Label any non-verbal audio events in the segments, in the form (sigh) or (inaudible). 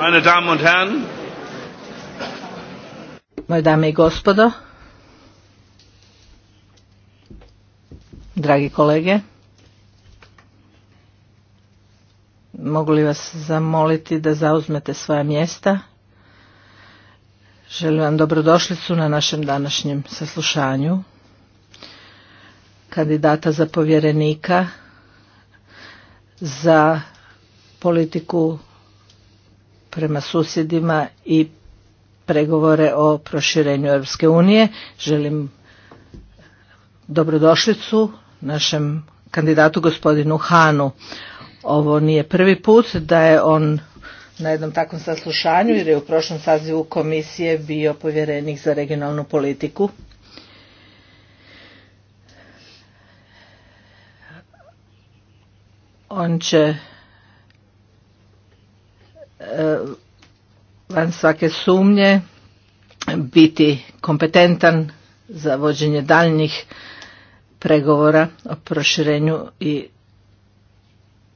Meine Damen Moje dame i gospodo. Dragi kolege. Mogu li vas zamoliti da zauzmete svoja mjesta? Želim vam dobrodošlicu na našem današnjem saslušanju kandidata za povjerenika za politiku prema susjedima i pregovore o proširenju Europske unije. Želim dobrodošlicu našem kandidatu gospodinu Hanu. Ovo nije prvi put da je on na jednom takvom saslušanju jer je u prošlom sazivu komisije bio povjerenik za regionalnu politiku. On će E, van svake sumnje biti kompetentan za vođenje daljnjih pregovora o proširenju i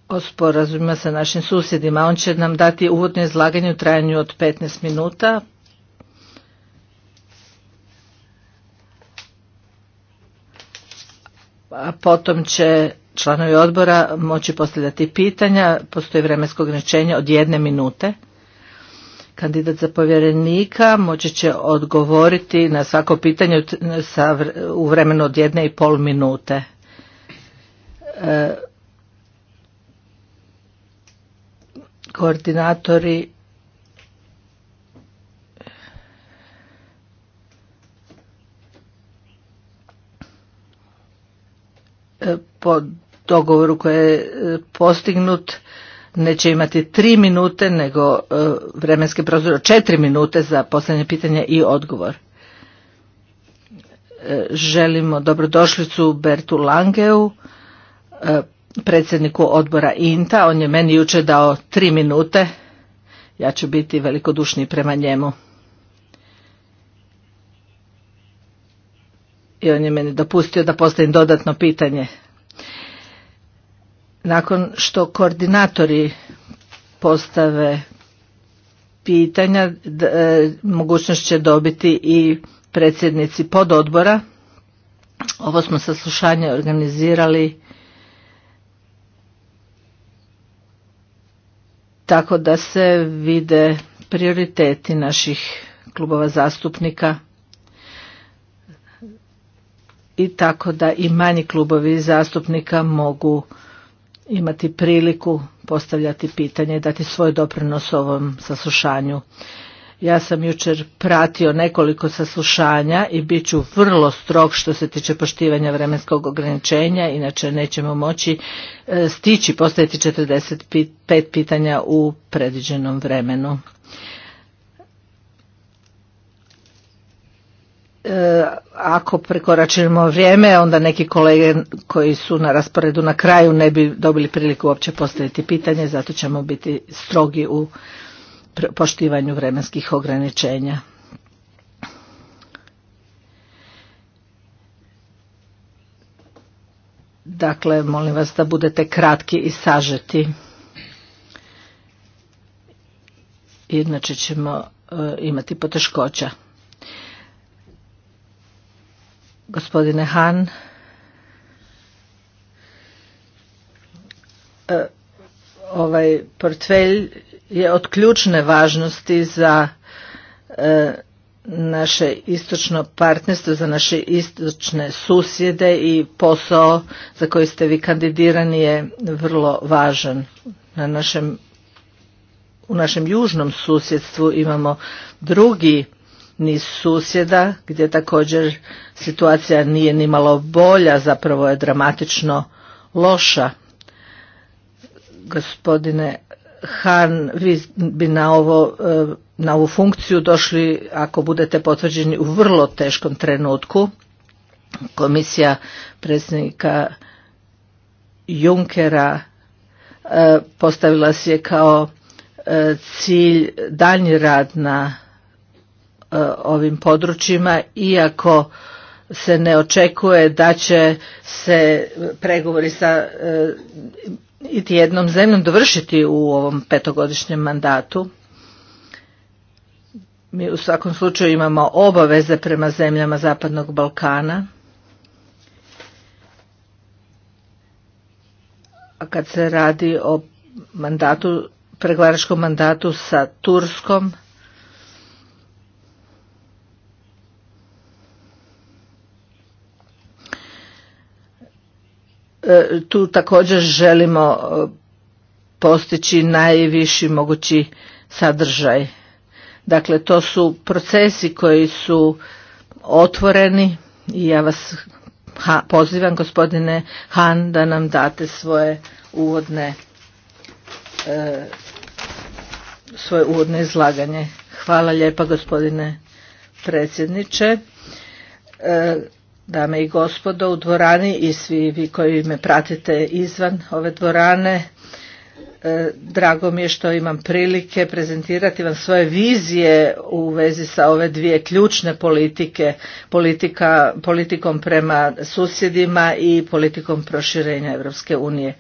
o sporazumima sa našim susjedima. On će nam dati uvodno izlaganje u trajanju od 15 minuta. A potom će članovi odbora moći postavljati pitanja, postoji vremensko ograničenje od jedne minute. Kandidat za povjerenika moći će odgovoriti na svako pitanje u vremenu od jedne i pol minute. E, koordinatori e, pod dogovoru koji je e, postignut neće imati tri minute nego e, vremenski prozor četiri minute za posljednje pitanje i odgovor. E, želimo dobrodošlicu Bertu Langeu, predsjedniku odbora INTA. On je meni jučer dao tri minute. Ja ću biti velikodušni prema njemu. I on je meni dopustio da postavim dodatno pitanje nakon što koordinatori postave pitanja e, mogućnost će dobiti i predsjednici pododbora ovo smo saslušanje organizirali tako da se vide prioriteti naših klubova zastupnika i tako da i manji klubovi zastupnika mogu imati priliku postavljati pitanje i dati svoj doprinos ovom saslušanju. Ja sam jučer pratio nekoliko saslušanja i bit ću vrlo strog što se tiče poštivanja vremenskog ograničenja, inače nećemo moći e, stići postaviti 45 pitanja u predviđenom vremenu. E, ako prekoračujemo vrijeme, onda neki kolege koji su na rasporedu na kraju ne bi dobili priliku uopće postaviti pitanje, zato ćemo biti strogi u poštivanju vremenskih ograničenja. Dakle, molim vas da budete kratki i sažeti. Inače ćemo e, imati poteškoća gospodine Han. E, ovaj portfelj je od ključne važnosti za e, naše istočno partnerstvo, za naše istočne susjede i posao za koji ste vi kandidirani je vrlo važan. Na našem, u našem južnom susjedstvu imamo drugi ni susjeda gdje također situacija nije ni malo bolja, zapravo je dramatično loša. Gospodine Han, vi bi na, ovo, e, na ovu funkciju došli ako budete potvrđeni u vrlo teškom trenutku. Komisija predsjednika Junkera e, postavila se je kao e, cilj daljnji rad na E, ovim područjima iako se ne očekuje da će se pregovori sa e, iti jednom zemljom dovršiti u ovom petogodišnjem mandatu. Mi u svakom slučaju imamo obaveze prema zemljama Zapadnog Balkana. A kad se radi o mandatu, pregovaračkom mandatu sa Turskom, E, tu također želimo e, postići najviši mogući sadržaj. Dakle, to su procesi koji su otvoreni i ja vas pozivam gospodine Han da nam date svoje uvodne e, svoje uvodno izlaganje. Hvala lijepa gospodine predsjedniče dame i gospodo u dvorani i svi vi koji me pratite izvan ove dvorane. E, drago mi je što imam prilike prezentirati vam svoje vizije u vezi sa ove dvije ključne politike, politika, politikom prema susjedima i politikom proširenja Europske unije.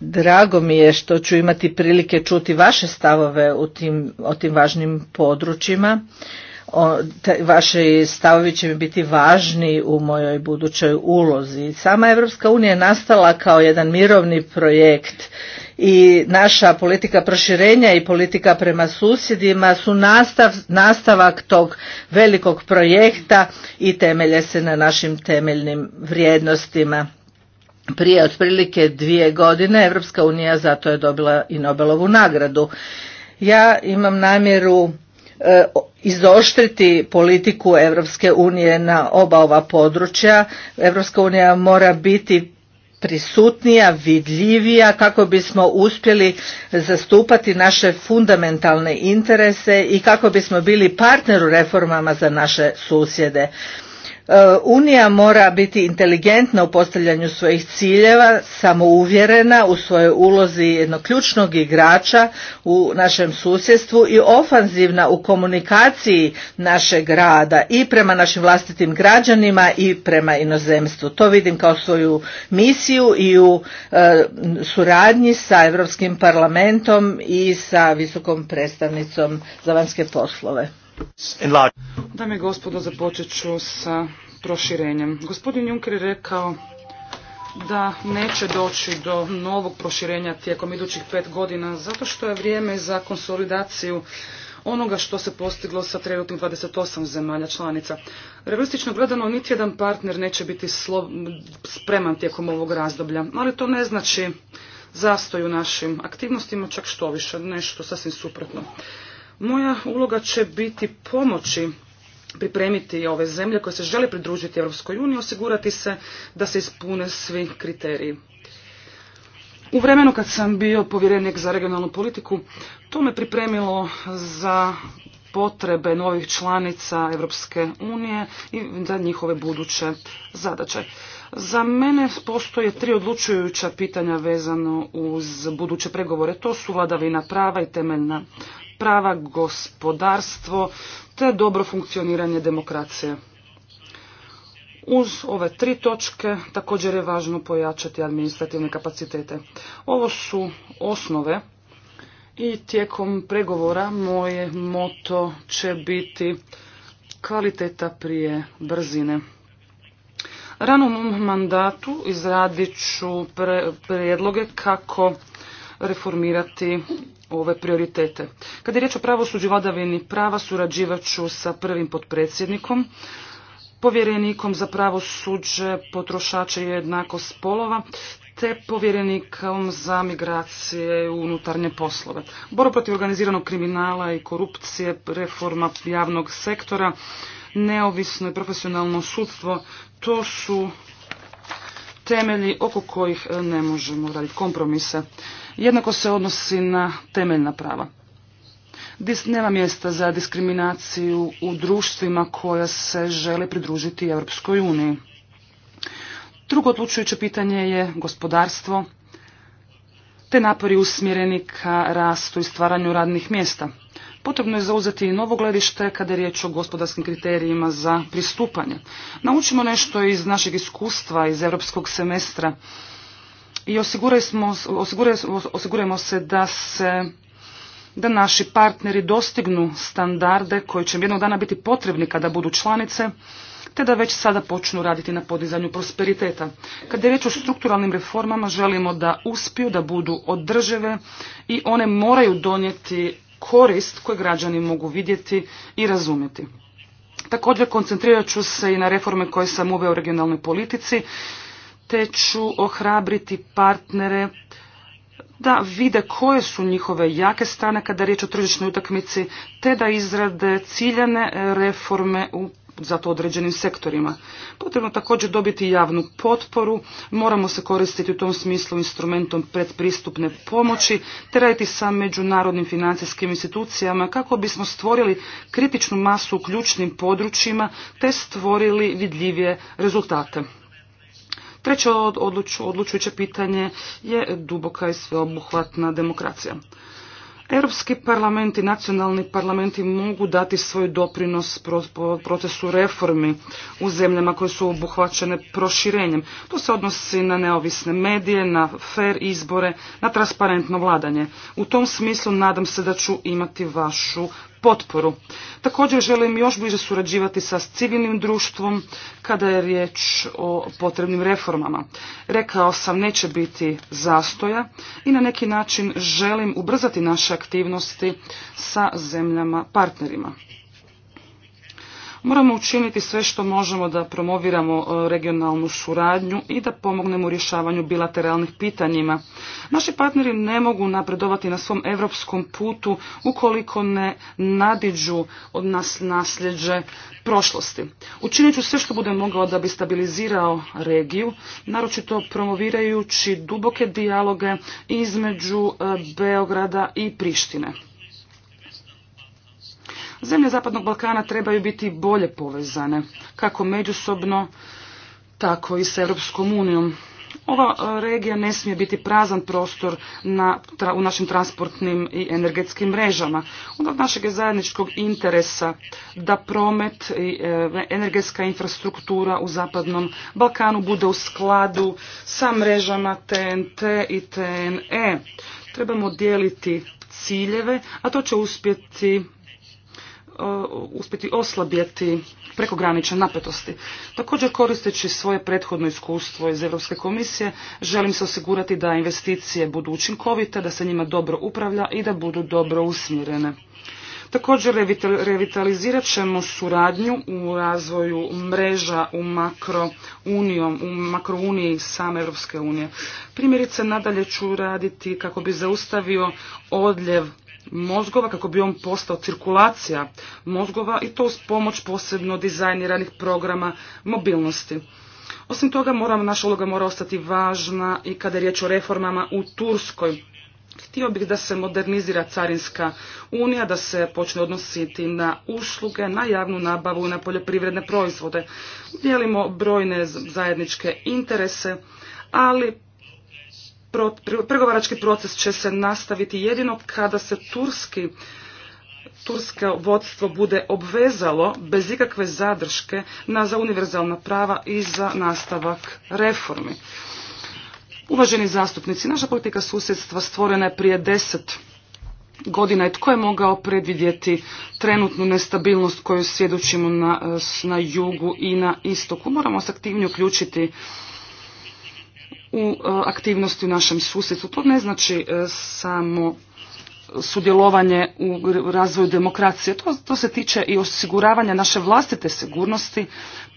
Drago mi je što ću imati prilike čuti vaše stavove u tim, o tim važnim područjima vaši stavovi će mi biti važni u mojoj budućoj ulozi. Sama Europska unija je nastala kao jedan mirovni projekt i naša politika proširenja i politika prema susjedima su nastavak tog velikog projekta i temelje se na našim temeljnim vrijednostima. Prije otprilike dvije godine Europska unija zato je dobila i Nobelovu nagradu. Ja imam namjeru E, izoštriti politiku Europske unije na oba ova područja. Europska unija mora biti prisutnija, vidljivija kako bismo uspjeli zastupati naše fundamentalne interese i kako bismo bili partner u reformama za naše susjede. Eh, Unija mora biti inteligentna u postavljanju svojih ciljeva, samouvjerena u svojoj ulozi jednog ključnog igrača u našem susjedstvu i ofanzivna u komunikaciji našeg rada i prema našim vlastitim građanima i prema inozemstvu. To vidim kao svoju misiju i u eh, suradnji sa Europskim parlamentom i sa visokom predstavnicom za vanjske poslove. Dame i gospodo, započet ću sa proširenjem. Gospodin Juncker je rekao da neće doći do novog proširenja tijekom idućih pet godina, zato što je vrijeme za konsolidaciju onoga što se postiglo sa trenutnim 28 zemalja članica. Realistično gledano, niti jedan partner neće biti spreman tijekom ovog razdoblja, ali to ne znači zastoj u našim aktivnostima, čak što više, nešto sasvim suprotno. Moja uloga će biti pomoći pripremiti ove zemlje koje se žele pridružiti EU, uniji, osigurati se da se ispune svi kriteriji. U vremenu kad sam bio povjerenik za regionalnu politiku, to me pripremilo za potrebe novih članica Europske unije i za njihove buduće zadaće. Za mene postoje tri odlučujuća pitanja vezano uz buduće pregovore. To su vladavina prava i temeljna prava, gospodarstvo te dobro funkcioniranje demokracije. Uz ove tri točke također je važno pojačati administrativne kapacitete. Ovo su osnove i tijekom pregovora moje moto će biti kvaliteta prije brzine. Rano u mom mandatu izradit ću prijedloge kako reformirati ove prioritete. Kada je riječ o pravosuđu vladavini prava, surađivat ću sa prvim potpredsjednikom, povjerenikom za pravosuđe, potrošače i jednakost spolova, te povjerenikom za migracije i unutarnje poslove. Borba protiv organiziranog kriminala i korupcije, reforma javnog sektora, neovisno i profesionalno sudstvo, to su temelji oko kojih e, ne možemo raditi kompromise. Jednako se odnosi na temeljna prava. Nema mjesta za diskriminaciju u društvima koja se žele pridružiti Europskoj uniji. Drugo odlučujuće pitanje je gospodarstvo, te napori usmjereni ka rastu i stvaranju radnih mjesta – Potrebno je zauzeti i novo gledište kada je riječ o gospodarskim kriterijima za pristupanje. Naučimo nešto iz našeg iskustva, iz europskog semestra i osigurajmo se da se da naši partneri dostignu standarde koji će jednog dana biti potrebni kada budu članice, te da već sada počnu raditi na podizanju prosperiteta. Kada je riječ o strukturalnim reformama, želimo da uspiju, da budu održive i one moraju donijeti korist koju građani mogu vidjeti i razumjeti. Također koncentrirat ću se i na reforme koje sam uveo u regionalnoj politici, te ću ohrabriti partnere da vide koje su njihove jake strane kada je riječ o tržišnoj utakmici, te da izrade ciljane reforme u za to određenim sektorima. Potrebno također dobiti javnu potporu, moramo se koristiti u tom smislu instrumentom predpristupne pomoći, te raditi sa međunarodnim financijskim institucijama kako bismo stvorili kritičnu masu u ključnim područjima te stvorili vidljivije rezultate. Treće odlučujuće pitanje je duboka i sveobuhvatna demokracija. Europski parlament i nacionalni parlamenti mogu dati svoj doprinos procesu reformi u zemljama koje su obuhvaćene proširenjem. To se odnosi na neovisne medije, na fer izbore, na transparentno vladanje. U tom smislu nadam se da ću imati vašu potporu. Također želim još bliže surađivati sa civilnim društvom kada je riječ o potrebnim reformama. Rekao sam neće biti zastoja i na neki način želim ubrzati naše aktivnosti sa zemljama partnerima. Moramo učiniti sve što možemo da promoviramo e, regionalnu suradnju i da pomognemo u rješavanju bilateralnih pitanjima. Naši partneri ne mogu napredovati na svom europskom putu ukoliko ne nadiđu od nas nasljeđe prošlosti. Učinit ću sve što bude mogao da bi stabilizirao regiju, naročito promovirajući duboke dijaloge između e, Beograda i Prištine. Zemlje Zapadnog Balkana trebaju biti bolje povezane, kako međusobno, tako i s Europskom unijom. Ova e, regija ne smije biti prazan prostor na, u našim transportnim i energetskim mrežama. Od našeg zajedničkog interesa da promet i e, energetska infrastruktura u Zapadnom Balkanu bude u skladu sa mrežama TNT i TNE. Trebamo dijeliti ciljeve, a to će uspjeti E, uspjeti oslabjeti prekogranične napetosti. Također koristeći svoje prethodno iskustvo iz Europske komisije želim se osigurati da investicije budu učinkovite, da se njima dobro upravlja i da budu dobro usmjerene. Također revitalizirat ćemo suradnju u razvoju mreža u makrounijom, u makrouniji same Europske unije. Primjerice nadalje ću raditi kako bi zaustavio odljev mozgova kako bi on postao cirkulacija mozgova i to s pomoć posebno dizajniranih programa mobilnosti. Osim toga, mora, naša uloga mora ostati važna i kada je riječ o reformama u Turskoj. Htio bih da se modernizira carinska unija, da se počne odnositi na usluge, na javnu nabavu i na poljoprivredne proizvode. Dijelimo brojne zajedničke interese, ali pregovarački proces će se nastaviti jedino kada se turski tursko vodstvo bude obvezalo bez ikakve zadrške na za univerzalna prava i za nastavak reformi. Uvaženi zastupnici, naša politika susjedstva stvorena je prije deset godina i tko je mogao predvidjeti trenutnu nestabilnost koju svjedočimo na, na jugu i na istoku. Moramo se aktivnije uključiti u e, aktivnosti u našem susjedstvu. To ne znači e, samo sudjelovanje u razvoju demokracije. To, to se tiče i osiguravanja naše vlastite sigurnosti,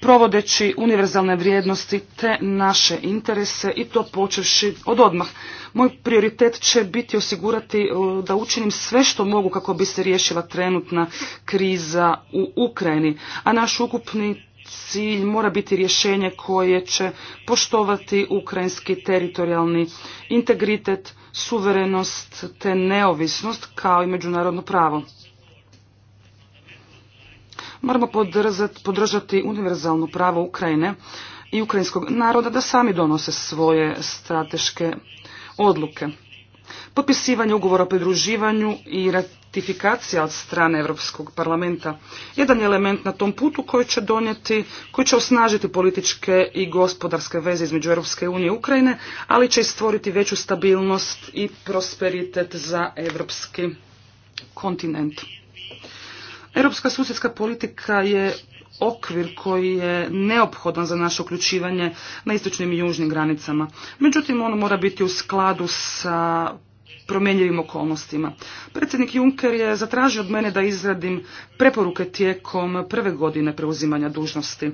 provodeći univerzalne vrijednosti te naše interese i to počevši od odmah. Moj prioritet će biti osigurati e, da učinim sve što mogu kako bi se riješila trenutna kriza u Ukrajini, a naš ukupni cilj mora biti rješenje koje će poštovati ukrajinski teritorijalni integritet, suverenost te neovisnost kao i međunarodno pravo. Moramo podržati univerzalno pravo Ukrajine i ukrajinskog naroda da sami donose svoje strateške odluke potpisivanje ugovora o pridruživanju i ratifikacija od strane Europskog parlamenta. Jedan je element na tom putu koji će donijeti, koji će osnažiti političke i gospodarske veze između Europske unije i Ukrajine, ali će i stvoriti veću stabilnost i prosperitet za europski kontinent. Europska susjedska politika je okvir koji je neophodan za naše uključivanje na istočnim i južnim granicama. Međutim, ono mora biti u skladu sa promjenjivim okolnostima. Predsjednik Juncker je zatražio od mene da izradim preporuke tijekom prve godine preuzimanja dužnosti.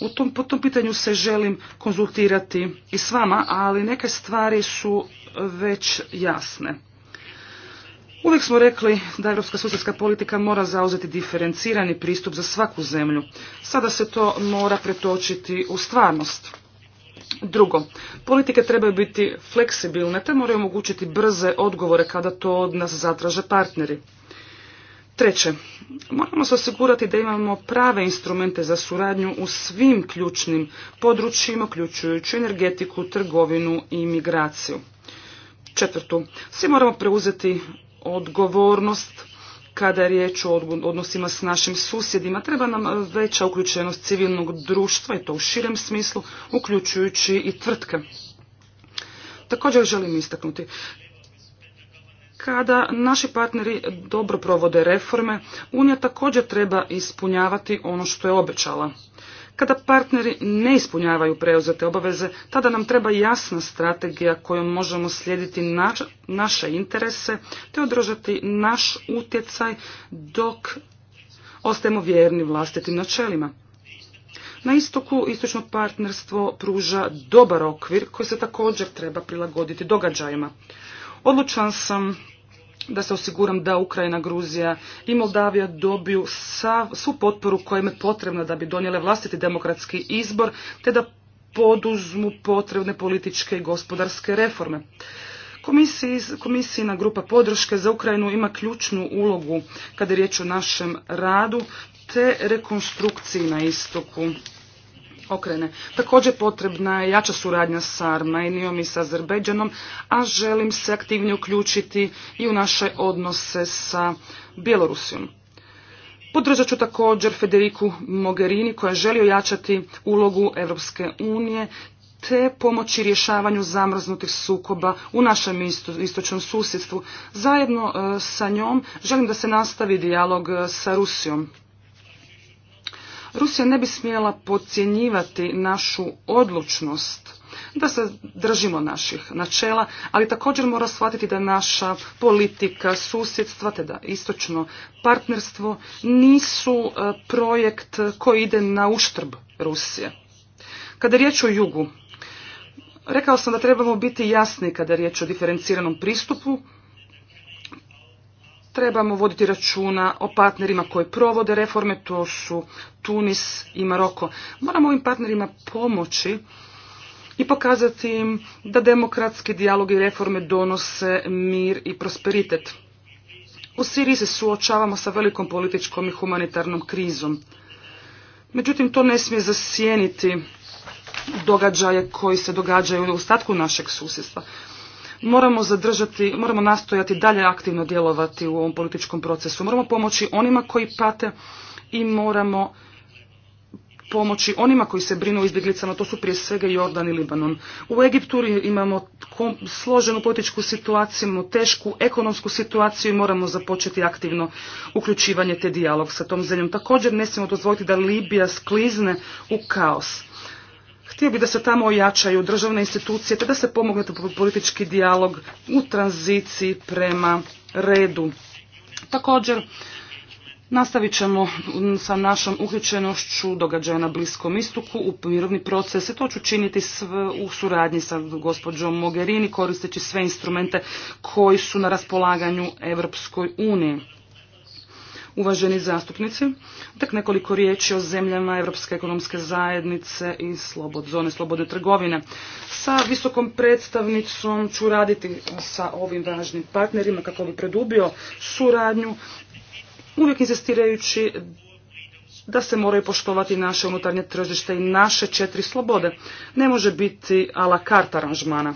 U tom, po tom pitanju se želim konzultirati i s vama, ali neke stvari su već jasne. Uvijek smo rekli da europska susjedska politika mora zauzeti diferencirani pristup za svaku zemlju. Sada se to mora pretočiti u stvarnost. Drugo, politike trebaju biti fleksibilne te moraju omogućiti brze odgovore kada to od nas zatraže partneri. Treće, moramo se osigurati da imamo prave instrumente za suradnju u svim ključnim područjima, uključujući energetiku, trgovinu i migraciju. Četvrtu, svi moramo preuzeti odgovornost kada je riječ o odnosima s našim susjedima. Treba nam e, veća uključenost civilnog društva i to u širem smislu, uključujući i tvrtke. Također želim istaknuti kada naši partneri dobro provode reforme, Unija također treba ispunjavati ono što je obećala. Kada partneri ne ispunjavaju preuzete obaveze, tada nam treba jasna strategija kojom možemo slijediti naše interese te održati naš utjecaj dok ostajemo vjerni vlastitim načelima. Na istoku istočno partnerstvo pruža dobar okvir koji se također treba prilagoditi događajima. Odlučan sam da se osiguram da Ukrajina, Gruzija i Moldavija dobiju svu potporu koja im je potrebna da bi donijele vlastiti demokratski izbor, te da poduzmu potrebne političke i gospodarske reforme. komisijina grupa podrške za Ukrajinu ima ključnu ulogu kada je riječ o našem radu te rekonstrukciji na istoku okrene. Također potrebna je jača suradnja sa Armenijom i sa Azerbeđanom, a želim se aktivnije uključiti i u naše odnose sa Bjelorusijom. Podržat ću također Federiku Mogherini koja želi ojačati ulogu Europske unije te pomoći rješavanju zamrznutih sukoba u našem istočnom susjedstvu. Zajedno e, sa njom želim da se nastavi dijalog e, sa Rusijom. Rusija ne bi smjela podcjenjivati našu odlučnost da se držimo naših načela, ali također mora shvatiti da naša politika susjedstva, te da istočno partnerstvo, nisu e, projekt koji ide na uštrb Rusije. Kada je riječ o jugu, rekao sam da trebamo biti jasni kada je riječ o diferenciranom pristupu, trebamo voditi računa o partnerima koji provode reforme, to su Tunis i Maroko. Moramo ovim partnerima pomoći i pokazati im da demokratski dijalog i reforme donose mir i prosperitet. U Siriji se suočavamo sa velikom političkom i humanitarnom krizom. Međutim, to ne smije zasijeniti događaje koji se događaju u ostatku našeg susjedstva moramo zadržati, moramo nastojati dalje aktivno djelovati u ovom političkom procesu. Moramo pomoći onima koji pate i moramo pomoći onima koji se brinu o izbjeglicama, to su prije svega Jordan i Libanon. U Egiptu imamo složenu političku situaciju, tešku ekonomsku situaciju i moramo započeti aktivno uključivanje te dijalog sa tom zemljom. Također ne smijemo dozvoliti da Libija sklizne u kaos. Htio bi da se tamo ojačaju državne institucije te da se pomogne politički dijalog u tranziciji prema redu. Također, Nastavit ćemo sa našom uključenošću događaja na Bliskom istoku u mirovni proces i to ću činiti u suradnji sa gospođom Mogherini koristeći sve instrumente koji su na raspolaganju Evropskoj uniji uvaženi zastupnici. Tek nekoliko riječi o zemljama Europske ekonomske zajednice i slobod, zone slobodne trgovine. Sa visokom predstavnicom ću raditi sa ovim važnim partnerima kako bi predubio suradnju, uvijek insistirajući da se moraju poštovati naše unutarnje tržište i naše četiri slobode. Ne može biti a la carte aranžmana.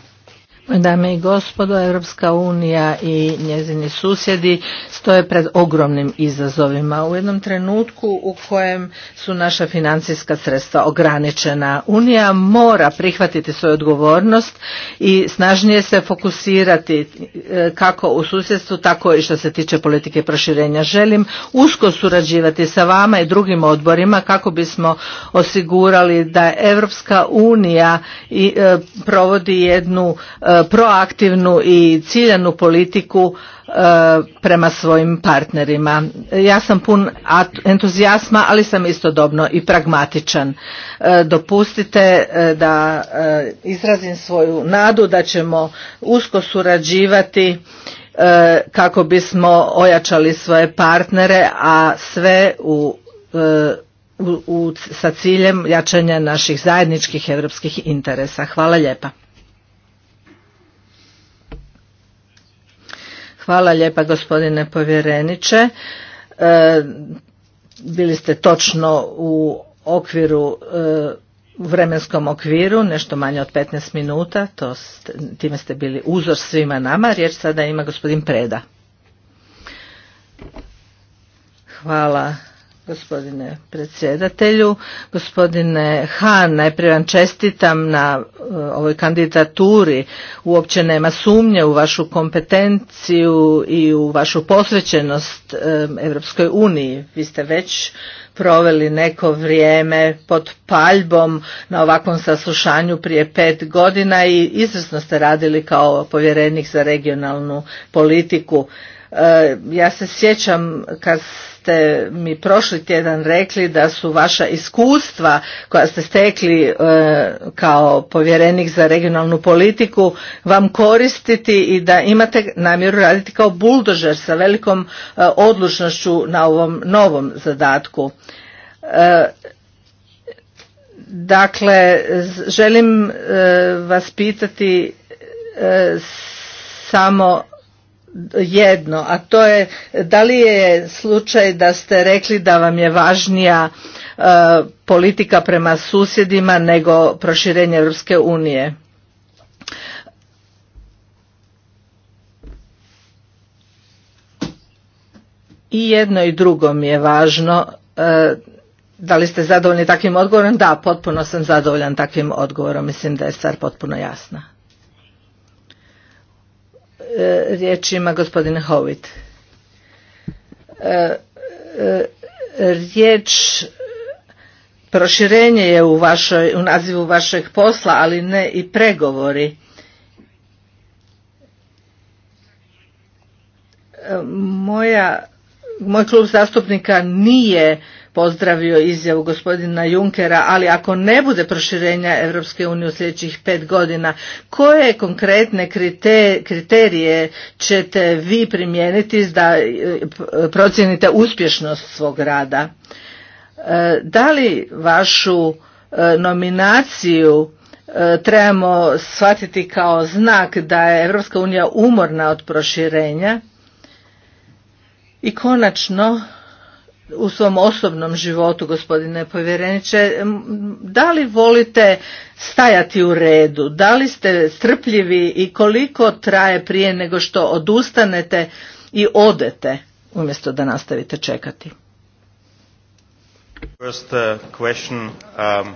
Dame i gospodo, Europska unija i njezini susjedi stoje pred ogromnim izazovima. U jednom trenutku u kojem su naša financijska sredstva ograničena, Unija mora prihvatiti svoju odgovornost i snažnije se fokusirati e, kako u susjedstvu, tako i što se tiče politike proširenja. Želim usko surađivati sa vama i drugim odborima kako bismo osigurali da Europska unija e, provodi jednu e, E, proaktivnu i ciljanu politiku e, prema svojim partnerima. Ja sam pun entuzijasma, ali sam istodobno i pragmatičan. E, dopustite da izrazim svoju nadu da ćemo usko surađivati kako bismo ojačali svoje partnere, a sve u, u, sa ciljem jačanja naših zajedničkih europskih interesa. Hvala lijepa. Hvala lijepa gospodine povjereniče. E, bili ste točno u okviru e, u vremenskom okviru, nešto manje od 15 minuta, to, time ste bili uzor svima nama. Riječ sada ima gospodin Preda. Hvala gospodine predsjedatelju. Gospodine Han, najprije vam čestitam na e, ovoj kandidaturi. Uopće nema sumnje u vašu kompetenciju i u vašu posvećenost Europskoj uniji. Vi ste već proveli neko vrijeme pod paljbom na ovakvom saslušanju prije pet godina i izvrsno ste radili kao povjerenik za regionalnu politiku. Eh, ja se sjećam kad ste mi prošli tjedan rekli da su vaša iskustva koja ste stekli eh, kao povjerenik za regionalnu politiku vam koristiti i da imate namjeru raditi kao buldožer sa velikom eh, odlučnošću na ovom novom zadatku. Dakle, želim vas pitati samo jedno, a to je da li je slučaj da ste rekli da vam je važnija e, politika prema susjedima nego proširenje Europske unije? I jedno i drugo mi je važno. E, da li ste zadovoljni takvim odgovorom? Da, potpuno sam zadovoljan takvim odgovorom. Mislim da je stvar potpuno jasna. E, riječ ima gospodin Hovit. E, e, riječ proširenje je u, vašoj, u nazivu vašeg posla, ali ne i pregovori. Moja, moj klub zastupnika nije pozdravio izjavu gospodina Junkera, ali ako ne bude proširenja Europske unije u sljedećih pet godina, koje konkretne kriterije ćete vi primijeniti da e, procijenite uspješnost svog rada? E, da li vašu e, nominaciju trebamo shvatiti kao znak da je Europska unija umorna od proširenja? I konačno, u svom osobnom životu, gospodine povjereniče, da li volite stajati u redu, da li ste strpljivi i koliko traje prije nego što odustanete i odete umjesto da nastavite čekati? First, uh, question, um,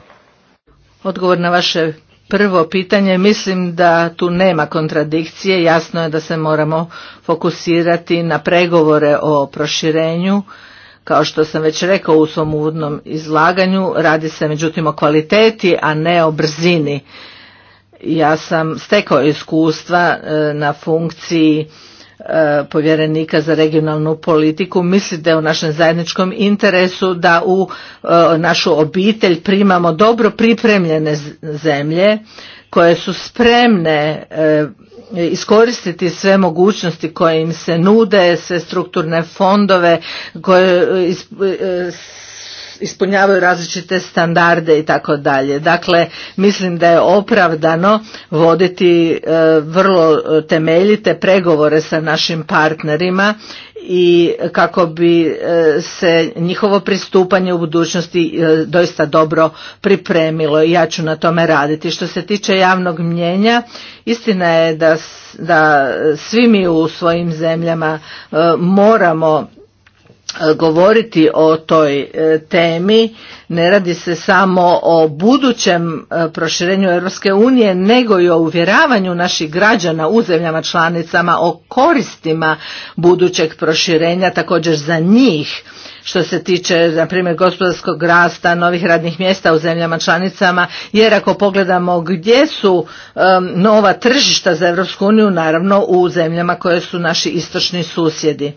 Odgovor na vaše prvo pitanje, mislim da tu nema kontradikcije, jasno je da se moramo fokusirati na pregovore o proširenju kao što sam već rekao u svom uvodnom izlaganju, radi se međutim o kvaliteti, a ne o brzini. Ja sam stekao iskustva e, na funkciji e, povjerenika za regionalnu politiku Mislim da je u našem zajedničkom interesu da u e, našu obitelj primamo dobro pripremljene zemlje koje su spremne iskoristiti sve mogućnosti koje im se nude, sve strukturne fondove koje e, e, ispunjavaju različite standarde i tako dalje. Dakle, mislim da je opravdano voditi e, vrlo temeljite pregovore sa našim partnerima i kako bi e, se njihovo pristupanje u budućnosti e, doista dobro pripremilo i ja ću na tome raditi. Što se tiče javnog mnjenja, istina je da, da svi mi u svojim zemljama e, moramo E, govoriti o toj e, temi. Ne radi se samo o budućem e, proširenju Europske unije, nego i o uvjeravanju naših građana u zemljama članicama o koristima budućeg proširenja također za njih što se tiče na primjer gospodarskog rasta, novih radnih mjesta u zemljama članicama, jer ako pogledamo gdje su nova tržišta za Europsku uniju, naravno u zemljama koje su naši istočni susjedi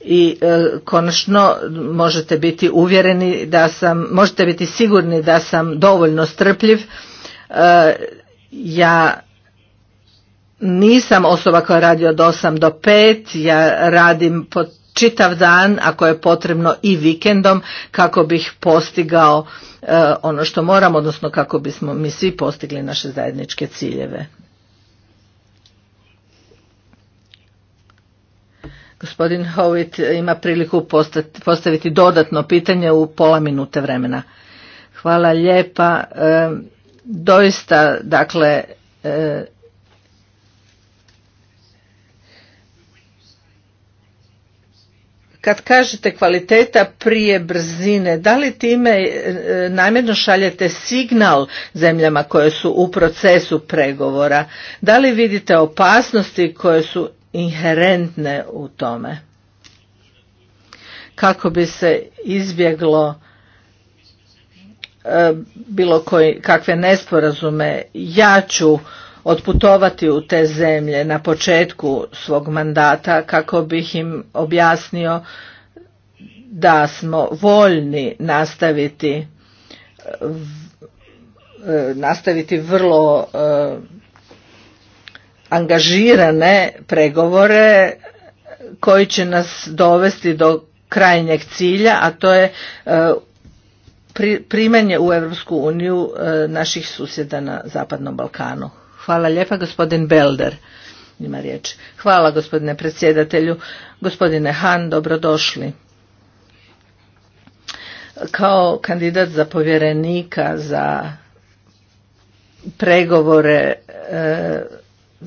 i e, konačno možete biti uvjereni da sam, možete biti sigurni da sam dovoljno strpljiv. E, ja nisam osoba koja radi od 8 do 5, ja radim po čitav dan, ako je potrebno i vikendom, kako bih postigao e, ono što moram, odnosno kako bismo mi svi postigli naše zajedničke ciljeve. Gospodin Howitt ima priliku postaviti dodatno pitanje u pola minute vremena. Hvala lijepa. doista, dakle, kad kažete kvaliteta prije brzine, da li time e, namjerno šaljete signal zemljama koje su u procesu pregovora? Da li vidite opasnosti koje su inherentne u tome kako bi se izbjeglo e, bilo koji, kakve nesporazume ja ću otputovati u te zemlje na početku svog mandata kako bih im objasnio da smo voljni nastaviti e, nastaviti vrlo e, angažirane pregovore koji će nas dovesti do krajnjeg cilja, a to je e, primanje u Europsku uniju e, naših susjeda na Zapadnom Balkanu. Hvala lijepa gospodin Belder. Ima riječ. Hvala gospodine predsjedatelju. Gospodine Han, dobrodošli. Kao kandidat za povjerenika za pregovore e,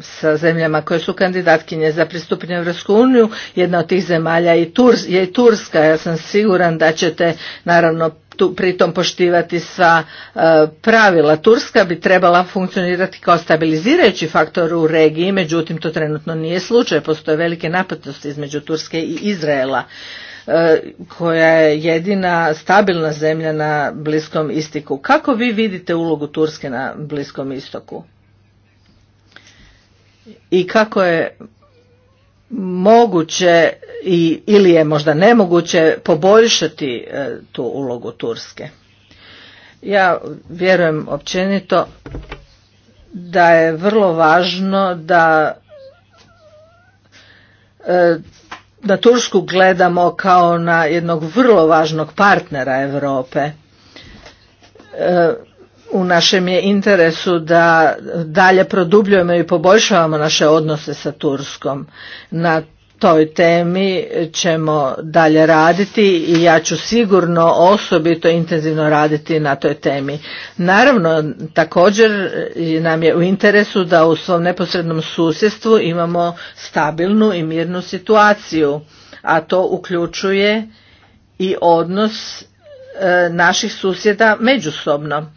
sa zemljama koje su kandidatkinje za pristupanje Europsku uniju. Jedna od tih zemalja je i Turska. Ja sam siguran da ćete naravno pritom poštivati sva e, pravila. Turska bi trebala funkcionirati kao stabilizirajući faktor u regiji, međutim to trenutno nije slučaj. Postoje velike napetnosti između Turske i Izraela e, koja je jedina stabilna zemlja na Bliskom istiku. Kako vi vidite ulogu Turske na Bliskom istoku? i kako je moguće i, ili je možda nemoguće poboljšati e, tu ulogu Turske. Ja vjerujem općenito da je vrlo važno da na e, Tursku gledamo kao na jednog vrlo važnog partnera Europe. E, u našem je interesu da dalje produbljujemo i poboljšavamo naše odnose sa Turskom. Na toj temi ćemo dalje raditi i ja ću sigurno osobito intenzivno raditi na toj temi. Naravno, također nam je u interesu da u svom neposrednom susjedstvu imamo stabilnu i mirnu situaciju, a to uključuje i odnos e, naših susjeda međusobno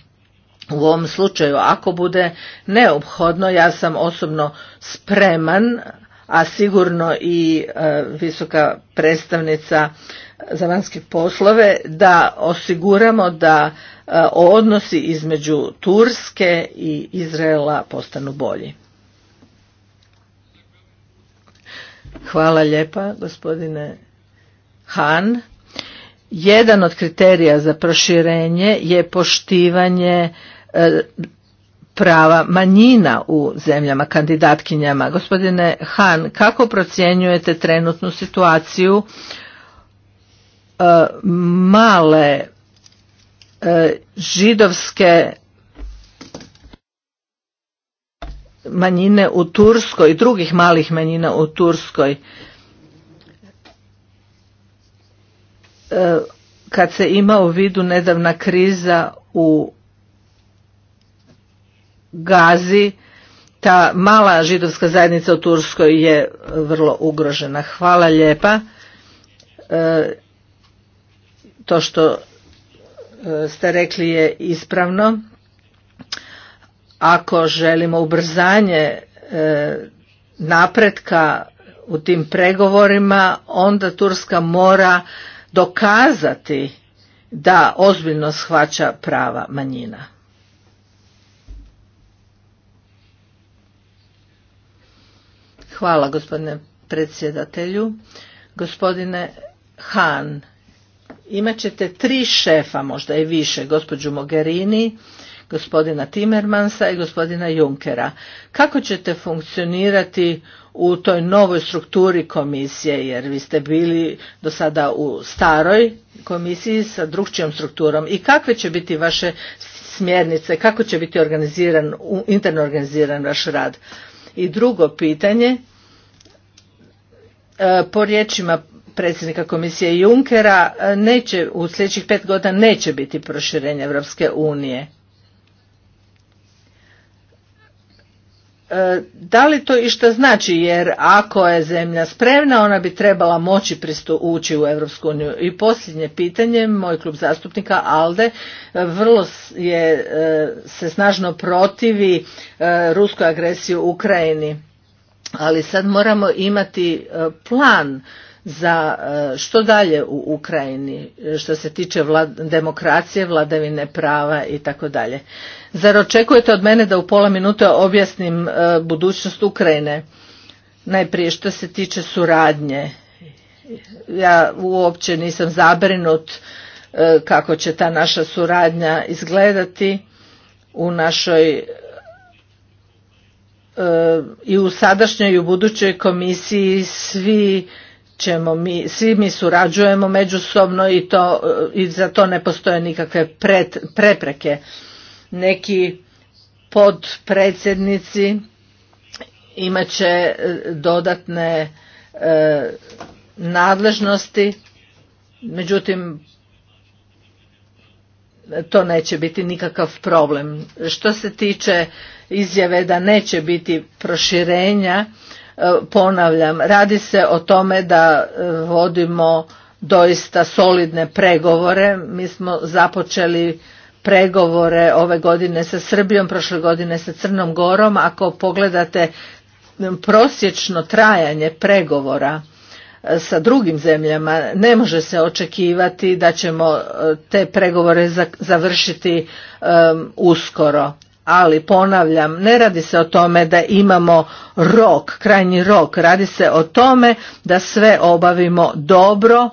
u ovom slučaju ako bude neophodno ja sam osobno spreman a sigurno i e, visoka predstavnica za vanjske poslove da osiguramo da e, odnosi između Turske i Izraela postanu bolji. Hvala lijepa gospodine Han. Jedan od kriterija za proširenje je poštivanje E, prava manjina u zemljama kandidatkinjama. Gospodine Han, kako procjenjujete trenutnu situaciju e, male e, židovske manjine u Turskoj i drugih malih manjina u Turskoj? kad se ima u vidu nedavna kriza u Gazi ta mala židovska zajednica u Turskoj je e, vrlo ugrožena. Hvala lijepa. E, to što e, ste rekli je ispravno. Ako želimo ubrzanje napretka u tim pregovorima, onda Turska mora dokazati da ozbiljno shvaća prava manjina. Hvala gospodine predsjedatelju. Gospodine Han, imat ćete tri šefa, možda i više, gospođu Mogherini, gospodina Timmermansa i gospodina Junkera. Kako ćete funkcionirati u toj novoj strukturi komisije, jer vi ste bili do sada u staroj komisiji sa drugčijom strukturom i kakve će biti vaše smjernice, kako će biti organiziran, interno organiziran vaš rad? I drugo pitanje, e, po riječima predsjednika komisije Junckera, e, neće, u sljedećih pet godina neće biti proširenje Europske unije. E, da li to išta znači jer ako je zemlja spremna ona bi trebala moći ući u Europsku uniju i posljednje pitanje moj klub zastupnika ALDE e, vrlo je e, se snažno protivi ruskoj agresiji u Ukrajini ali sad moramo imati plan za što dalje u Ukrajini što se tiče demokracije, vladavine prava i tako dalje. Zar očekujete od mene da u pola minute objasnim e, budućnost Ukrajine? Najprije što se tiče suradnje. Ja uopće nisam zabrinut e, kako će ta naša suradnja izgledati u našoj e, i u sadašnjoj i u budućoj komisiji svi ćemo mi, svi mi surađujemo međusobno i, to, i za to ne postoje nikakve prepreke neki podpredsjednici imat će e, dodatne e, nadležnosti, međutim to neće biti nikakav problem. Što se tiče izjave da neće biti proširenja, e, ponavljam, radi se o tome da vodimo doista solidne pregovore. Mi smo započeli pregovore ove godine sa Srbijom, prošle godine sa Crnom Gorom, ako pogledate prosječno trajanje pregovora e, sa drugim zemljama ne može se očekivati da ćemo e, te pregovore završiti e, uskoro ali ponavljam ne radi se o tome da imamo rok krajnji rok radi se o tome da sve obavimo dobro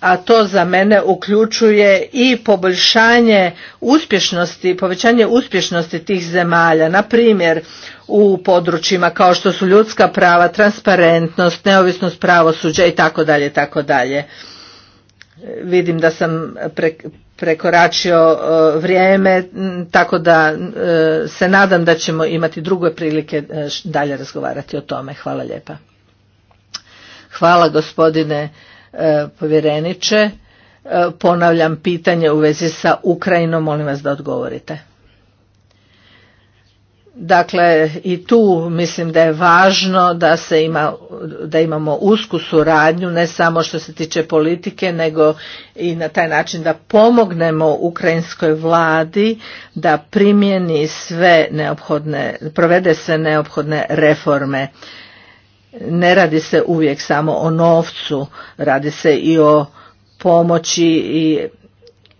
a to za mene uključuje i poboljšanje uspješnosti, povećanje uspješnosti tih zemalja, na primjer u područjima kao što su ljudska prava, transparentnost, neovisnost pravosuđa i tako dalje, tako dalje. Vidim da sam prekoračio e, vrijeme, tako da e, se nadam da ćemo imati druge prilike e, dalje razgovarati o tome. Hvala lijepa. Hvala gospodine E, povjereniče. E, ponavljam pitanje u vezi sa Ukrajinom, molim vas da odgovorite. Dakle, i tu mislim da je važno da, se ima, da imamo usku suradnju, ne samo što se tiče politike, nego i na taj način da pomognemo ukrajinskoj vladi da primjeni sve neophodne, provede sve neophodne reforme ne radi se uvijek samo o novcu, radi se i o pomoći i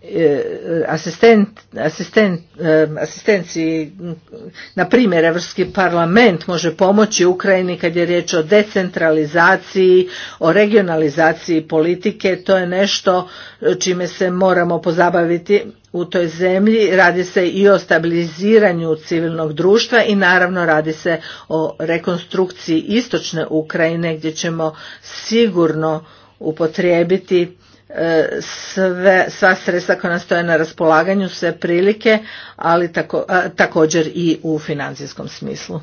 e, asistent, asistent, e, asistenciji na primjer Evropski parlament može pomoći Ukrajini kad je riječ o decentralizaciji, o regionalizaciji politike, to je nešto čime se moramo pozabaviti u toj zemlji, radi se i o stabiliziranju civilnog društva i naravno radi se o rekonstrukciji istočne Ukrajine gdje ćemo sigurno upotrijebiti e, sve, sva sredstva koja nas stoje na raspolaganju, sve prilike, ali tako, također i u financijskom smislu.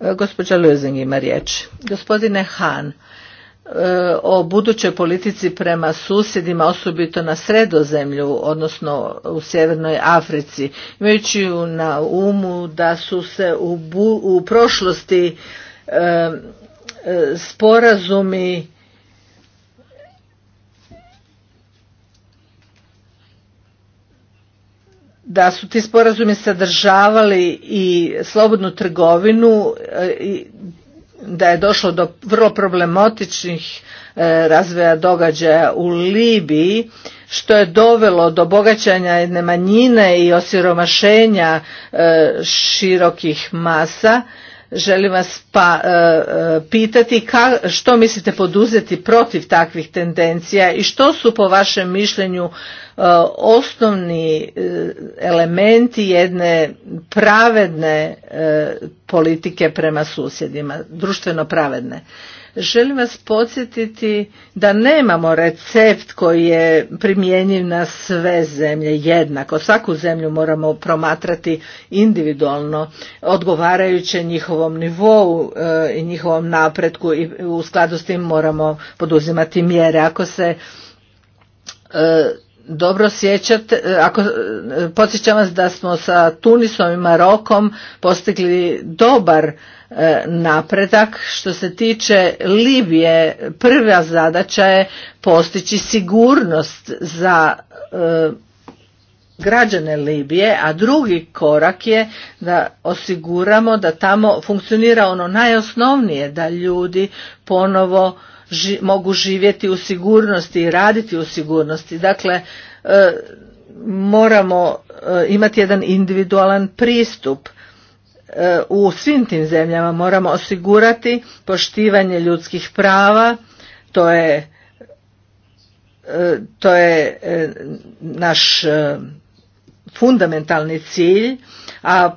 E, gospođa Lözing ima riječ. Gospodine Han, o budućoj politici prema susjedima, osobito na sredozemlju, odnosno u Sjevernoj Africi. Imajući na umu da su se u, prošlosti sporazumi da su ti sporazumi sadržavali i slobodnu trgovinu e, i da je došlo do vrlo problematičnih e, razvoja događaja u Libiji, što je dovelo do bogaćanja jedne manjine i osiromašenja e, širokih masa. Želim vas pa e, pitati ka, što mislite poduzeti protiv takvih tendencija i što su po vašem mišljenju E, osnovni e, elementi jedne pravedne e, politike prema susjedima, društveno pravedne. Želim vas podsjetiti da nemamo recept koji je primjenjiv na sve zemlje jednako. Svaku zemlju moramo promatrati individualno, odgovarajuće njihovom nivou i njihovom napretku i u skladu s tim moramo poduzimati mjere. Ako se dobro sjećate, e, ako e, podsjećam vas da smo sa Tunisom i Marokom postigli dobar e, napredak. Što se tiče Libije, prva zadaća je postići sigurnost za građane Libije, a drugi korak je da osiguramo da tamo funkcionira ono najosnovnije, da ljudi ponovo mogu živjeti u sigurnosti i raditi u sigurnosti. Dakle, e, moramo e, imati jedan individualan pristup e, u svim tim zemljama. Moramo osigurati poštivanje ljudskih prava, to je to je naš fundamentalni cilj, a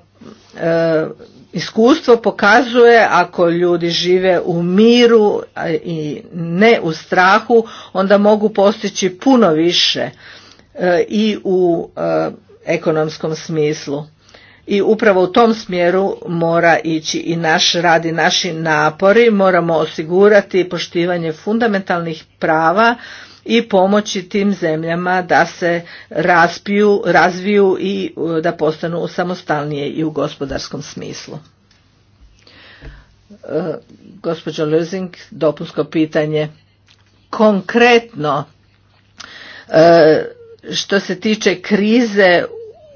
iskustvo pokazuje ako ljudi žive u miru i ne u strahu onda mogu postići puno više e, i u e, ekonomskom smislu i upravo u tom smjeru mora ići i naš rad i naši napori moramo osigurati poštivanje fundamentalnih prava i pomoći tim zemljama da se raspiju, razviju i e, da postanu samostalnije i u gospodarskom smislu. E, gospođo Lözing, dopunsko pitanje. Konkretno, e, što se tiče krize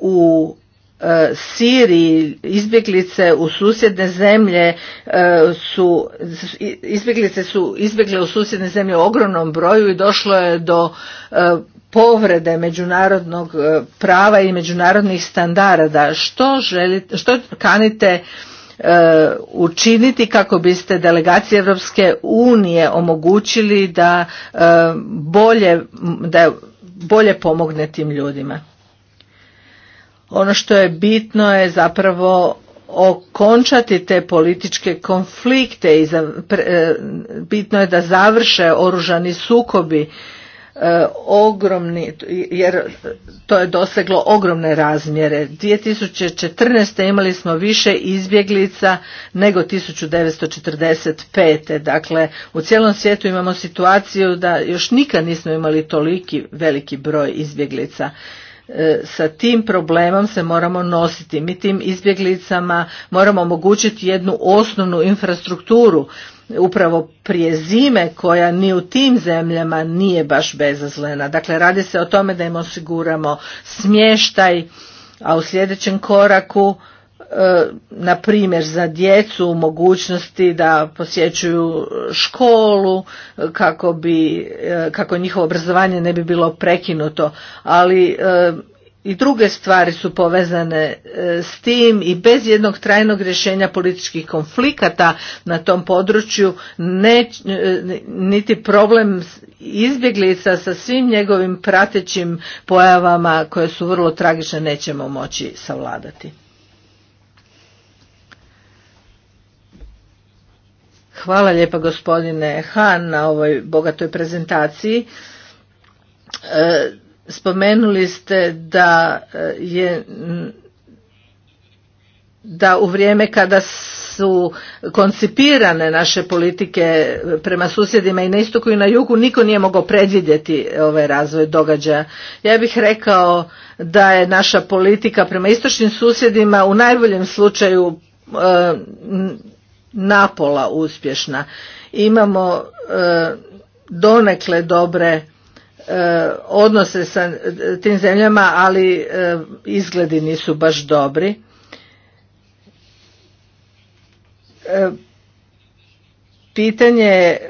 u E, Siriji izbjeglice u susjedne zemlje e, su izbjeglice su izbjegle u susjedne zemlje u ogromnom broju i došlo je do e, povrede međunarodnog prava i međunarodnih standarda što želite što kanite učiniti kako biste delegacije Europske unije omogućili da bolje da bolje pomogne tim ljudima ono što je bitno je zapravo okončati te političke konflikte i za, e, bitno je da završe oružani sukobi e, ogromni jer to je doseglo ogromne razmjere 2014. imali smo više izbjeglica nego 1945. dakle u cijelom svijetu imamo situaciju da još nikad nismo imali toliki veliki broj izbjeglica E, sa tim problemom se moramo nositi. Mi tim izbjeglicama moramo omogućiti jednu osnovnu infrastrukturu upravo prije zime koja ni u tim zemljama nije baš bezazlena. Dakle, radi se o tome da im osiguramo smještaj, a u sljedećem koraku E, na primjer za djecu mogućnosti da posjećuju školu e, kako bi e, kako njihovo obrazovanje ne bi bilo prekinuto ali i druge stvari su povezane s tim i bez jednog trajnog rješenja političkih konflikata na tom području niti problem izbjeglica sa svim njegovim pratećim pojavama koje su vrlo tragične nećemo moći savladati Hvala lijepa gospodine Han na ovoj bogatoj prezentaciji. E, spomenuli ste da e, je da u vrijeme kada su koncipirane naše politike prema susjedima i na istoku i na jugu niko nije mogao predvidjeti ovaj razvoj događaja. Ja bih rekao da je naša politika prema istočnim susjedima u najboljem slučaju e, napola uspješna. Imamo e, donekle dobre e, odnose sa tim zemljama, ali e, izgledi nisu baš dobri. Pitanje je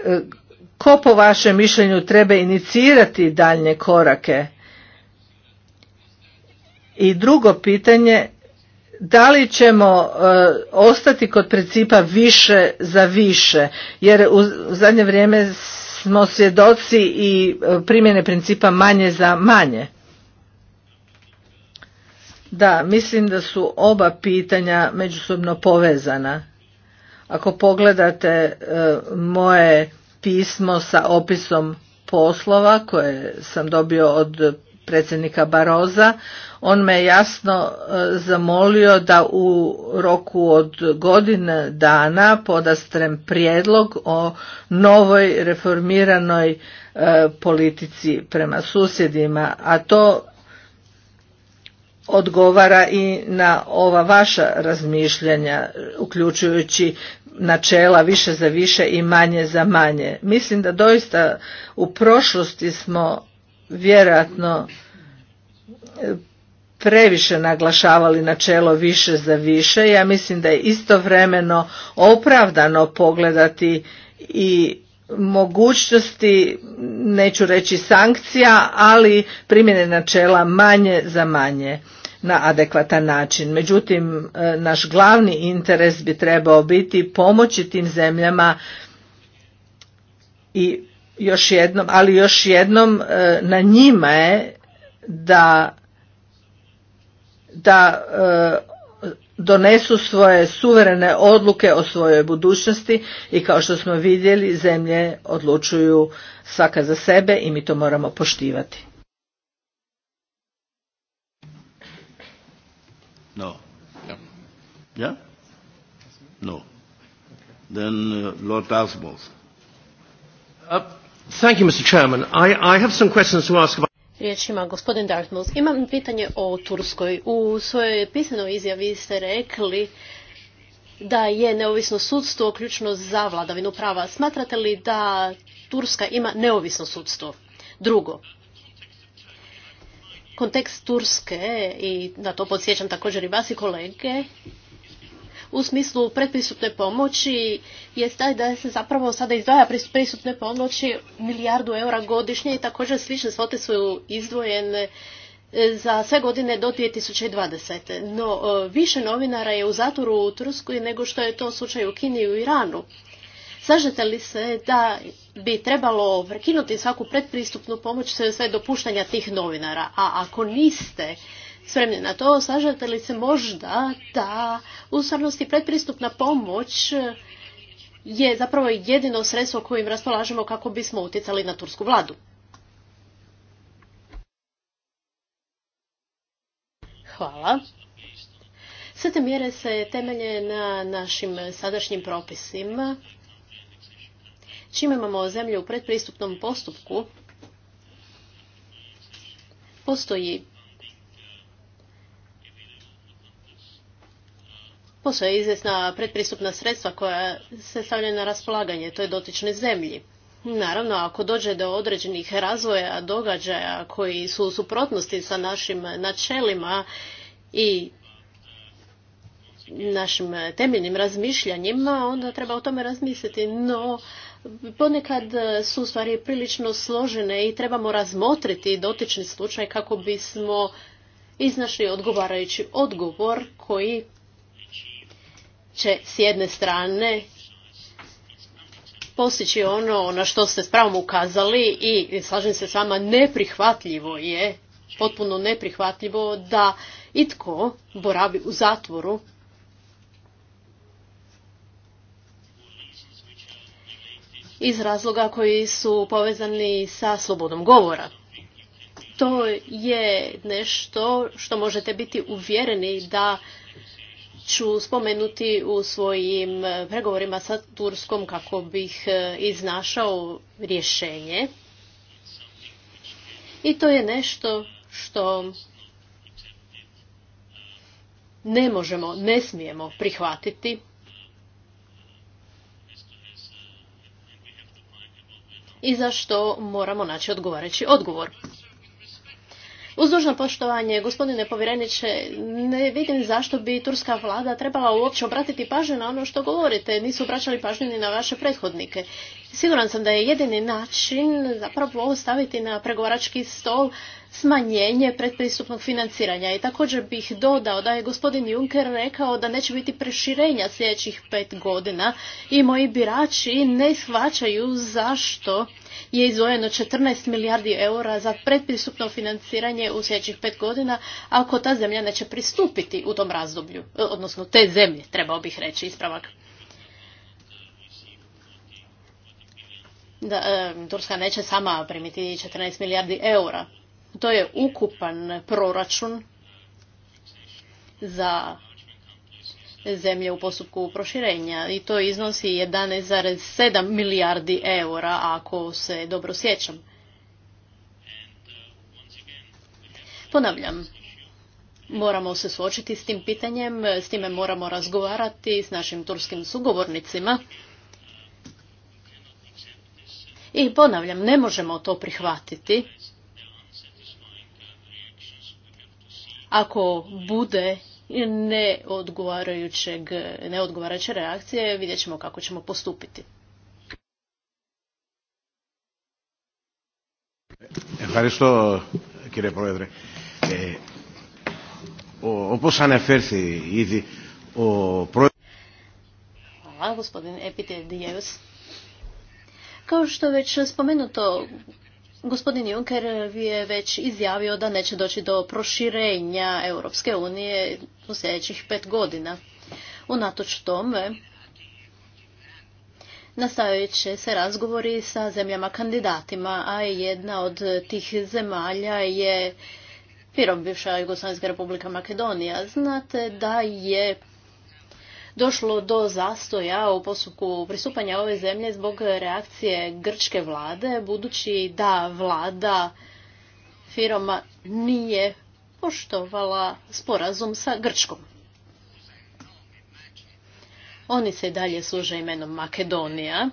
ko po vašem mišljenju treba inicirati daljnje korake? I drugo pitanje da li ćemo e, ostati kod principa više za više jer u zadnje vrijeme smo svjedoci i e, primjene principa manje za manje da mislim da su oba pitanja međusobno povezana ako pogledate e, moje pismo sa opisom poslova koje sam dobio od predsjednika Baroza. On me jasno e, zamolio da u roku od godine dana podastrem prijedlog o novoj reformiranoj e, politici prema susjedima, a to odgovara i na ova vaša razmišljanja, uključujući načela više za više i manje za manje. Mislim da doista u prošlosti smo vjerojatno e, previše naglašavali načelo više za više. Ja mislim da je istovremeno opravdano pogledati i mogućnosti, neću reći sankcija, ali primjene načela manje za manje na adekvatan način. Međutim, e, naš glavni interes bi trebao biti pomoći tim zemljama i još jednom, ali još jednom e, na njima je da da e, donesu svoje suverene odluke o svojoj budućnosti i kao što smo vidjeli zemlje odlučuju svaka za sebe i mi to moramo poštivati. No. No. Then uh, Lord Thank you, Mr. Chairman. Riječ gospodin Dartmouth. Imam pitanje o Turskoj. U svojoj pisanoj izjavi ste rekli da je neovisno sudstvo ključno za vladavinu prava. Smatrate li da Turska ima neovisno sudstvo? Drugo, kontekst Turske, i na to podsjećam također i vas i kolege, u smislu predpristupne pomoći je taj da se zapravo sada izdvaja pristupne pomoći milijardu eura godišnje i također slične svote su izdvojene e, za sve godine do 2020. No, e, više novinara je u zatvoru u Turskoj nego što je to slučaj u Kini i u Iranu. Slažete li se da bi trebalo vrkinuti svaku predpristupnu pomoć sve dopuštanja tih novinara? A ako niste, spremni na to, slažete li se možda da u stvarnosti predpristupna pomoć je zapravo jedino sredstvo kojim raspolažemo kako bismo utjecali na tursku vladu. Hvala. Sve te mjere se temelje na našim sadašnjim propisima. Čime imamo zemlju u predpristupnom postupku, postoji Postoje izvjesna predpristupna sredstva koja se stavljaju na raspolaganje toj dotičnoj zemlji. Naravno, ako dođe do određenih razvoja, događaja koji su u suprotnosti sa našim načelima i našim temeljnim razmišljanjima, onda treba o tome razmisliti. No, ponekad su stvari prilično složene i trebamo razmotriti dotični slučaj kako bismo iznašli odgovarajući odgovor koji će s jedne strane postići ono na što ste s pravom ukazali i slažem se s vama neprihvatljivo je, potpuno neprihvatljivo da itko boravi u zatvoru iz razloga koji su povezani sa slobodom govora. To je nešto što možete biti uvjereni da ću spomenuti u svojim e, pregovorima sa Turskom kako bih e, iznašao rješenje. I to je nešto što ne možemo, ne smijemo prihvatiti. I za što moramo naći odgovarajući odgovor. Uz dužno poštovanje, gospodine povjereniče, ne vidim zašto bi turska vlada trebala uopće obratiti pažnju na ono što govorite. Nisu obraćali pažnju ni na vaše prethodnike. Siguran sam da je jedini način zapravo ovo staviti na pregovarački stol smanjenje predpristupnog financiranja. I također bih dodao da je gospodin Juncker rekao da neće biti preširenja sljedećih pet godina i moji birači ne shvaćaju zašto je izvojeno 14 milijardi eura za predpristupno financiranje u sljedećih pet godina ako ta zemlja neće pristupiti u tom razdoblju, odnosno te zemlje, trebao bih reći ispravak. da e, Turska neće sama primiti 14 milijardi eura. To je ukupan proračun za zemlje u postupku proširenja i to iznosi 11,7 milijardi eura ako se dobro sjećam. Ponavljam, moramo se suočiti s tim pitanjem, s time moramo razgovarati s našim turskim sugovornicima i ponavljam, ne možemo to prihvatiti ako bude neodgovarajućeg, neodgovarajuće reakcije, vidjet ćemo kako ćemo postupiti. Ευχαριστώ κύριε Πρόεδρε. Ε, ο, όπως αναφέρθη ήδη ο Πρόεδρος... Hvala, gospodin epitel. Kao što već spomenuto, gospodin Juncker je već izjavio da neće doći do proširenja Europske unije u sljedećih pet godina. Unatoč tome, nastavit će se razgovori sa zemljama kandidatima, a jedna od tih zemalja je Pirom, bivša Jugoslavijska republika Makedonija. Znate da je došlo do zastoja u postupku pristupanja ove zemlje zbog reakcije grčke vlade, budući da vlada firoma nije poštovala sporazum sa Grčkom. Oni se dalje služe imenom Makedonija.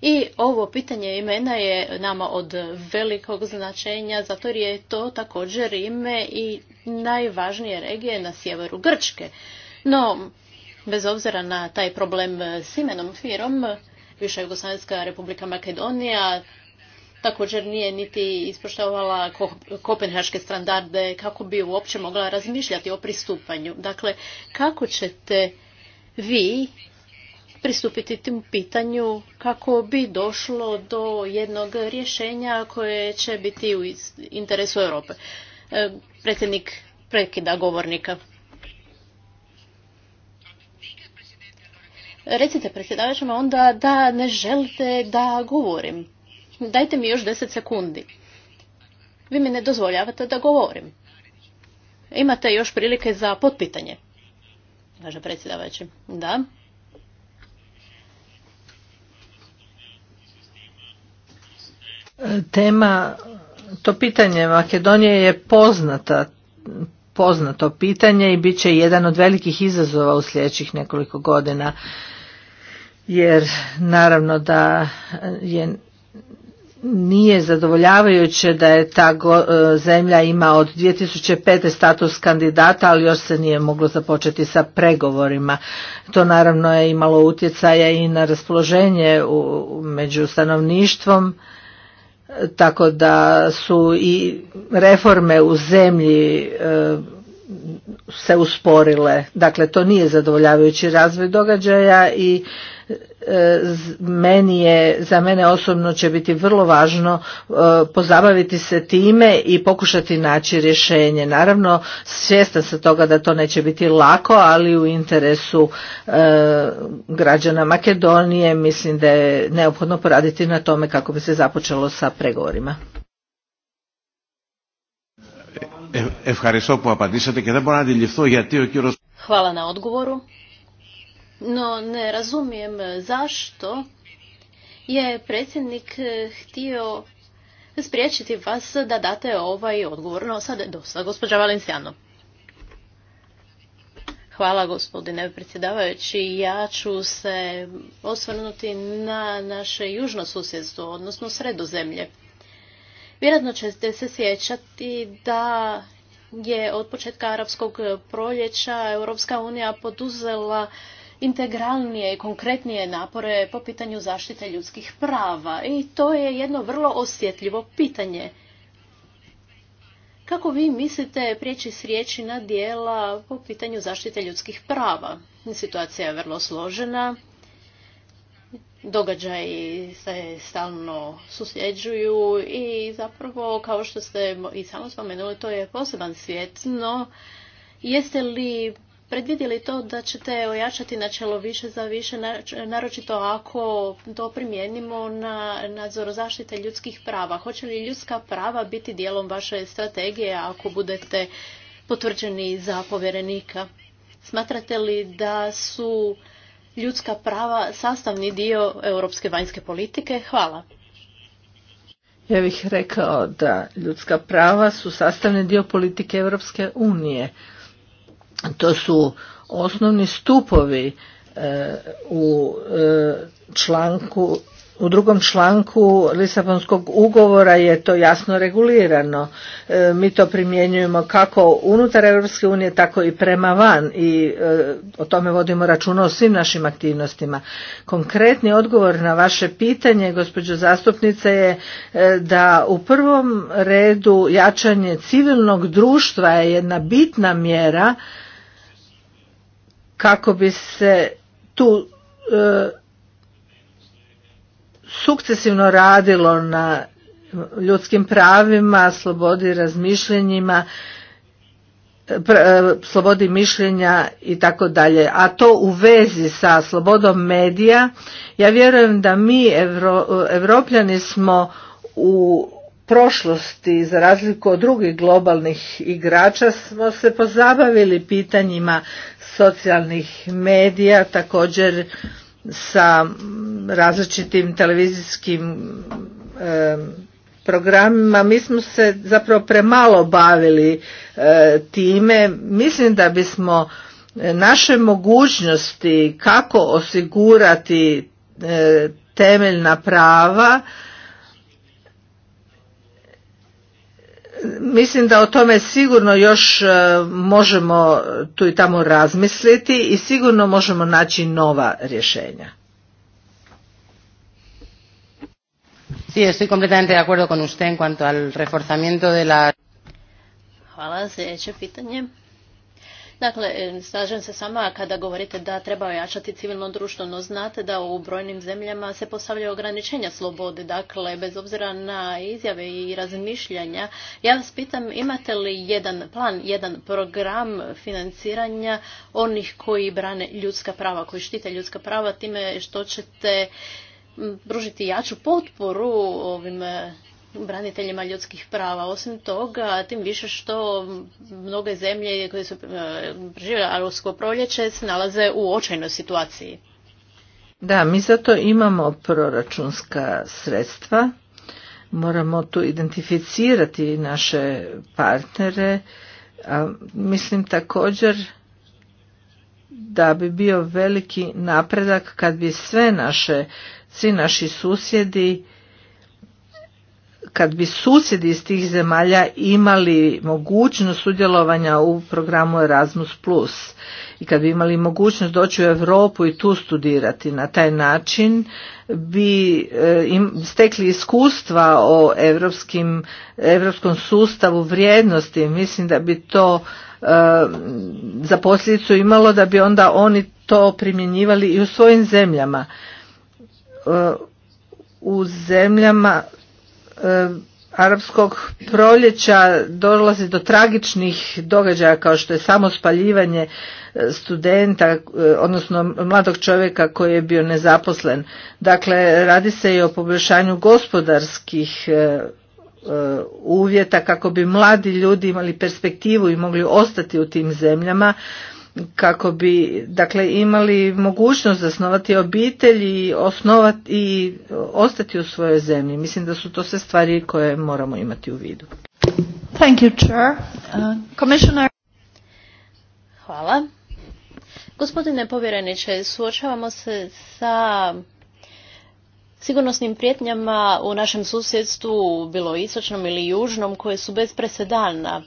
I ovo pitanje imena je nama od velikog značenja, zato jer je to također ime i najvažnije regije na sjeveru Grčke. No, bez obzira na taj problem s imenom Firom, Viša republika Makedonija također nije niti ispoštovala kopenhaške standarde kako bi uopće mogla razmišljati o pristupanju. Dakle, kako ćete vi pristupiti tim pitanju kako bi došlo do jednog rješenja koje će biti u interesu Europe. E, predsjednik prekida govornika. recite predsjedavajućima onda da ne želite da govorim. Dajte mi još deset sekundi. Vi mi ne dozvoljavate da govorim. Imate još prilike za potpitanje. Kaže predsjedavajući. Da. Tema, to pitanje Makedonije je poznata, poznato pitanje i bit će jedan od velikih izazova u sljedećih nekoliko godina jer naravno da je nije zadovoljavajuće da je ta e, zemlja ima od 2005. status kandidata, ali još se nije moglo započeti sa pregovorima. To naravno je imalo utjecaja i na raspoloženje u, među stanovništvom, tako da su i reforme u zemlji e, se usporile. Dakle, to nije zadovoljavajući razvoj događaja i e, meni je, za mene osobno će biti vrlo važno e, pozabaviti se time i pokušati naći rješenje. Naravno, svjestan se toga da to neće biti lako, ali u interesu e, građana Makedonije mislim da je neophodno poraditi na tome kako bi se započelo sa pregovorima. Hvala na odgovoru. No ne razumijem zašto je predsjednik eh, htio spriječiti vas da date ovaj odgovor. No sad dosta. Gospođa Hvala gospodine predsjedavajući. Ja ću se osvrnuti na naše južno susjedstvo, odnosno sredozemlje. zemlje. Vjerojatno ćete se sjećati da je od početka arapskog proljeća Europska unija poduzela integralnije i konkretnije napore po pitanju zaštite ljudskih prava i to je jedno vrlo osjetljivo pitanje. Kako vi mislite prijeći s riječi na dijela po pitanju zaštite ljudskih prava? Situacija je vrlo složena, događaji se stalno susljeđuju i zapravo kao što ste i samo spomenuli to je poseban svijet, no jeste li predvidjeli to da ćete ojačati načelo više za više, naročito ako to primijenimo na nadzor zaštite ljudskih prava. Hoće li ljudska prava biti dijelom vaše strategije ako budete potvrđeni za povjerenika? Smatrate li da su ljudska prava sastavni dio europske vanjske politike? Hvala. Ja bih rekao da ljudska prava su sastavni dio politike Europske unije. To su osnovni stupovi e, u e, članku u drugom članku Lisabonskog ugovora je to jasno regulirano. E, mi to primjenjujemo kako unutar Europske unije, tako i prema van i e, o tome vodimo računa o svim našim aktivnostima. Konkretni odgovor na vaše pitanje, gospođo zastupnice, je e, da u prvom redu jačanje civilnog društva je jedna bitna mjera kako bi se tu sukcesivno radilo na ljudskim pravima, slobodi razmišljenjima, e, slobodi mišljenja i tako dalje. A to u vezi sa slobodom medija, ja vjerujem da mi Evropljani smo u prošlosti, za razliku od drugih globalnih igrača, smo se pozabavili pitanjima socijalnih medija, također sa različitim televizijskim programima mi smo se zapravo premalo bavili e, time mislim da bismo e, naše mogućnosti kako osigurati e, temeljna prava Mislim da o tome sigurno još e, možemo tu i tamo razmisliti i sigurno možemo naći nova rješenja. Sí, estoy completamente de acuerdo con usted en cuanto al reforzamiento de la... Hvala, sljedeće pitanje. Dakle, e, slažem se sama kada govorite da treba ojačati civilno društvo, no znate da u brojnim zemljama se postavljaju ograničenja slobode. Dakle, bez obzira na izjave i razmišljanja, ja vas pitam imate li jedan plan, jedan program financiranja onih koji brane ljudska prava, koji štite ljudska prava time što ćete pružiti jaču potporu ovim braniteljima ljudskih prava. Osim toga, tim više što mnoge zemlje koje su e, žive arusko proljeće se nalaze u očajnoj situaciji. Da, mi zato imamo proračunska sredstva. Moramo tu identificirati naše partnere. A mislim također da bi bio veliki napredak kad bi sve naše, svi naši susjedi kad bi susjedi iz tih zemalja imali mogućnost sudjelovanja u programu Erasmus+, Plus i kad bi imali mogućnost doći u Europu i tu studirati na taj način, bi eh, stekli iskustva o europskim, europskom sustavu vrijednosti. Mislim da bi to eh, za posljedicu imalo da bi onda oni to primjenjivali i u svojim zemljama eh, u zemljama arapskog proljeća dolazi do tragičnih događaja kao što je samo spaljivanje eh, studenta, eh, odnosno mladog čovjeka koji je bio nezaposlen. Dakle, radi se i o poboljšanju gospodarskih eh, uvjeta kako bi mladi ljudi imali perspektivu i mogli ostati u tim zemljama kako bi dakle imali mogućnost zasnovati obitelj i osnovati i ostati u svojoj zemlji. Mislim da su to sve stvari koje moramo imati u vidu. Thank you, Chair. Uh, Commissioner. Hvala. Gospodine povjereniče, suočavamo se sa sigurnosnim prijetnjama u našem susjedstvu, bilo istočnom ili južnom, koje su bez presedana.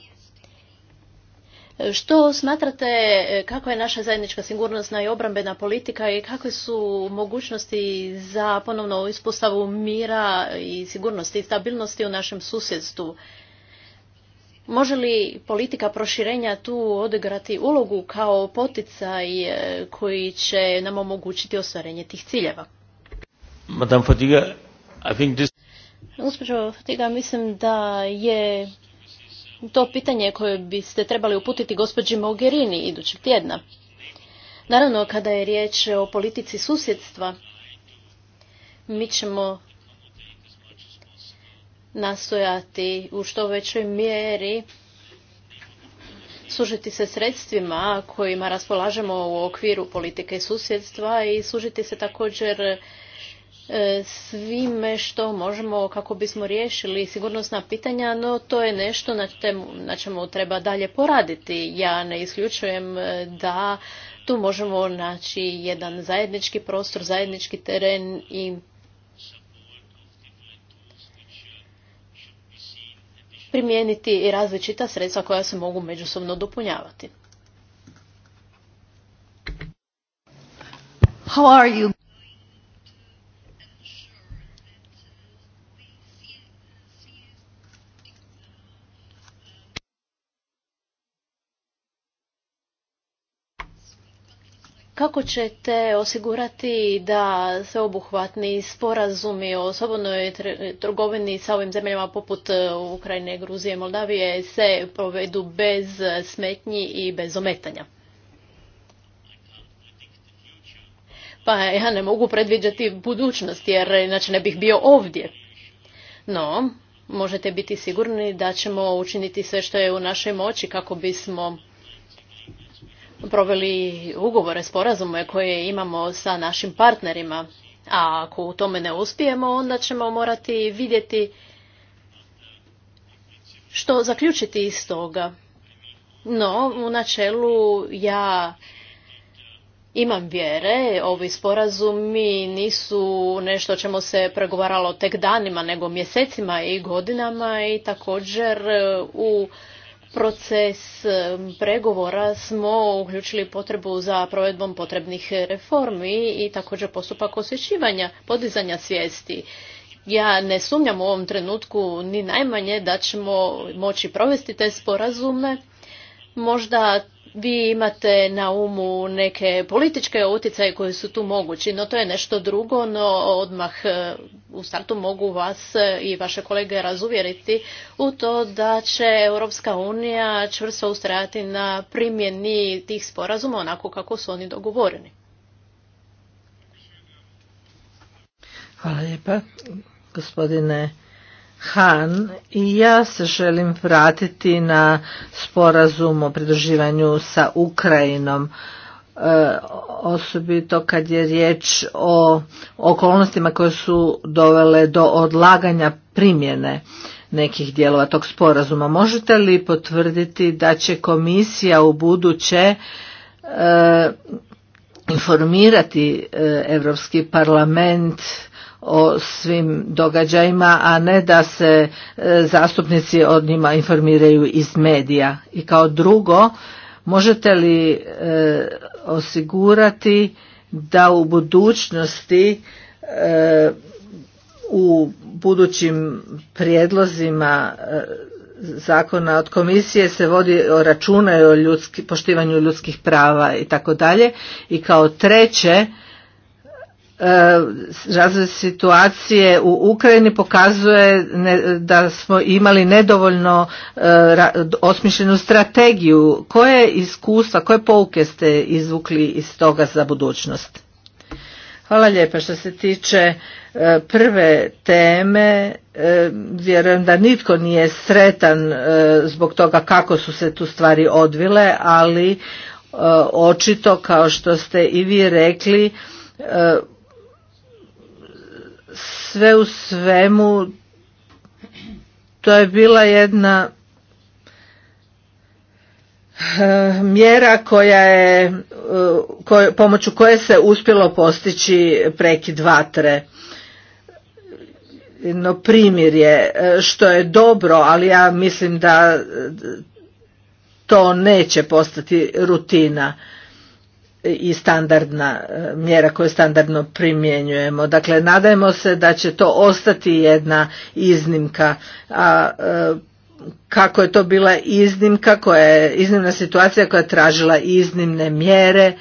Što smatrate e, kako je naša zajednička sigurnosna i obrambena politika i kakve su mogućnosti za ponovno ispostavu mira i sigurnosti i stabilnosti u našem susjedstvu? Može li politika proširenja tu odigrati ulogu kao poticaj e, koji će nam omogućiti ostvarenje tih ciljeva? Madame Fatiga, I think this... Fatiga, mislim da je to pitanje koje biste trebali uputiti gospođi Mogherini idućeg tjedna. Naravno, kada je riječ o politici susjedstva, mi ćemo nastojati u što većoj mjeri sužiti se sredstvima kojima raspolažemo u okviru politike susjedstva i sužiti se također E, svime što možemo kako bismo riješili sigurnosna pitanja, no to je nešto na, čemu treba dalje poraditi. Ja ne isključujem e, da tu možemo naći jedan zajednički prostor, zajednički teren i primijeniti i različita sredstva koja se mogu međusobno dopunjavati. How are you Kako ćete osigurati da sveobuhvatni sporazumi o slobodnoj trgovini sa ovim zemljama poput e, Ukrajine, Gruzije, Moldavije se provedu bez smetnji i bez ometanja? Pa ja ne mogu predviđati budućnost jer inače ne bih bio ovdje. No, možete biti sigurni da ćemo učiniti sve što je u našoj moći kako bismo proveli ugovore, sporazume koje imamo sa našim partnerima. A ako u tome ne uspijemo, onda ćemo morati vidjeti što zaključiti iz toga. No, u načelu ja imam vjere, ovi sporazumi nisu nešto čemu se pregovaralo tek danima, nego mjesecima i godinama i također u proces pregovora smo uključili potrebu za provedbom potrebnih reformi i također postupak osjećivanja, podizanja svijesti. Ja ne sumnjam u ovom trenutku ni najmanje da ćemo moći provesti te sporazume. Možda vi imate na umu neke političke utjecaje koji su tu mogući, no to je nešto drugo, no odmah e, u startu mogu vas e, i vaše kolege razuvjeriti u to da će Europska unija čvrsto ustrajati na primjeni tih sporazuma onako kako su oni dogovoreni. Hvala lijepa, gospodine Han i ja se želim vratiti na sporazum o pridruživanju sa Ukrajinom e, osobito kad je riječ o okolnostima koje su dovele do odlaganja primjene nekih dijelova tog sporazuma. Možete li potvrditi da će komisija u buduće e, informirati Europski parlament o svim događajima, a ne da se e, zastupnici od njima informiraju iz medija. I kao drugo, možete li e, osigurati da u budućnosti e, u budućim prijedlozima zakona od komisije se vodi o računaju, o poštivanju ljudskih prava i tako dalje i kao treće E, razvoj situacije u Ukrajini pokazuje da smo imali nedovoljno e, osmišljenu strategiju. Koje iskustva, koje pouke ste izvukli iz toga za budućnost? Hvala lijepa. Što se tiče e, prve teme, vjerujem da nitko nije sretan zbog toga kako su se tu stvari odvile, ali očito kao što ste i vi rekli, sve u svemu to je bila jedna eh, mjera koja je, eh, pomoću koje se uspjelo postići prekid vatre. No primjer je eh, što je dobro, ali ja mislim da to neće postati rutina i standardna e, mjera koju standardno primjenjujemo. Dakle, nadajmo se da će to ostati jedna iznimka, a e, kako je to bila iznimka, koja je iznimna situacija koja je tražila iznimne mjere e,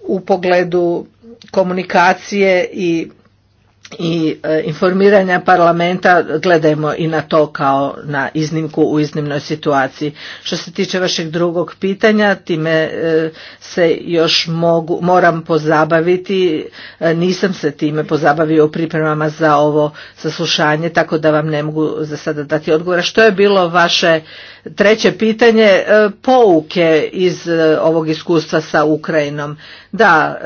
u pogledu komunikacije i i e, informiranja parlamenta gledajmo i na to kao na iznimku u iznimnoj situaciji. Što se tiče vašeg drugog pitanja, time e, se još mogu, moram pozabaviti, e, nisam se time pozabavio u pripremama za ovo saslušanje, tako da vam ne mogu za sada dati odgovora. Što je bilo vaše treće pitanje, pouke iz ovog iskustva sa Ukrajinom? Da,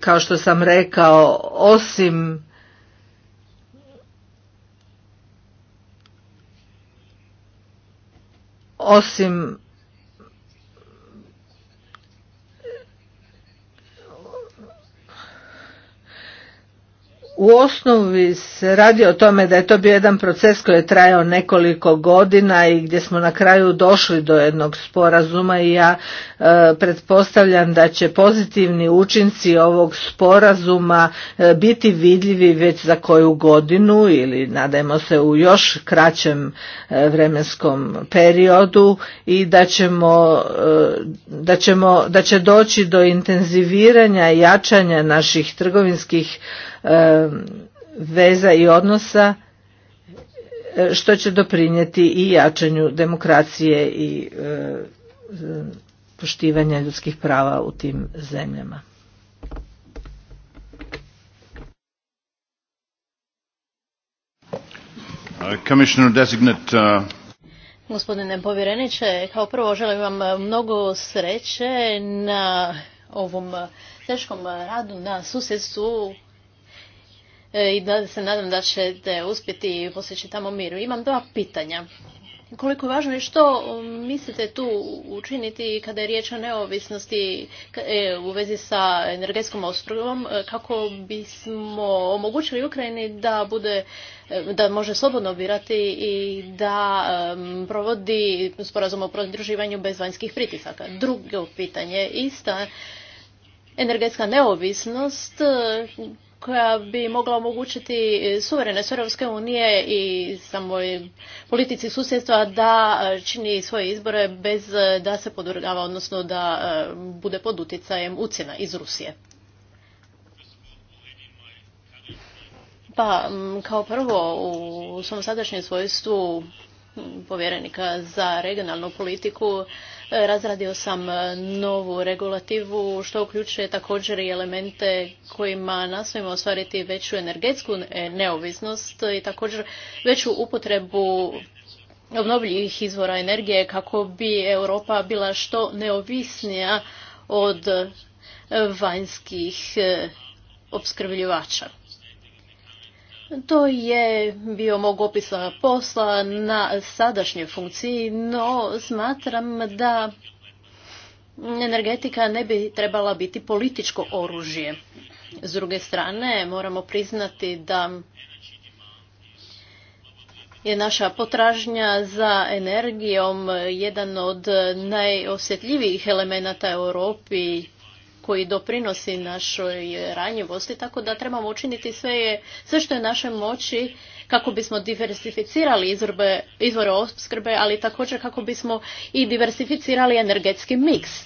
kao što sam rekao, osim osim u osnovi se radi o tome da je to bio jedan proces koji je trajao nekoliko godina i gdje smo na kraju došli do jednog sporazuma i ja e, pretpostavljam da će pozitivni učinci ovog sporazuma e, biti vidljivi već za koju godinu ili nadajmo se u još kraćem e, vremenskom periodu i da ćemo, e, da ćemo da će doći do intenziviranja i jačanja naših trgovinskih E, veza i odnosa e, što će doprinijeti i jačanju demokracije i e, poštivanja ljudskih prava u tim zemljama. Uh, uh, Gospodine povjereniče, kao prvo želim vam mnogo sreće na ovom teškom radu na susjedstvu E, i da se nadam da ćete uspjeti posjeći tamo miru. Imam dva pitanja. Koliko je važno je što um, mislite tu učiniti kada je riječ o neovisnosti e, u vezi sa energetskom ostrovom e, kako bismo omogućili Ukrajini da bude da može slobodno birati i da provodi sporazum o pridruživanju bez vanjskih pritisaka. Drugo pitanje, ista energetska neovisnost koja bi mogla omogućiti e, suverene Europske unije i samoj politici susjedstva da e, čini svoje izbore bez e, da se podvrgava, odnosno da bude pod utjecajem ucjena iz Rusije. Pa, kao prvo, u svom sadašnjem svojstvu povjerenika za regionalnu politiku E, razradio sam e, novu regulativu što uključuje također i elemente kojima nastojimo ostvariti veću energetsku neovisnost i također veću upotrebu obnovljivih izvora energije kako bi Europa bila što neovisnija od vanjskih e, opskrbljivača. To je bio mog opisa posla na sadašnjoj funkciji, no smatram da energetika ne bi trebala biti političko oružje. S druge strane, moramo priznati da je naša potražnja za energijom jedan od najosjetljivijih elemenata Europi koji doprinosi našoj ranjivosti, tako da trebamo učiniti sve, sve što je naše moći kako bismo diversificirali izvore opskrbe, ali također kako bismo i diversificirali energetski miks.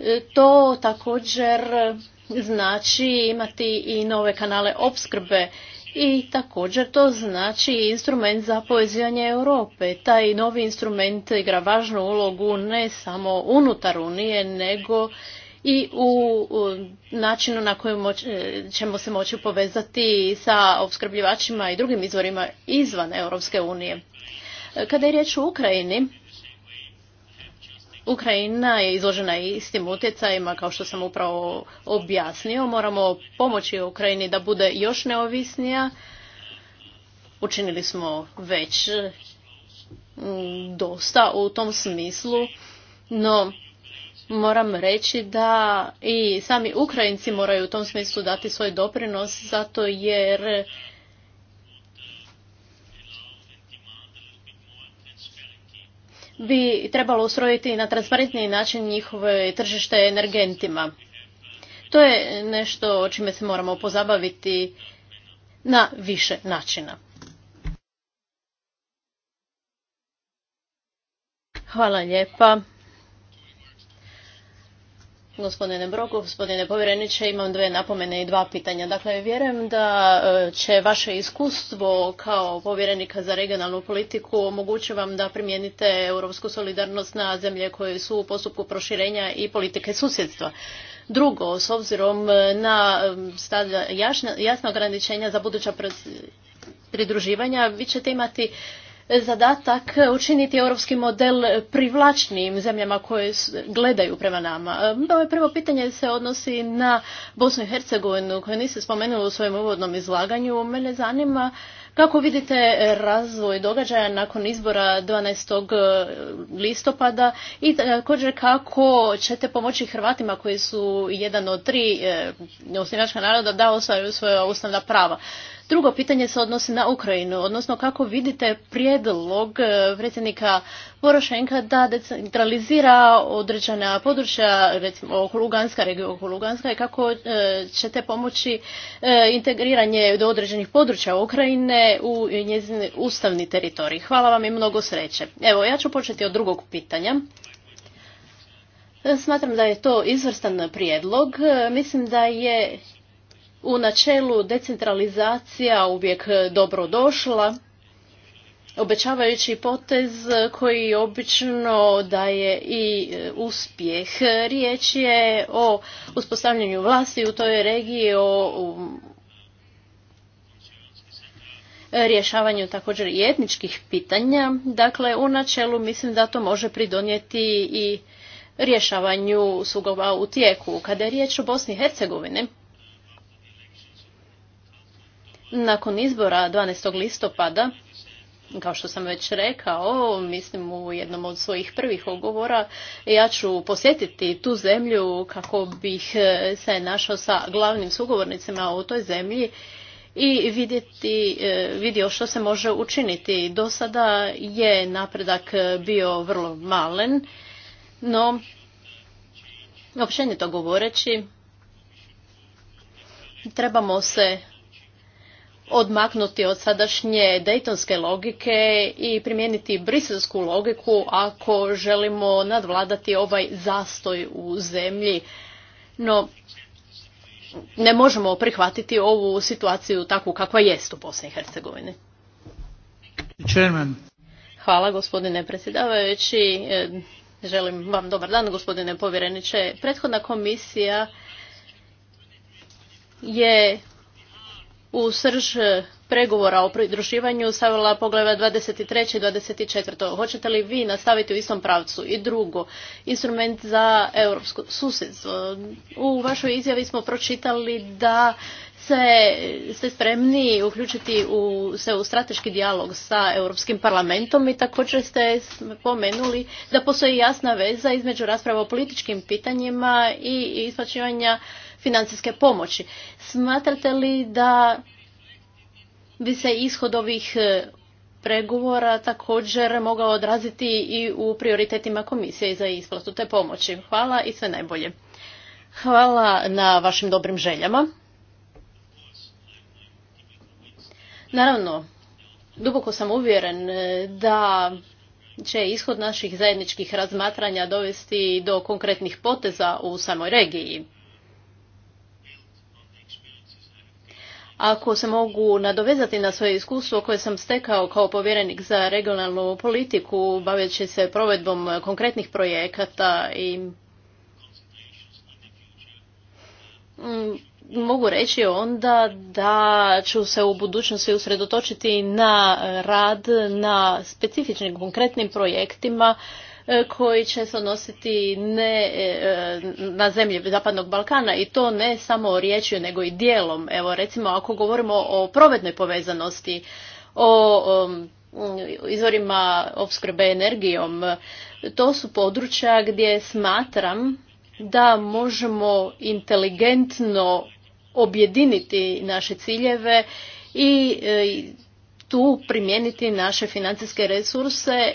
E, to također znači imati i nove kanale opskrbe i također to znači instrument za povezivanje Europe. Taj novi instrument igra važnu ulogu ne samo unutar Unije, nego i u načinu na kojem ćemo se moći povezati sa opskrbljivačima i drugim izvorima izvan Europske unije. E, kada je riječ o Ukrajini, Ukrajina je izložena istim utjecajima kao što sam upravo objasnio. Moramo pomoći Ukrajini da bude još neovisnija. Učinili smo već mm, dosta u tom smislu, no moram reći da i sami Ukrajinci moraju u tom smislu dati svoj doprinos zato jer bi trebalo ustrojiti na transparentniji način njihove tržište energentima. To je nešto o čime se moramo pozabaviti na više načina. Hvala lijepa. Gospodine Broku, gospodine povjereniče, imam dve napomene i dva pitanja. Dakle, vjerujem da e, će vaše iskustvo kao povjerenika za regionalnu politiku omogući vam da primijenite europsku solidarnost na zemlje koje su u postupku proširenja i politike susjedstva. Drugo, s obzirom na jasna ograničenja za buduća pridruživanja, vi ćete imati zadatak učiniti europski model privlačnijim zemljama koje gledaju prema nama. E, Moje prvo pitanje se odnosi na Bosnu i Hercegovinu koju niste spomenuli u svojem uvodnom izlaganju. Mene zanima kako vidite razvoj događaja nakon izbora 12. E, listopada i također kako ćete pomoći Hrvatima koji su jedan od tri e, osnivačka naroda da ostvaruju svoja ustavna prava? Drugo pitanje se odnosi na Ukrajinu, odnosno kako vidite prijedlog e, predsjednika Porošenka da decentralizira određena područja, recimo Luganska, i kako e, ćete pomoći e, integriranje do određenih područja Ukrajine u njezin ustavni teritorij. Hvala vam i mnogo sreće. Evo, ja ću početi od drugog pitanja. Smatram da je to izvrstan prijedlog. Mislim da je u načelu decentralizacija uvijek dobro došla, obećavajući potez koji obično daje i e, uspjeh. Riječ je o uspostavljanju vlasti u toj regiji, o rješavanju također i etničkih pitanja. Dakle, u načelu mislim da to može pridonijeti i rješavanju sugova u tijeku. Kada je riječ o Bosni i Hercegovini, nakon izbora 12. listopada, kao što sam već rekao, mislim u jednom od svojih prvih ugovora, ja ću posjetiti tu zemlju kako bih e, se našao sa glavnim sugovornicima u toj zemlji i vidjeti, e, vidio što se može učiniti. Do sada je napredak bio vrlo malen, no općenito govoreći trebamo se odmaknuti od sadašnje dejtonske logike i primijeniti briselsku logiku ako želimo nadvladati ovaj zastoj u zemlji. No, ne možemo prihvatiti ovu situaciju takvu kakva jest u Bosni i Hercegovini. Hvala gospodine predsjedavajući. E, želim vam dobar dan gospodine povjereniče. Prethodna komisija je u srž e, pregovora o pridruživanju stavila poglava 23. i 24. Hoćete li vi nastaviti u istom pravcu? I drugo, instrument za europsko susjedstvo. U vašoj izjavi smo pročitali da se ste spremni uključiti u, se u strateški dijalog sa Europskim parlamentom i također ste spomenuli da postoji jasna veza između rasprava o političkim pitanjima i isplaćivanja financijske pomoći. Smatrate li da bi se ishod ovih e, pregovora također mogao odraziti i u prioritetima komisije za isplatu te pomoći. Hvala i sve najbolje. Hvala na vašim dobrim željama. Naravno, duboko sam uvjeren e, da će ishod naših zajedničkih razmatranja dovesti do konkretnih poteza u samoj regiji. Ako se mogu nadovezati na svoje iskustvo koje sam stekao kao povjerenik za regionalnu politiku, baveći se provedbom konkretnih projekata i mm, mogu reći onda da ću se u budućnosti usredotočiti na rad na specifičnim konkretnim projektima E, koji će se odnositi ne e, na zemlje Zapadnog Balkana i to ne samo riječju nego i dijelom. Evo recimo ako govorimo o provednoj povezanosti, o izvorima opskrbe energijom, to su područja gdje smatram da možemo inteligentno objediniti naše ciljeve i e, tu primijeniti naše financijske resurse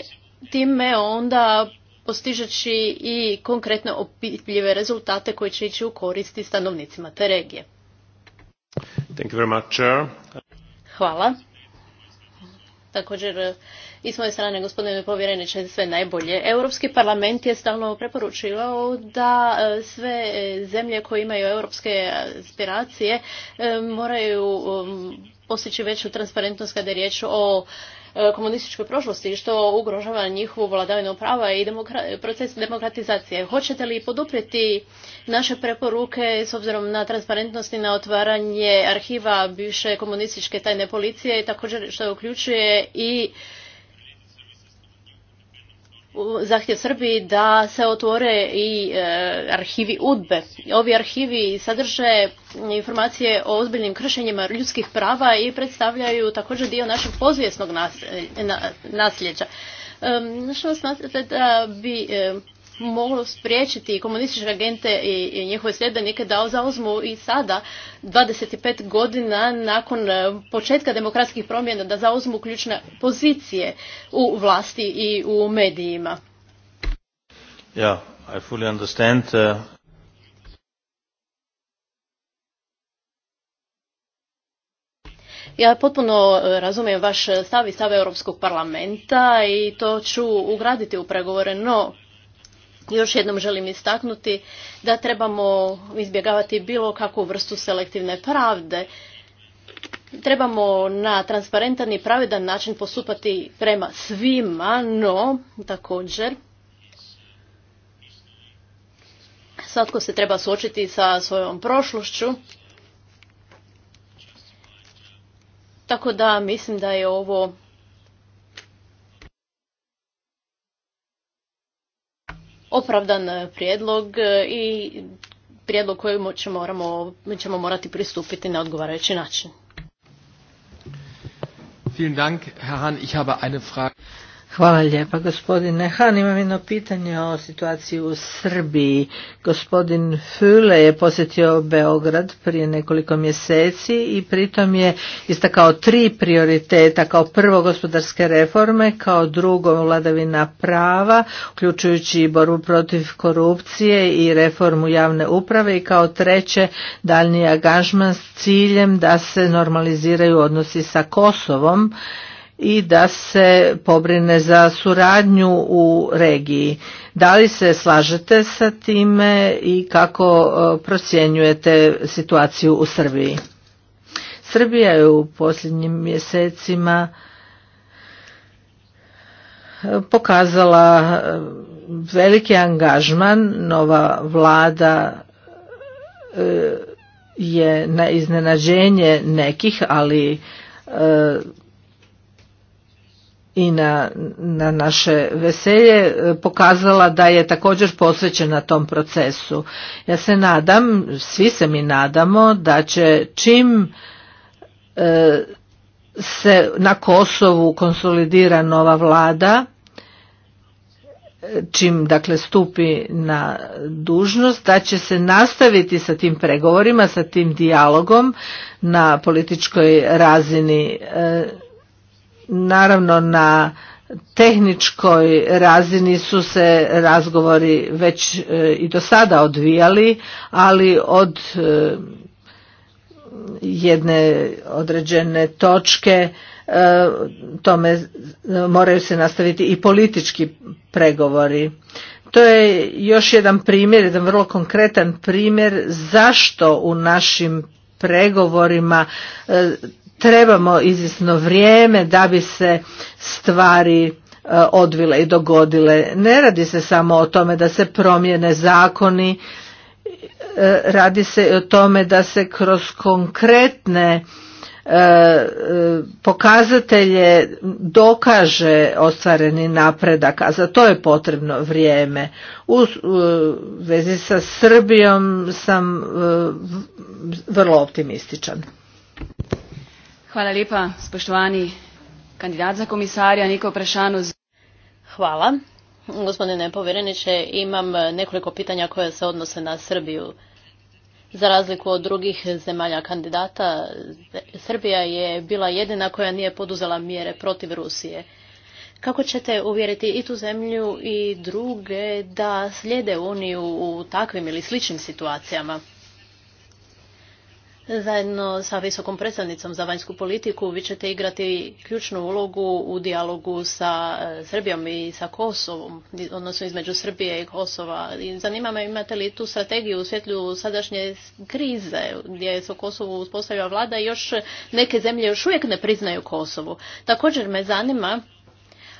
time onda postižeći i konkretne opitljive rezultate koji će ići u koristi stanovnicima te regije. Thank you very much. Hvala. Također, i s moje strane, gospodine povjereniče, sve najbolje. Europski parlament je stalno preporučivao da e, sve e, zemlje koje imaju europske aspiracije e, moraju postići veću transparentnost kada je riječ o E, komunističkoj prošlosti što ugrožava njihovu vladavinu prava i proces demokratizacije. Hoćete li poduprijeti naše preporuke s obzirom na transparentnost i na otvaranje arhiva bivše komunističke tajne policije i također što uključuje i zahtjev Srbiji da se otvore i e, arhivi UDBE. Ovi arhivi sadrže informacije o ozbiljnim kršenjima ljudskih prava i predstavljaju također dio našeg pozvijesnog e, nasljeđa. što da bi e, moglo spriječiti komunističke agente i njihove sljedbenike da zauzmu i sada 25 godina nakon e, početka demokratskih promjena da zauzmu ključne pozicije u vlasti i u medijima. I fully understand. E, ja potpuno e, razumijem vaš stav i stav Europskog parlamenta i to ću ugraditi u pregovore, no još jednom želim istaknuti da trebamo izbjegavati bilo kakvu vrstu selektivne pravde. Trebamo na transparentan i pravedan način postupati prema svima, no također svatko se treba suočiti sa svojom prošlošću. Tako da mislim da je ovo opravdan e, prijedlog e, i prijedlog kojemu ćemo, ćemo morati pristupiti na odgovarajući način. Vielen Hahn. habe eine Frage. Hvala lijepa gospodine Han. Imam jedno pitanje o situaciji u Srbiji. Gospodin Füle je posjetio Beograd prije nekoliko mjeseci i pritom je istakao tri prioriteta. Kao prvo gospodarske reforme, kao drugo vladavina prava, uključujući borbu protiv korupcije i reformu javne uprave i kao treće daljnji agažman s ciljem da se normaliziraju odnosi sa Kosovom i da se pobrine za suradnju u regiji. Da li se slažete sa time i kako e, procjenjujete situaciju u Srbiji? Srbija je u posljednjim mjesecima e, pokazala e, veliki angažman, nova vlada je na iznenađenje nekih, ali i na, naše veselje e, pokazala da je također posvećena tom procesu. Ja se nadam, svi se mi nadamo da će čim e, se na Kosovu konsolidira nova vlada, čim dakle stupi na dužnost, da će se nastaviti sa tim pregovorima, sa tim dijalogom na političkoj razini e, Naravno na tehničkoj razini su se razgovori već e, i do sada odvijali, ali od e, jedne određene točke e, tome moraju se nastaviti i politički pregovori. To je još jedan primjer, jedan vrlo konkretan primjer zašto u našim pregovorima trebamo izvjesno vrijeme da bi se stvari e, odvile i dogodile. Ne radi se samo o tome da se promijene zakoni, e, radi se i o tome da se kroz konkretne e, pokazatelje dokaže ostvareni napredak, a za to je potrebno vrijeme. U vezi sa Srbijom sam vrlo optimističan. Hvala lijepa, spoštovani kandidat za komisarja, Niko vprašanje. Hvala. Gospodine povjereniče, imam nekoliko pitanja koje se odnose na Srbiju. Za razliku od drugih zemalja kandidata, Srbija je bila jedina koja nije poduzela mjere protiv Rusije. Kako ćete uvjeriti i tu zemlju i druge da slijede Uniju u takvim ili sličnim situacijama? Zajedno sa visokom predstavnicom za vanjsku politiku vi ćete igrati ključnu ulogu u dijalogu sa e, Srbijom i sa Kosovom, odnosno između Srbije i Kosova. I zanima me imate li tu strategiju u svjetlju sadašnje krize gdje se u Kosovu uspostavlja vlada i još neke zemlje još uvijek ne priznaju Kosovu. Također me zanima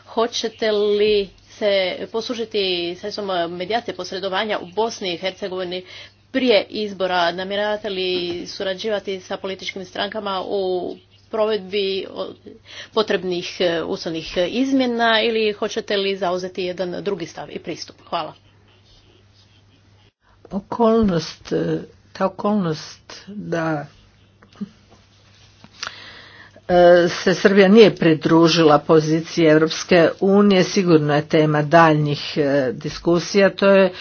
hoćete li se poslužiti sredstvom medijacije posredovanja u Bosni i Hercegovini prije izbora namjeravate li surađivati sa političkim strankama u provedbi potrebnih e, ustavnih izmjena ili hoćete li zauzeti jedan drugi stav i pristup? Hvala. Okolnost, e, ta okolnost da e, se Srbija nije pridružila poziciji Europske unije, sigurno je tema daljnjih diskusija, to je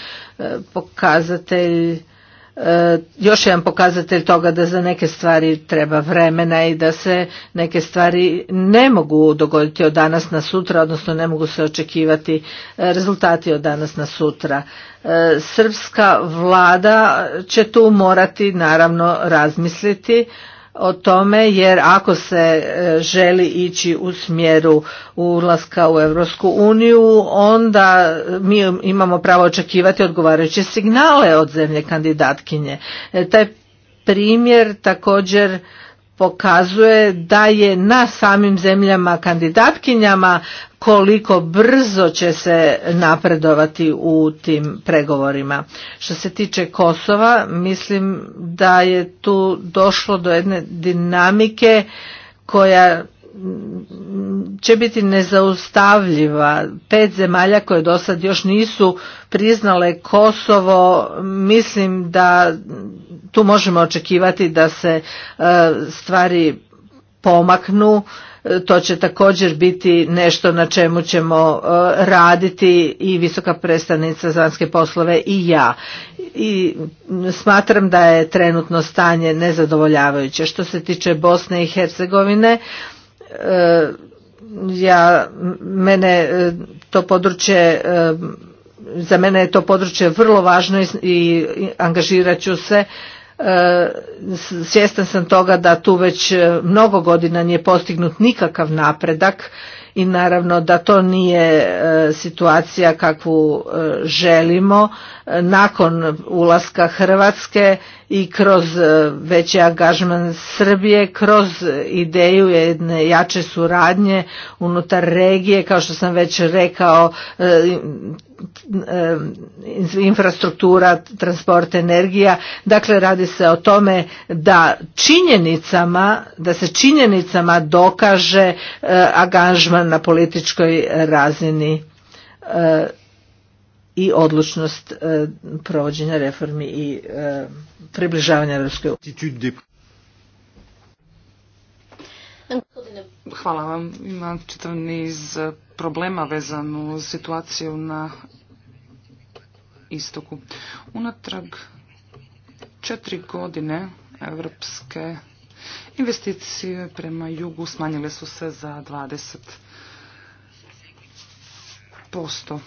pokazatelj E, još jedan pokazatelj toga da za neke stvari treba vremena i da se neke stvari ne mogu dogoditi od danas na sutra, odnosno ne mogu se očekivati e, rezultati od danas na sutra. E, srpska vlada će tu morati naravno razmisliti o tome jer ako se e, želi ići u smjeru ulaska u Europsku uniju onda mi imamo pravo očekivati odgovarajuće signale od zemlje kandidatkinje. E, taj primjer također pokazuje da je na samim zemljama kandidatkinjama koliko brzo će se napredovati u tim pregovorima. Što se tiče Kosova, mislim da je tu došlo do jedne dinamike koja će biti nezaustavljiva. Pet zemalja koje do sad još nisu priznale Kosovo, mislim da tu možemo očekivati da se e, stvari pomaknu. E, to će također biti nešto na čemu ćemo e, raditi i visoka predstavnica za poslove i ja. I smatram da je trenutno stanje nezadovoljavajuće. Što se tiče Bosne i Hercegovine, E, ja mene e, to područje e, za mene je to područje vrlo važno i angažirat ću se svjestan sam toga da tu već mnogo godina nije postignut nikakav napredak i naravno da to nije e, situacija kakvu e, želimo e, nakon ulaska Hrvatske i kroz veći angažman Srbije, kroz ideju jedne jače suradnje unutar regije, kao što sam već rekao, infrastruktura, transport, energija. Dakle, radi se o tome da činjenicama, da se činjenicama dokaže e, angažman na političkoj razini e, i odlučnost e, provođenja reformi i približavanja europske unije. Hvala vam. Ima čitav niz problema vezan uz situaciju na istoku. Unatrag četiri godine evropske investicije prema jugu smanjile su se za 20 posto.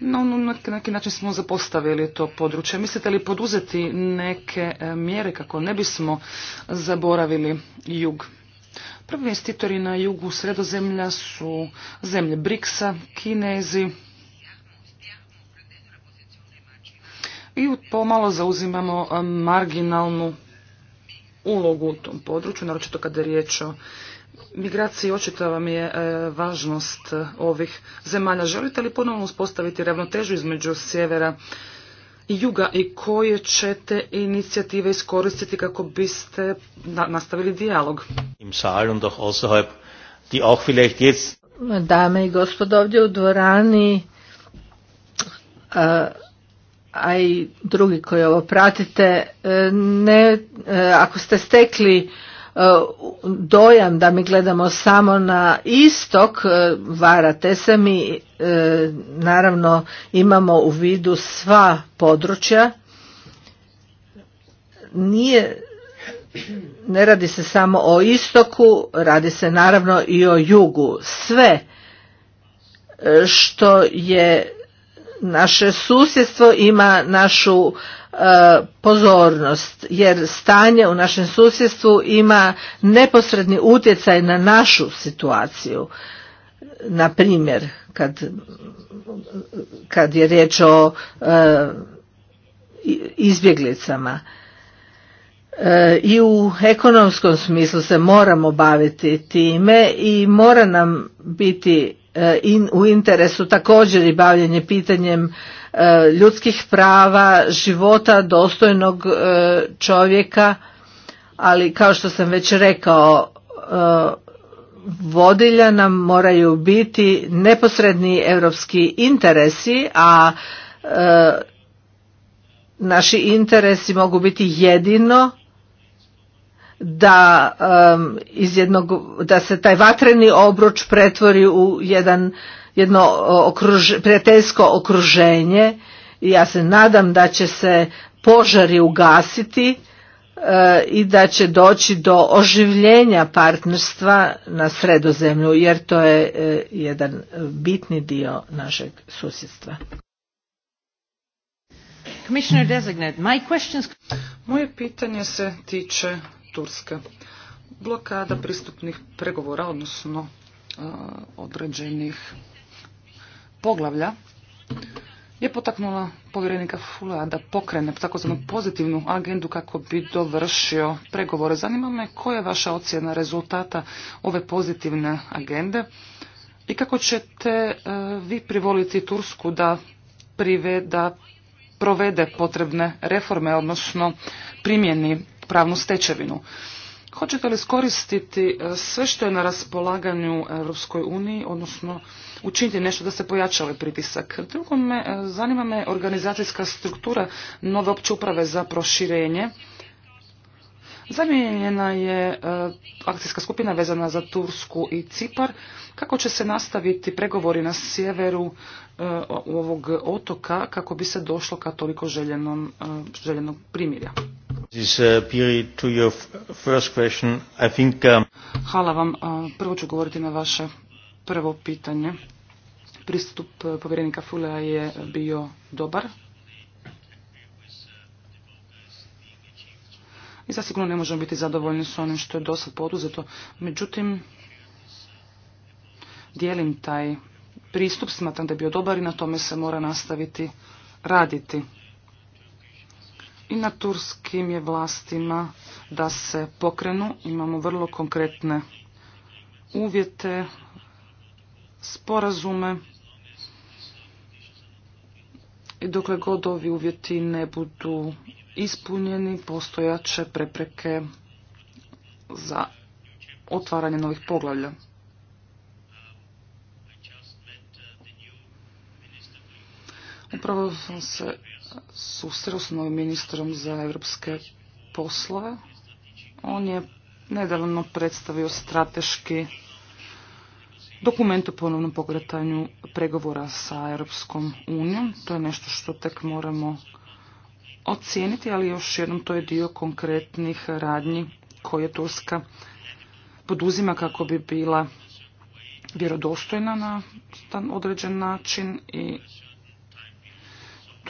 No, na neki način smo zapostavili to područje. Mislite li poduzeti neke e, mjere kako ne bismo zaboravili jug? Prvi investitori na jugu sredozemlja su zemlje Briksa, Kinezi, i pomalo zauzimamo e, marginalnu ulogu u tom području, naročito kada je riječ o migraciji. Očito vam je e, važnost e, ovih zemalja. Želite li ponovno uspostaviti ravnotežu između sjevera i juga i koje ćete inicijative iskoristiti kako biste nastavili dijalog? Dame i gospodo ovdje u dvorani, e, a i drugi koji ovo pratite, e, ne, e, ako ste stekli e, dojam da mi gledamo samo na istok, varate se mi, naravno imamo u vidu sva područja, nije ne radi se samo o istoku, radi se naravno i o jugu. Sve što je naše susjedstvo ima našu e, pozornost jer stanje u našem susjedstvu ima neposredni utjecaj na našu situaciju na primjer kad, kad je riječ o e, izbjeglicama e, i u ekonomskom smislu se moramo baviti time i mora nam biti E, in, u interesu također i bavljenje pitanjem e, ljudskih prava, života dostojnog e, čovjeka, ali kao što sam već rekao, vodilja nam moraju biti neposredni europski interesi, a naši interesi mogu biti jedino da, um, iz jednog, da se taj vatreni obruč pretvori u jedan, jedno okruž, prijateljsko okruženje i ja se nadam da će se požari ugasiti uh, i da će doći do oživljenja partnerstva na sredozemlju jer to je uh, jedan bitni dio našeg susjedstva. Moje pitanje se tiče Turske. Blokada pristupnih pregovora, odnosno e, određenih poglavlja, je potaknula povjerenika Fula da pokrene takozvanu pozitivnu agendu kako bi dovršio pregovore. Zanima me koja je vaša ocjena rezultata ove pozitivne agende i kako ćete e, vi privoliti Tursku da da provede potrebne reforme, odnosno primjeni pravnu stečevinu. Hoćete li skoristiti e, sve što je na raspolaganju Europskoj uniji, odnosno učiniti nešto da se pojača ovaj pritisak? Drugo me, e, zanima me organizacijska struktura nove opće uprave za proširenje. Zamijenjena je e, akcijska skupina vezana za Tursku i Cipar. Kako će se nastaviti pregovori na sjeveru ovog otoka kako bi se došlo ka toliko željenom, željenog primirja? Uh, um, Hvala vam. Prvo ću govoriti na vaše prvo pitanje. Pristup uh, povjerenika Fulea je bio dobar. I zasigurno ne možemo biti zadovoljni s onim što je dosad poduzeto. Međutim, dijelim taj pristup, smatram da je bio dobar i na tome se mora nastaviti raditi i na turskim je vlastima da se pokrenu. Imamo vrlo konkretne uvjete, sporazume i dokle god ovi uvjeti ne budu ispunjeni, postojaće prepreke za otvaranje novih poglavlja. Upravo sam se susreo s novim ministrom za evropske poslove. On je nedavno predstavio strateški dokument o ponovnom pokretanju pregovora sa Europskom unijom. To je nešto što tek moramo ocijeniti, ali još jednom to je dio konkretnih radnji koje Turska poduzima kako bi bila vjerodostojna na određen način i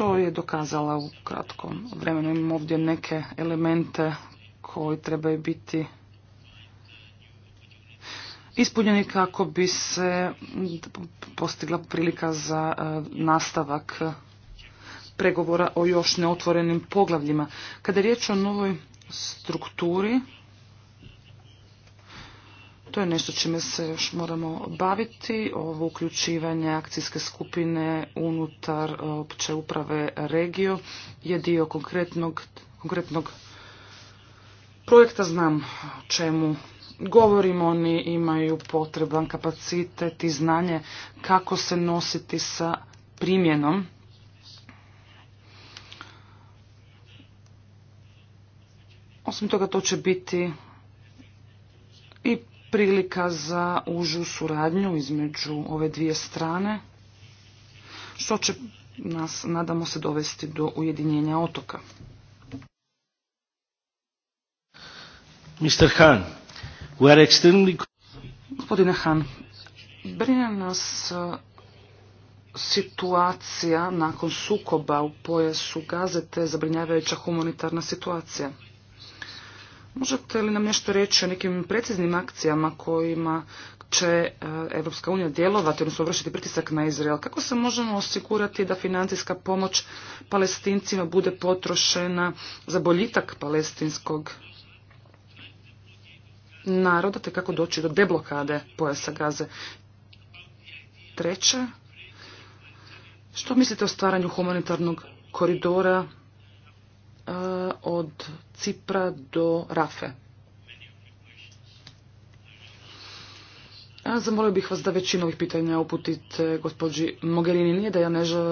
to je dokazala u kratkom vremenu. Imamo ovdje neke elemente koji trebaju biti ispunjeni kako bi se postigla prilika za e, nastavak pregovora o još neotvorenim poglavljima. Kada je riječ o novoj strukturi, to je nešto čime se još moramo baviti, ovo uključivanje akcijske skupine unutar e, opće uprave regiju je dio konkretnog, konkretnog projekta, znam o čemu govorimo, oni imaju potreban kapacitet i znanje kako se nositi sa primjenom Osim toga, to će biti i prilika za užu suradnju između ove dvije strane, što će nas, nadamo se, dovesti do ujedinjenja otoka. Mr. extremely... Gospodine Han, brine nas uh, situacija nakon sukoba u pojasu gazete zabrinjavajuća humanitarna situacija. Možete li nam nešto reći o nekim preciznim akcijama kojima će Europska unija djelovati, odnosno vršiti pritisak na Izrael? Kako se možemo osigurati da financijska pomoć palestincima bude potrošena za boljitak palestinskog naroda, te kako doći do deblokade pojasa gaze? Treće, što mislite o stvaranju humanitarnog koridora od Cipra do Rafe. zamolio bih vas da većinu ovih pitanja uputite gospođi Mogherini. Nije da ja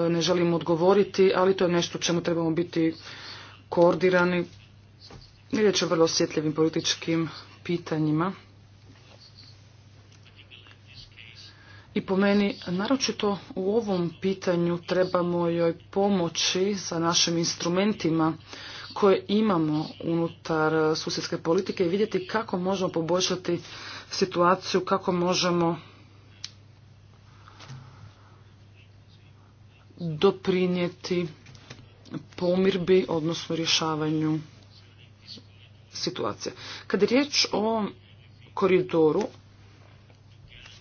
ne želim odgovoriti, ali to je nešto čemu trebamo biti koordirani. Riječ je o vrlo osjetljivim političkim pitanjima. I po meni, naročito u ovom pitanju trebamo joj pomoći sa našim instrumentima koje imamo unutar susjedske politike i vidjeti kako možemo poboljšati situaciju, kako možemo doprinijeti pomirbi, odnosno rješavanju situacije. Kad je riječ o koridoru,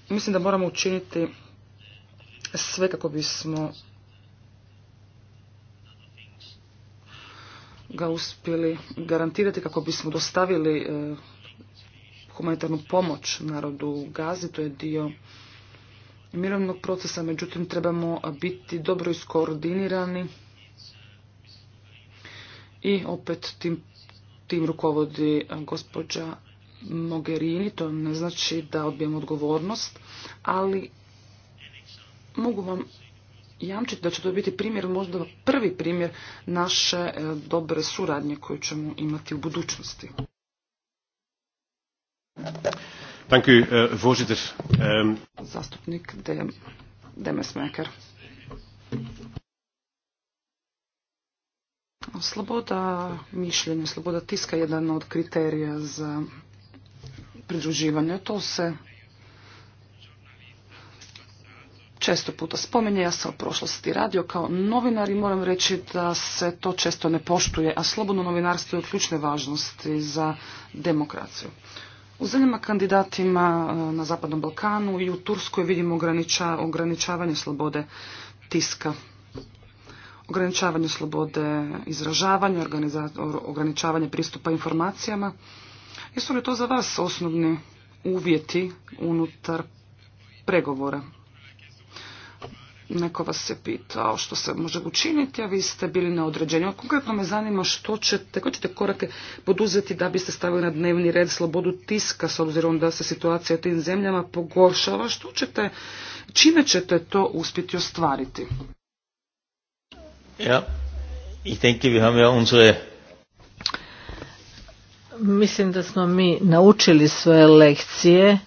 mislim da moramo učiniti sve kako bismo ga uspjeli garantirati kako bismo dostavili e, humanitarnu pomoć narodu u Gazi, to je dio mirovnog procesa, međutim trebamo biti dobro iskoordinirani i opet tim, tim rukovodi e, gospođa Mogherini, to ne znači da odbijemo odgovornost, ali mogu vam jamčiti da će to biti primjer, možda prvi primjer naše e, dobre suradnje koju ćemo imati u budućnosti. Dank u, e, voorzitter. Ehm, Zastupnik Sloboda mišljenja, sloboda tiska je jedan od kriterija za pridruživanje. To se često puta spominje. Ja sam u prošlosti radio kao novinar i moram reći da se to često ne poštuje, a slobodno novinarstvo je od ključne važnosti za demokraciju. U zemljama kandidatima e, na Zapadnom Balkanu i u Turskoj vidimo ograniča, ograničavanje slobode tiska, ograničavanje slobode izražavanja, ograničavanje pristupa informacijama. Jesu li to za vas osnovni uvjeti unutar pregovora? Neko vas je pitao što se može učiniti, a vi ste bili na određenju. Konkretno pa me zanima što ćete, koje ćete korake poduzeti da biste stavili na dnevni red slobodu tiska s obzirom da se situacija u tim zemljama pogoršava. Što ćete, čime ćete to uspjeti ostvariti? Ja, ja Mislim da smo mi naučili svoje lekcije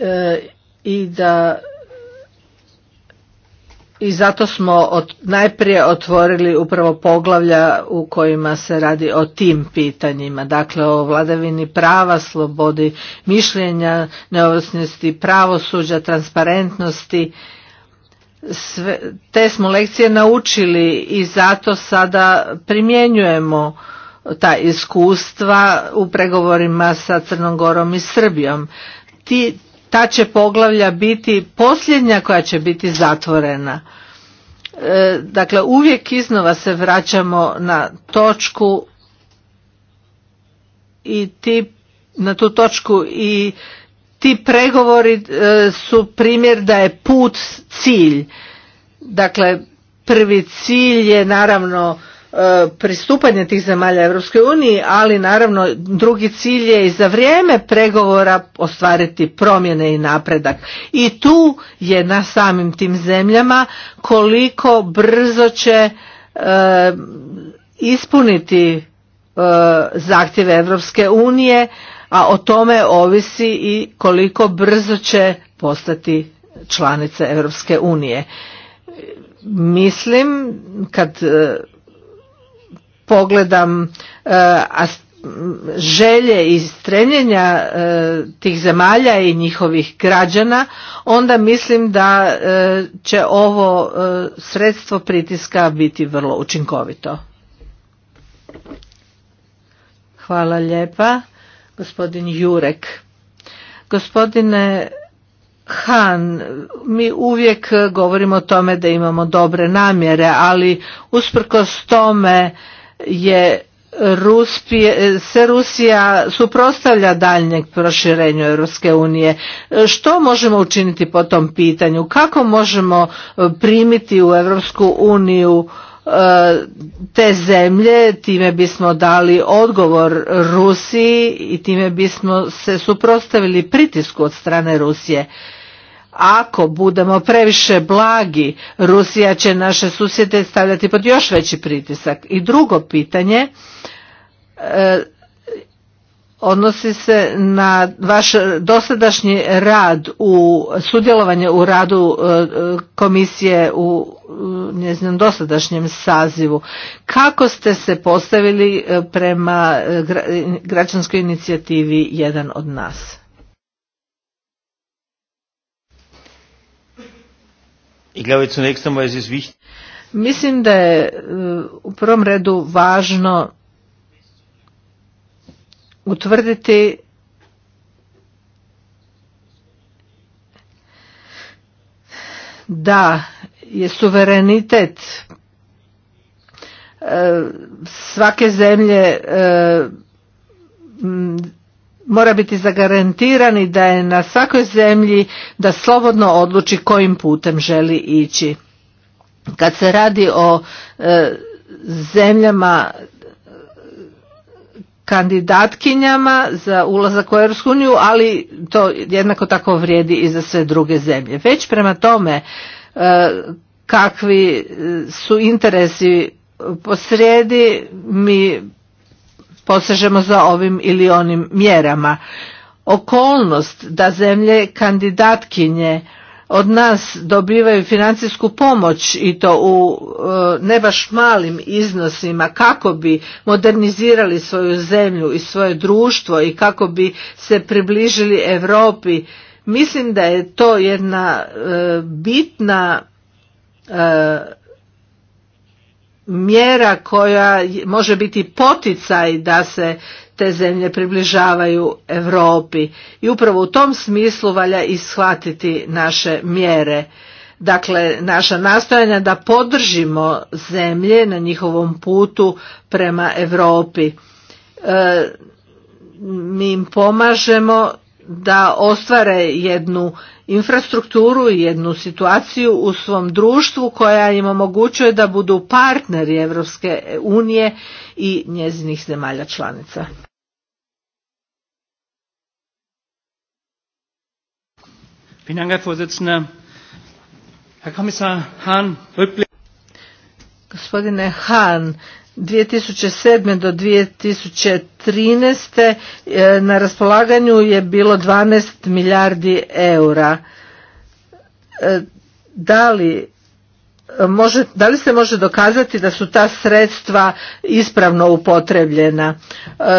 e, i da i zato smo od, najprije otvorili upravo poglavlja u kojima se radi o tim pitanjima, dakle o vladavini prava, slobodi mišljenja, neovisnosti pravosuđa, transparentnosti. Sve, te smo lekcije naučili i zato sada primjenjujemo ta iskustva u pregovorima sa Crnom Gorom i Srbijom. Ti, ta će poglavlja biti posljednja koja će biti zatvorena. E, dakle, uvijek iznova se vraćamo na točku i ti, na tu točku i ti pregovori e, su primjer da je put cilj. Dakle, prvi cilj je naravno pristupanje tih zemalja Europskoj uniji, ali naravno drugi cilj je i za vrijeme pregovora ostvariti promjene i napredak. I tu je na samim tim zemljama koliko brzo će e, ispuniti e, zahtjeve Europske unije, a o tome ovisi i koliko brzo će postati članice Europske unije. Mislim kad e, pogledam e, želje i strenjenja e, tih zemalja i njihovih građana onda mislim da e, će ovo sredstvo pritiska biti vrlo učinkovito. Hvala lijepa. Gospodin Jurek. Gospodine Han, mi uvijek govorimo o tome da imamo dobre namjere, ali usprkos tome je se Rusija suprotstavlja daljnjeg proširenju Europske unije. Što možemo učiniti po tom pitanju? Kako možemo e, primiti u Europsku uniju e, te zemlje, time bismo dali odgovor Rusiji i time bismo se suprotstavili pritisku od strane Rusije. Ako budemo previše blagi, Rusija će naše susjede stavljati pod još veći pritisak. I drugo pitanje e, odnosi se na vaš dosadašnji rad u sudjelovanje u radu e, komisije u njeznom dosadašnjem sazivu. Kako ste se postavili e, prema građanskoj inicijativi jedan od nas? Ich glaube, zunächst einmal ist es wichtig. Mislim da je e, u prvom redu važno utvrditi da je suverenitet e, svake zemlje e, mora biti zagarantirani da je na svakoj zemlji da slobodno odluči kojim putem želi ići. Kad se radi o e, zemljama e, kandidatkinjama za ulazak u EU, ali to jednako tako vrijedi i za sve druge zemlje. Već prema tome e, kakvi su interesi posrijedi mi posežemo za ovim ili onim mjerama. Okolnost da zemlje kandidatkinje od nas dobivaju financijsku pomoć i to u e, ne baš malim iznosima kako bi modernizirali svoju zemlju i svoje društvo i kako bi se približili Europi. Mislim da je to jedna e, bitna e, mjera koja može biti poticaj da se te zemlje približavaju Europi i upravo u tom smislu valja ishvatiti naše mjere. Dakle, naša nastojanja da podržimo zemlje na njihovom putu prema Europi. E, mi im pomažemo da ostvare jednu infrastrukturu i jednu situaciju u svom društvu koja im omogućuje da budu partneri Evropske unije i njezinih zemalja članica. Gospodine Hahn, 2007. do 2013. E, na raspolaganju je bilo 12 milijardi eura. E, da li, e, može, da li se može dokazati da su ta sredstva ispravno upotrebljena?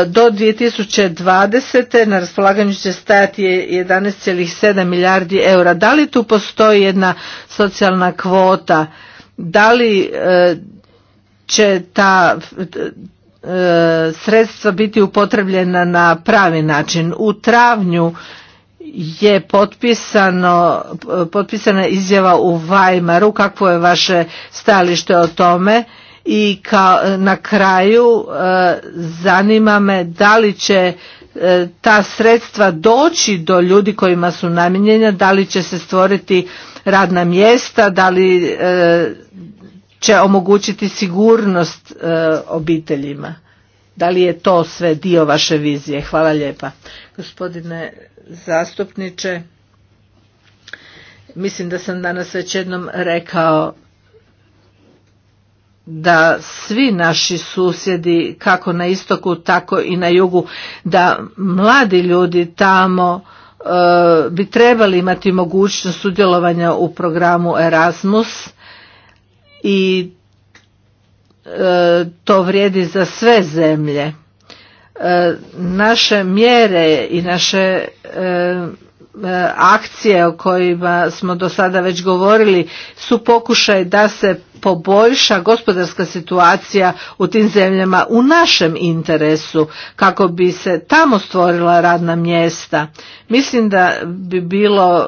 Do 2020. na raspolaganju će stajati 11,7 milijardi eura. Da li tu postoji jedna socijalna kvota? Da li će ta e, sredstva biti upotrebljena na pravi način. U travnju je potpisano, potpisana izjava u Weimaru. kakvo je vaše stajalište o tome i ka, na kraju e, zanima me da li će e, ta sredstva doći do ljudi kojima su namijenjena, da li će se stvoriti radna mjesta, da li će omogućiti sigurnost e, obiteljima. Da li je to sve dio vaše vizije? Hvala lijepa. Gospodine zastupniče, mislim da sam danas već jednom rekao da svi naši susjedi kako na istoku tako i na jugu da mladi ljudi tamo e, bi trebali imati mogućnost sudjelovanja u programu Erasmus i e, to vrijedi za sve zemlje. E, naše mjere i naše e, akcije o kojima smo do sada već govorili su pokušaj da se poboljša gospodarska situacija u tim zemljama u našem interesu kako bi se tamo stvorila radna mjesta. Mislim da bi bilo e,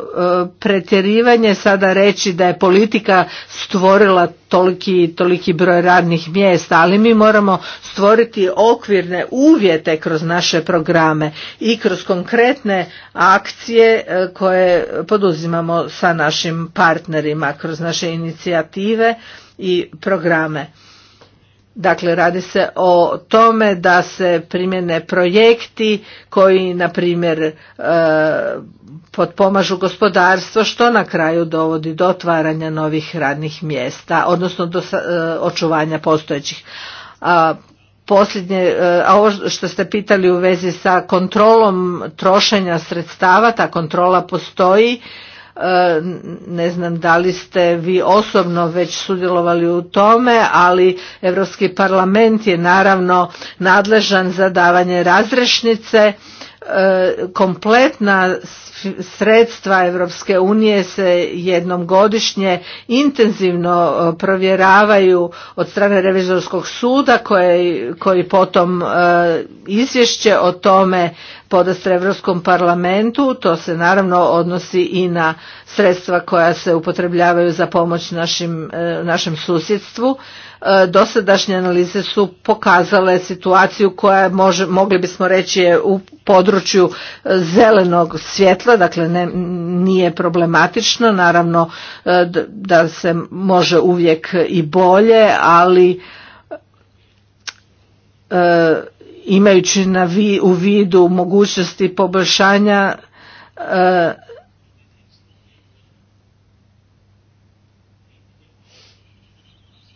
pretjerivanje sada reći da je politika stvorila toliki, toliki broj radnih mjesta, ali mi moramo stvoriti okvirne uvjete kroz naše programe i kroz konkretne akcije e, koje poduzimamo sa našim partnerima, kroz naše inicijative i programe. Dakle, radi se o tome da se primjene projekti koji, na primjer, e, potpomažu gospodarstvo, što na kraju dovodi do otvaranja novih radnih mjesta, odnosno do e, očuvanja postojećih. posljednje, e, a ovo što ste pitali u vezi sa kontrolom trošenja sredstava, ta kontrola postoji, ne znam da li ste vi osobno već sudjelovali u tome, ali Europski parlament je naravno nadležan za davanje razrešnice E, kompletna sredstva Europske unije se jednom godišnje intenzivno e, provjeravaju od strane revizorskog suda koji, koji potom e, izvješće o tome podastre Europskom parlamentu, to se naravno odnosi i na sredstva koja se upotrebljavaju za pomoć našim, našem susjedstvu E, dosadašnje analize su pokazale situaciju koja može, mogli bismo reći je u području e, zelenog svjetla, dakle ne, nije problematično, naravno e, da se može uvijek i bolje, ali imajući na u vidu mogućnosti poboljšanja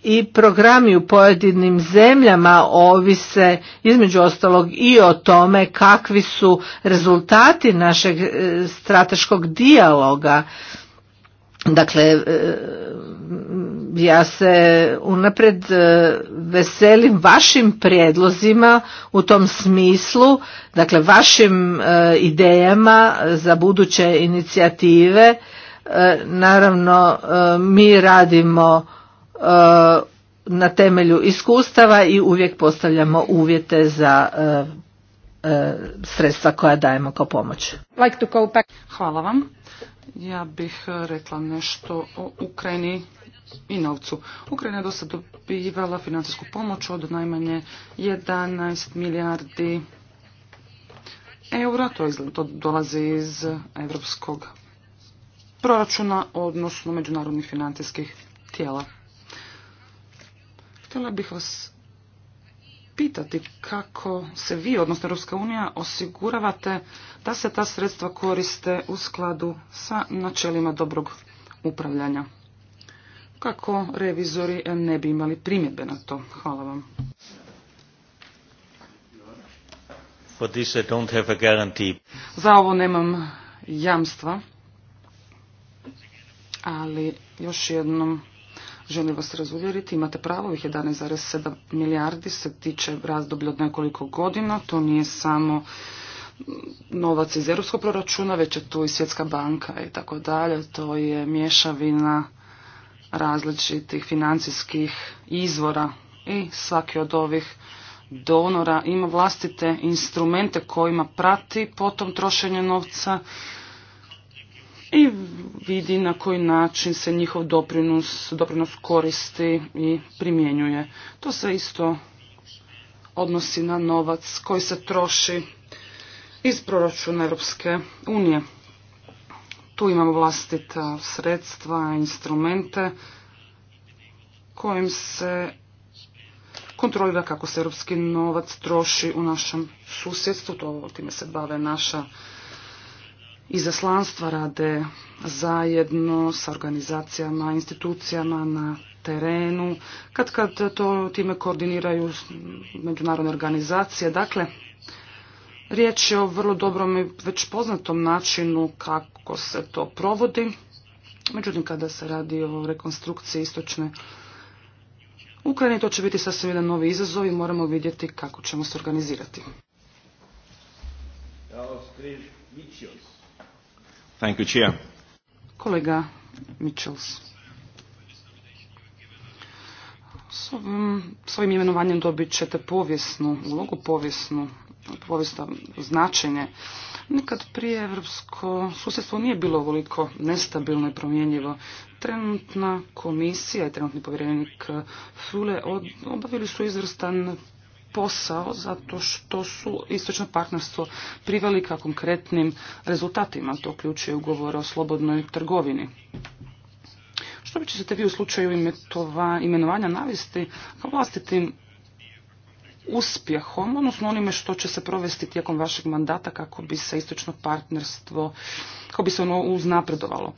i programi u pojedinim zemljama ovise između ostalog i o tome kakvi su rezultati našeg e, strateškog dijaloga. Dakle, e, ja se unapred e, veselim vašim prijedlozima u tom smislu, dakle vašim idejama za buduće inicijative. Naravno, mi radimo E, na temelju iskustava i uvijek postavljamo uvjete za e, e, sredstva koja dajemo kao pomoć. Hvala vam. Ja bih rekla nešto o Ukrajini i novcu. Ukrajina je dosta dobivala financijsku pomoć od najmanje 11 milijardi eura, to, to dolazi iz evropskog proračuna, odnosno međunarodnih financijskih tijela. Htjela bih vas pitati kako se vi, odnosno Europska unija, osiguravate da se ta sredstva koriste u skladu sa načelima dobrog upravljanja. Kako revizori ne bi imali primjedbe na to? Hvala vam. Za ovo nemam jamstva, ali još jednom Želim vas razuvjeriti, imate pravo, ovih 11,7 milijardi se tiče razdoblja od nekoliko godina. To nije samo novac iz europskog proračuna, već je tu i Svjetska banka i tako dalje. To je mješavina različitih financijskih izvora i svaki od ovih donora ima vlastite instrumente kojima prati potom trošenje novca i vidi na koji način se njihov doprinos, doprinos koristi i primjenjuje. To se isto odnosi na novac koji se troši iz proračuna Europske unije. Tu imamo vlastita sredstva, instrumente kojim se kontrolira kako se europski novac troši u našem susjedstvu, to time se bave naša izaslanstva rade zajedno sa organizacijama, institucijama na terenu, kad kad to time koordiniraju međunarodne organizacije. Dakle, riječ je o vrlo dobrom i već poznatom načinu kako se to provodi. Međutim, kada se radi o rekonstrukciji istočne Ukrajine, to će biti sasvim jedan novi izazov i moramo vidjeti kako ćemo se organizirati. Thank you, Kolega Mitchells. S ovim, imenovanjem dobit ćete povijesnu ulogu, povijesnu, povijesno značenje. Nikad prije evropsko susjedstvo nije bilo ovoliko nestabilno i promjenjivo. Trenutna komisija i trenutni povjerenik Fule obavili su izvrstan posao zato što su istočno partnerstvo priveli ka konkretnim rezultatima. To uključuje ugovore o slobodnoj trgovini. Što bi ćete vi u slučaju imenovanja navesti kao vlastitim uspjehom, odnosno onime što će se provesti tijekom vašeg mandata kako bi se istočno partnerstvo, kako bi se ono uznapredovalo?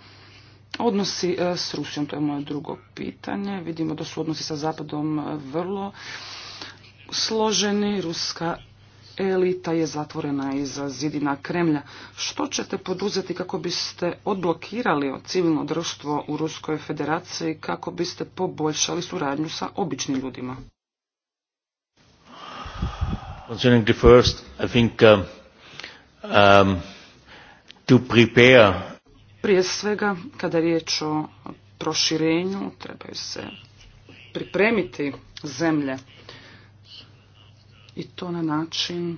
Odnosi e, s Rusijom, to je moje drugo pitanje. Vidimo da su odnosi sa Zapadom e, vrlo složeni, ruska elita je zatvorena iza zidina Kremlja. Što ćete poduzeti kako biste odblokirali civilno društvo u Ruskoj federaciji, kako biste poboljšali suradnju sa običnim ljudima? Concerning the first, I think um, um to prepare... Prije svega, kada je riječ o proširenju, trebaju se pripremiti zemlje i to na način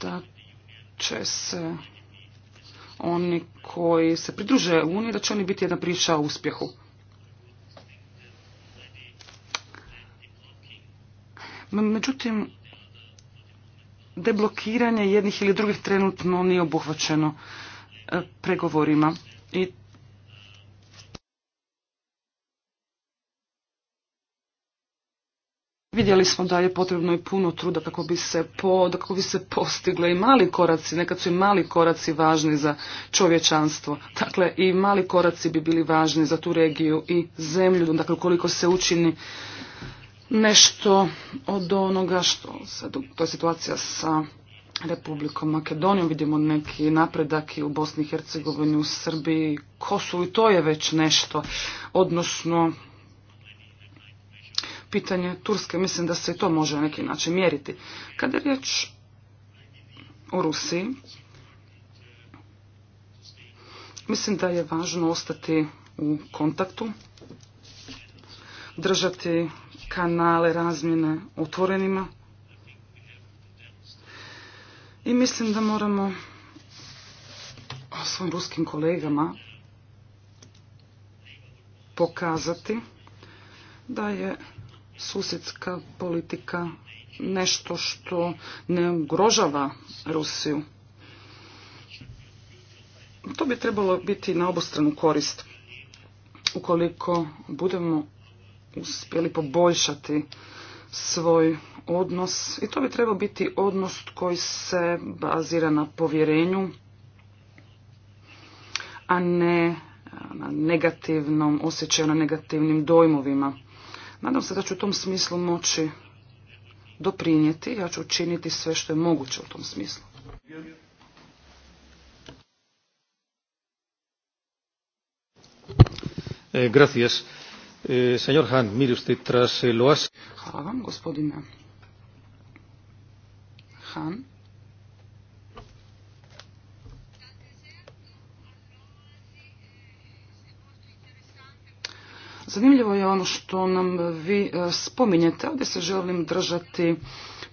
da će se oni koji se pridruže Uniji, da će oni biti jedna priča o uspjehu. Međutim, deblokiranje jednih ili drugih trenutno nije obuhvaćeno e, pregovorima i Vidjeli smo da je potrebno i puno truda kako bi se, po, kako bi se postigle i mali koraci, nekad su i mali koraci važni za čovječanstvo. Dakle, i mali koraci bi bili važni za tu regiju i zemlju, dakle koliko se učini nešto od onoga što to je situacija sa Republikom Makedonijom, vidimo neki napredak i u Bosni i Hercegovini, u Srbiji, Kosovu i to je već nešto, odnosno pitanje Turske. Mislim da se i to može na neki način mjeriti. Kada je riječ o Rusiji, mislim da je važno ostati u kontaktu, držati kanale razmjene otvorenima i mislim da moramo svojim ruskim kolegama pokazati da je susjedska politika nešto što ne ugrožava Rusiju. To bi trebalo biti na obostranu korist. Ukoliko budemo uspjeli poboljšati svoj odnos i to bi trebao biti odnos koji se bazira na povjerenju, a ne na negativnom osjećaju, na negativnim dojmovima. Nadam se da ću u tom smislu moći doprinijeti, ja ću učiniti sve što je moguće u tom smislu. E, gracias. E, señor Han, Hvala vam, gospodine Han. Zanimljivo je ono što nam vi e, spominjete. Ovdje se želim držati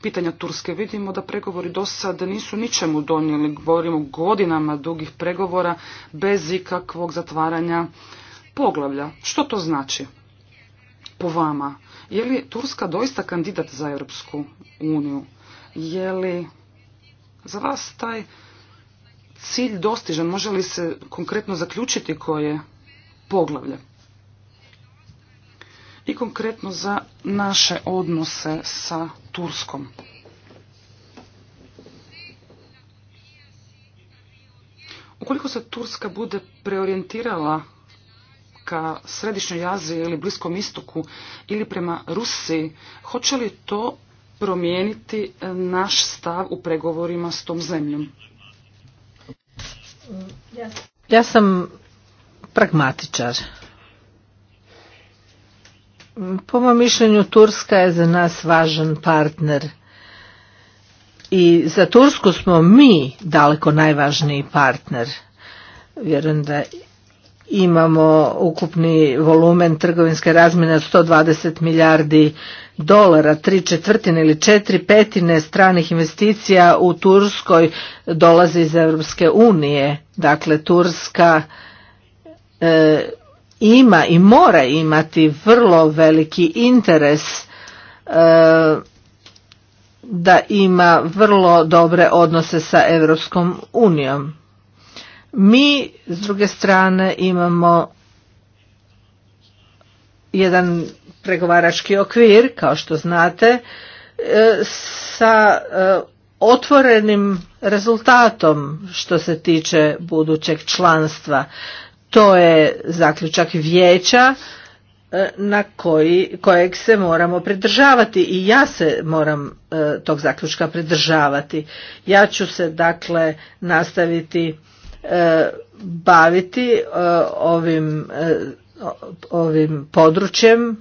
pitanja Turske. Vidimo da pregovori do sada nisu ničemu donijeli. Govorimo godinama dugih pregovora bez ikakvog zatvaranja poglavlja. Što to znači po vama? Je li Turska doista kandidat za Europsku uniju? Je li za vas taj cilj dostižan? Može li se konkretno zaključiti koje poglavlje? i konkretno za naše odnose sa Turskom. Ukoliko se Turska bude preorijentirala ka Središnjoj Aziji ili Bliskom istoku ili prema Rusiji, hoće li to promijeniti e, naš stav u pregovorima s tom zemljom? Ja sam pragmatičar. Po mom mišljenju Turska je za nas važan partner i za Tursku smo mi daleko najvažniji partner. Vjerujem da imamo ukupni volumen trgovinske razmjene od 120 milijardi dolara, tri četvrtine ili četiri petine stranih investicija u Turskoj dolazi iz Europske unije. Dakle, Turska e, ima i mora imati vrlo veliki interes e, da ima vrlo dobre odnose sa Europskom unijom. Mi s druge strane imamo jedan pregovarački okvir kao što znate e, sa e, otvorenim rezultatom što se tiče budućeg članstva to je zaključak vijeća e, na koji, kojeg se moramo pridržavati i ja se moram e, tog zaključka pridržavati. Ja ću se dakle nastaviti e, baviti ovim, ovim područjem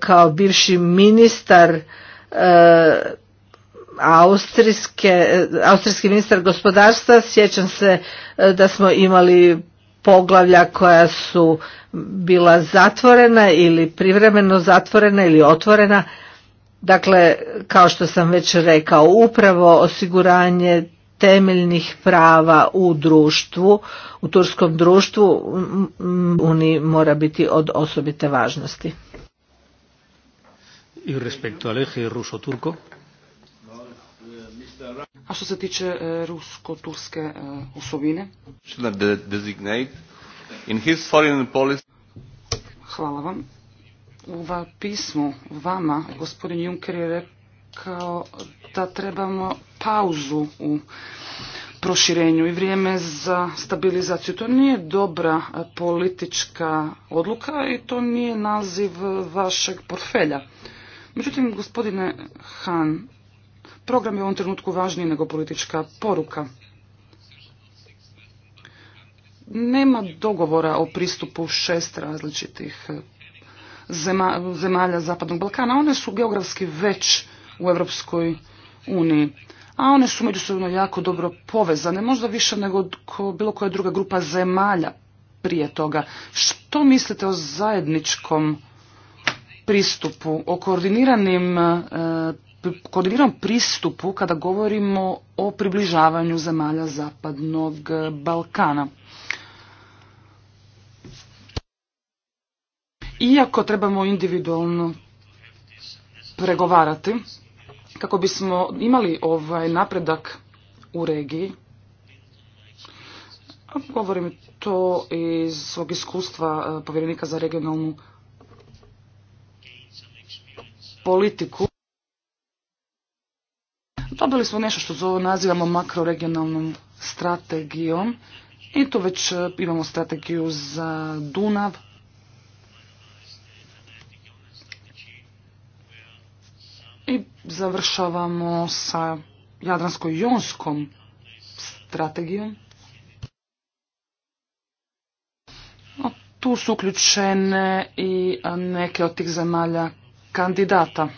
kao bivši ministar Austrijske, austrijski ministar gospodarstva, sjećam se da smo imali poglavlja koja su bila zatvorena ili privremeno zatvorena ili otvorena. Dakle, kao što sam već rekao, upravo osiguranje temeljnih prava u društvu, u turskom društvu, oni mm, mm, mm, mora biti od osobite važnosti. I respektu al eje ruso turko a što se tiče e, rusko-turske e, osobine? Hvala vam. U pismu vama gospodin Juncker je rekao da trebamo pauzu u proširenju i vrijeme za stabilizaciju. To nije dobra e, politička odluka i to nije naziv vašeg portfelja. Međutim, gospodine Han, Program je u ovom trenutku važniji nego politička poruka. Nema dogovora o pristupu šest različitih eh, zemalja Zapadnog Balkana. One su geografski već u Europskoj uniji, a one su međusobno jako dobro povezane, možda više nego bilo koja druga grupa zemalja prije toga. Što mislite o zajedničkom pristupu, o koordiniranim eh, koordiniranom pristupu kada govorimo o približavanju zemalja Zapadnog Balkana. Iako trebamo individualno pregovarati, kako bismo imali ovaj napredak u regiji, govorim to iz svog iskustva eh, povjerenika za regionalnu politiku, Dobili smo nešto što zove, nazivamo makroregionalnom strategijom i tu već e, imamo strategiju za Dunav. I završavamo sa Jadransko-jonskom strategijom. No, tu su uključene i neke od tih zemalja kandidata.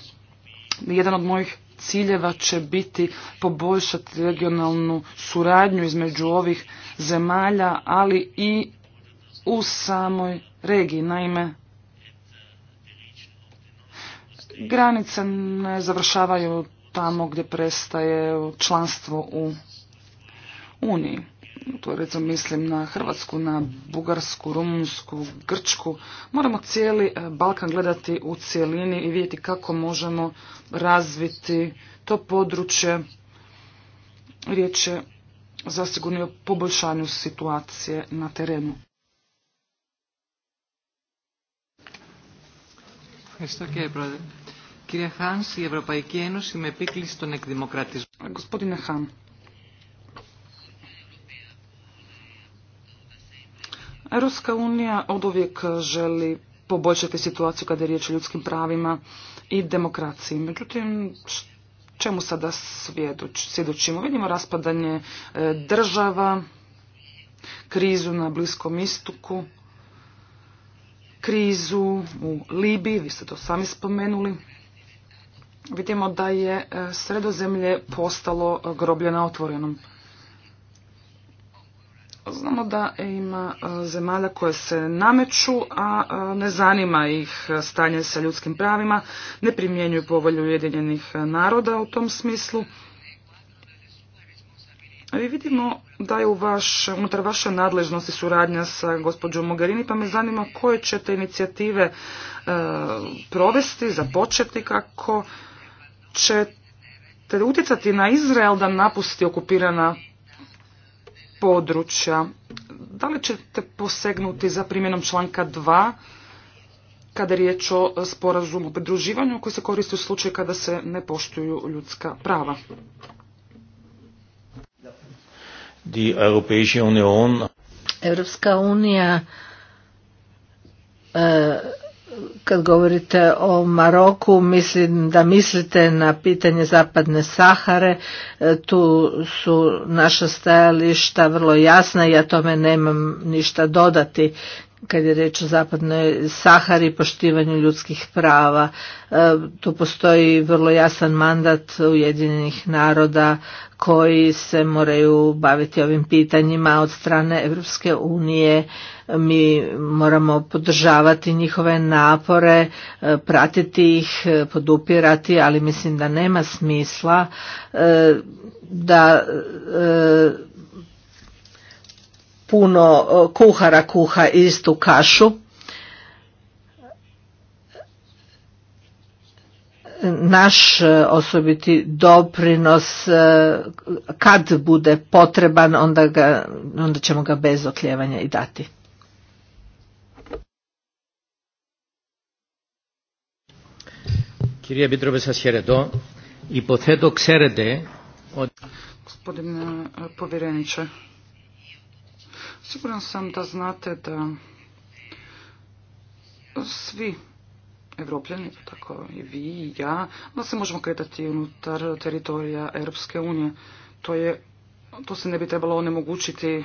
Jedan od mojih ciljeva će biti poboljšati regionalnu suradnju između ovih zemalja, ali i u samoj regiji. Naime, granice ne završavaju tamo gdje prestaje članstvo u Uniji tu recimo mislim na Hrvatsku, na Bugarsku, Rumunsku, Grčku, moramo cijeli e, Balkan gledati u cijelini i vidjeti kako možemo razviti to područje. Riječ je zasigurno o poboljšanju situacije na terenu. Gospodine Han, Europska unija od uvijek želi poboljšati situaciju kada je riječ o ljudskim pravima i demokraciji. Međutim, čemu sada svjedočimo? Vidimo raspadanje e, država, krizu na Bliskom istoku, krizu u Libiji, vi ste to sami spomenuli. Vidimo da je e, sredozemlje postalo groblje na otvorenom. Znamo da ima e, zemalja koje se nameću, a e, ne zanima ih e, stanje sa ljudskim pravima, ne primjenjuju povolju Ujedinjenih naroda u tom smislu. Vi vidimo da je unutar vaše nadležnosti suradnja sa gospođom Mogherini, pa me zanima koje ćete inicijative provesti, započeti kako ćete utjecati na Izrael da napusti okupirana područja. Da li ćete posegnuti za primjenom članka 2 kada je riječ o sporazumu o pridruživanju koji se koristi u slučaju kada se ne poštuju ljudska prava? Europska unija e, kad govorite o Maroku, mislim da mislite na pitanje zapadne Sahare, e, tu su naša stajališta vrlo jasna i ja tome nemam ništa dodati kad je reč o zapadnoj Sahari poštivanju ljudskih prava. E, tu postoji vrlo jasan mandat Ujedinjenih naroda koji se moraju baviti ovim pitanjima od strane Europske unije. Mi moramo podržavati njihove napore, e, pratiti ih, e, podupirati, ali mislim da nema smisla da puno kuhara kuha istu kašu. Naš e, osobiti doprinos e, kad bude potreban onda, ga, onda ćemo ga bez okljevanja i dati. Kirija sa Sjeredo, i xerede od... Gospodine povjereniče, Siguran sam da znate da svi Evropljani, pa tako i vi i ja, da se možemo kretati unutar teritorija Europske unije. To, se ne bi trebalo onemogućiti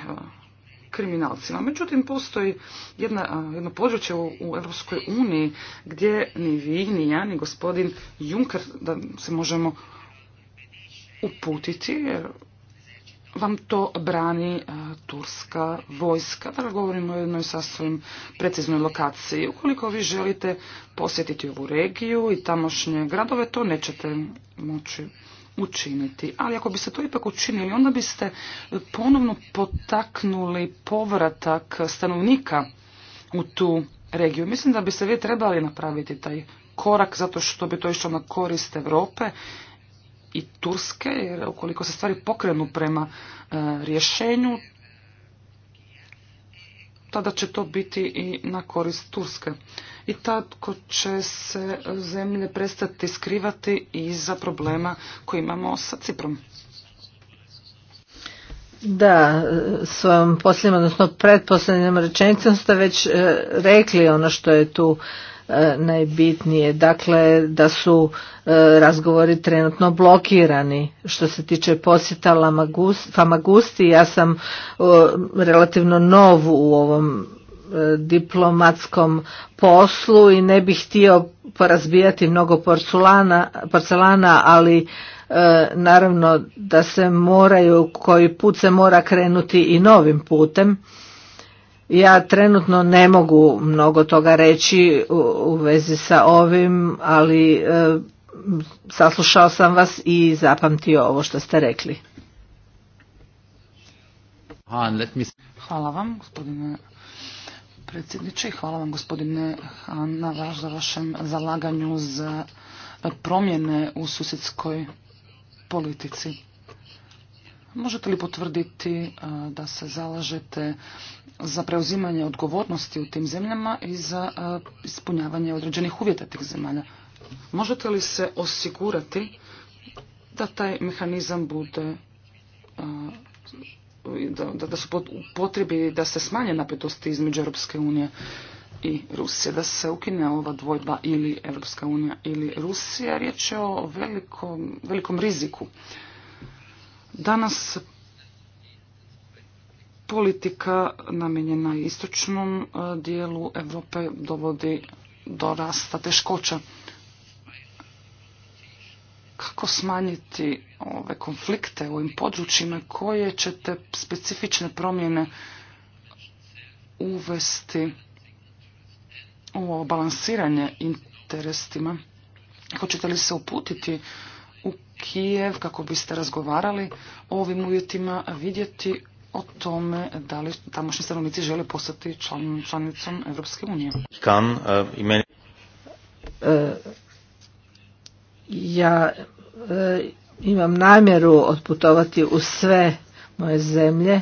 kriminalcima. Međutim, postoji jedno područje u, Europskoj uniji gdje ni vi, ni ja, ni gospodin Juncker da se možemo uputiti, jer vam to brani e, turska vojska. Da dakle, govorimo o jednoj sasvim preciznoj lokaciji. Ukoliko vi želite posjetiti ovu regiju i tamošnje gradove, to nećete moći učiniti. Ali ako biste to ipak učinili, onda biste ponovno potaknuli povratak stanovnika u tu regiju. Mislim da biste vi trebali napraviti taj korak zato što bi to išlo na korist Europe i Turske, jer ukoliko se stvari pokrenu prema e, rješenju, tada će to biti i na korist Turske. I tako će se zemlje prestati skrivati iza problema koji imamo sa Ciprom. Da, s vam odnosno rečenicom ste već e, rekli ono što je tu E, najbitnije. Dakle, da su e, razgovori trenutno blokirani. Što se tiče posjeta Famagusti, ja sam e, relativno nov u ovom diplomatskom poslu i ne bih htio porazbijati mnogo porcelana, porcelana ali naravno da se moraju, koji put se mora krenuti i novim putem. Ja trenutno ne mogu mnogo toga reći u, vezi sa ovim, ali e, saslušao sam vas i zapamtio ovo što ste rekli. Hvala vam, gospodine predsjedniče, i hvala vam gospodine vaš, za vašem zalaganju za promjene u susjedskoj politici. Možete li potvrditi e, da se zalažete za preuzimanje odgovornosti u tim zemljama i za e, ispunjavanje određenih uvjeta tih zemalja. Možete li se osigurati da taj mehanizam bude e, da, da su potrebi da se smanje napetosti između Europske unije i Rusije, da se ukine ova dvojba ili Europska unija ili Rusija, riječ je o velikom, velikom riziku. Danas politika namijenjena istočnom e, dijelu Europe dovodi do rasta teškoća. Kako smanjiti ove konflikte u ovim područjima koje ćete specifične promjene uvesti u ovo balansiranje interesima? Hoćete li se uputiti u Kijev kako biste razgovarali o ovim uvjetima, vidjeti o tome da li tamošnji stanovnici žele postati član, članicom Europske unije. E, e, ja e, imam namjeru otputovati u sve moje zemlje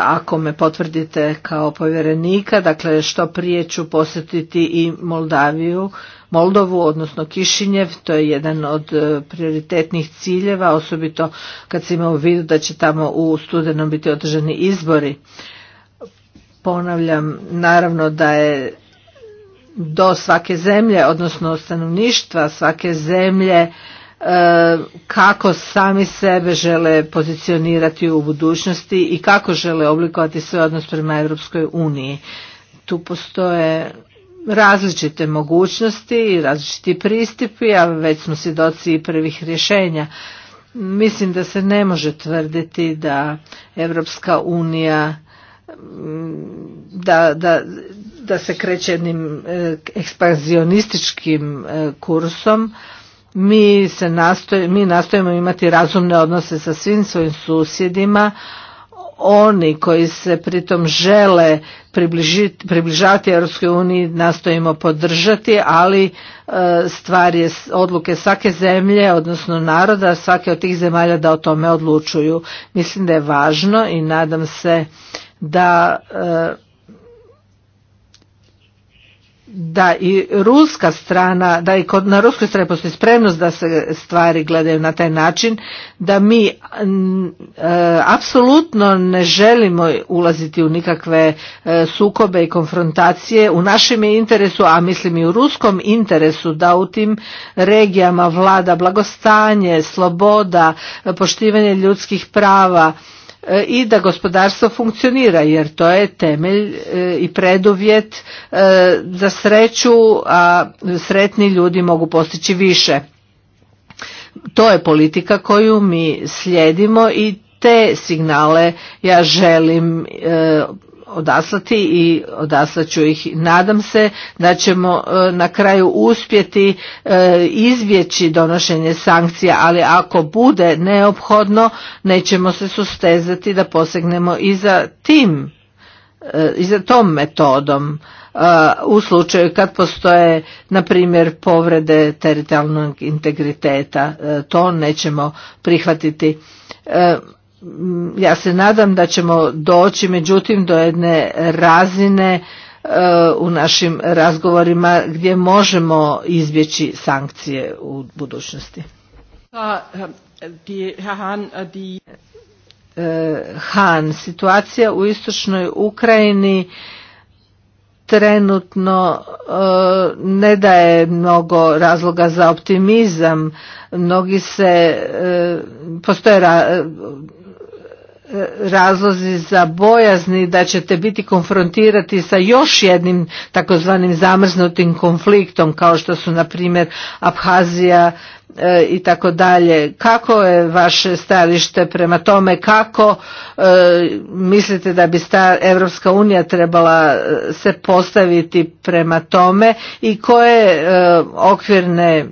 ako me potvrdite kao povjerenika, dakle što prije ću posjetiti i Moldaviju, Moldovu, odnosno Kišinjev, to je jedan od e, prioritetnih ciljeva, osobito kad se ima u vidu da će tamo u studenom biti održani izbori. Ponavljam, naravno da je do svake zemlje, odnosno stanovništva svake zemlje, e, kako sami sebe žele pozicionirati u budućnosti i kako žele oblikovati svoj odnos prema Europskoj uniji. Tu postoje različite mogućnosti i različiti pristupi, a već smo svjedoci i prvih rješenja. Mislim da se ne može tvrditi da Europska unija da, da, da se kreće jednim e, ekspanzionističkim e, kursom. Mi, se nastoj, mi nastojimo imati razumne odnose sa svim svojim susjedima, oni koji se pritom žele približati Europskoj uniji nastojimo podržati, ali e, stvar je odluke svake zemlje, odnosno naroda, svake od tih zemalja da o tome odlučuju. Mislim da je važno i nadam se da e, da i ruska strana, da i kod, na ruskoj strani postoji spremnost da se stvari gledaju na taj način, da mi e, apsolutno ne želimo ulaziti u nikakve e, sukobe i konfrontacije. U našem interesu, a mislim i u ruskom interesu, da u tim regijama vlada blagostanje, sloboda, poštivanje ljudskih prava, E, i da gospodarstvo funkcionira jer to je temelj e, i preduvjet e, za sreću, a sretni ljudi mogu postići više. To je politika koju mi slijedimo i te signale ja želim odaslati i ću ih. Nadam se da ćemo e, na kraju uspjeti e, izbjeći donošenje sankcija, ali ako bude neophodno nećemo se sustezati da posegnemo i za tim e, i za tom metodom u slučaju kad postoje na primjer povrede teritorijalnog integriteta to nećemo prihvatiti Mm, ja se nadam da ćemo doći međutim do jedne razine e, u našim razgovorima gdje možemo izbjeći sankcije u budućnosti. Pa, e, Han, e, situacija u istočnoj Ukrajini trenutno ne daje mnogo razloga za optimizam. Mnogi se, postoje razlozi za bojazni da ćete biti konfrontirati sa još jednim takozvanim zamrznutim konfliktom kao što su na primjer Abhazija e, i tako dalje. Kako je vaše stajalište prema tome? Kako e, mislite da bi sta Evropska unija trebala e, se postaviti prema tome i koje okvirne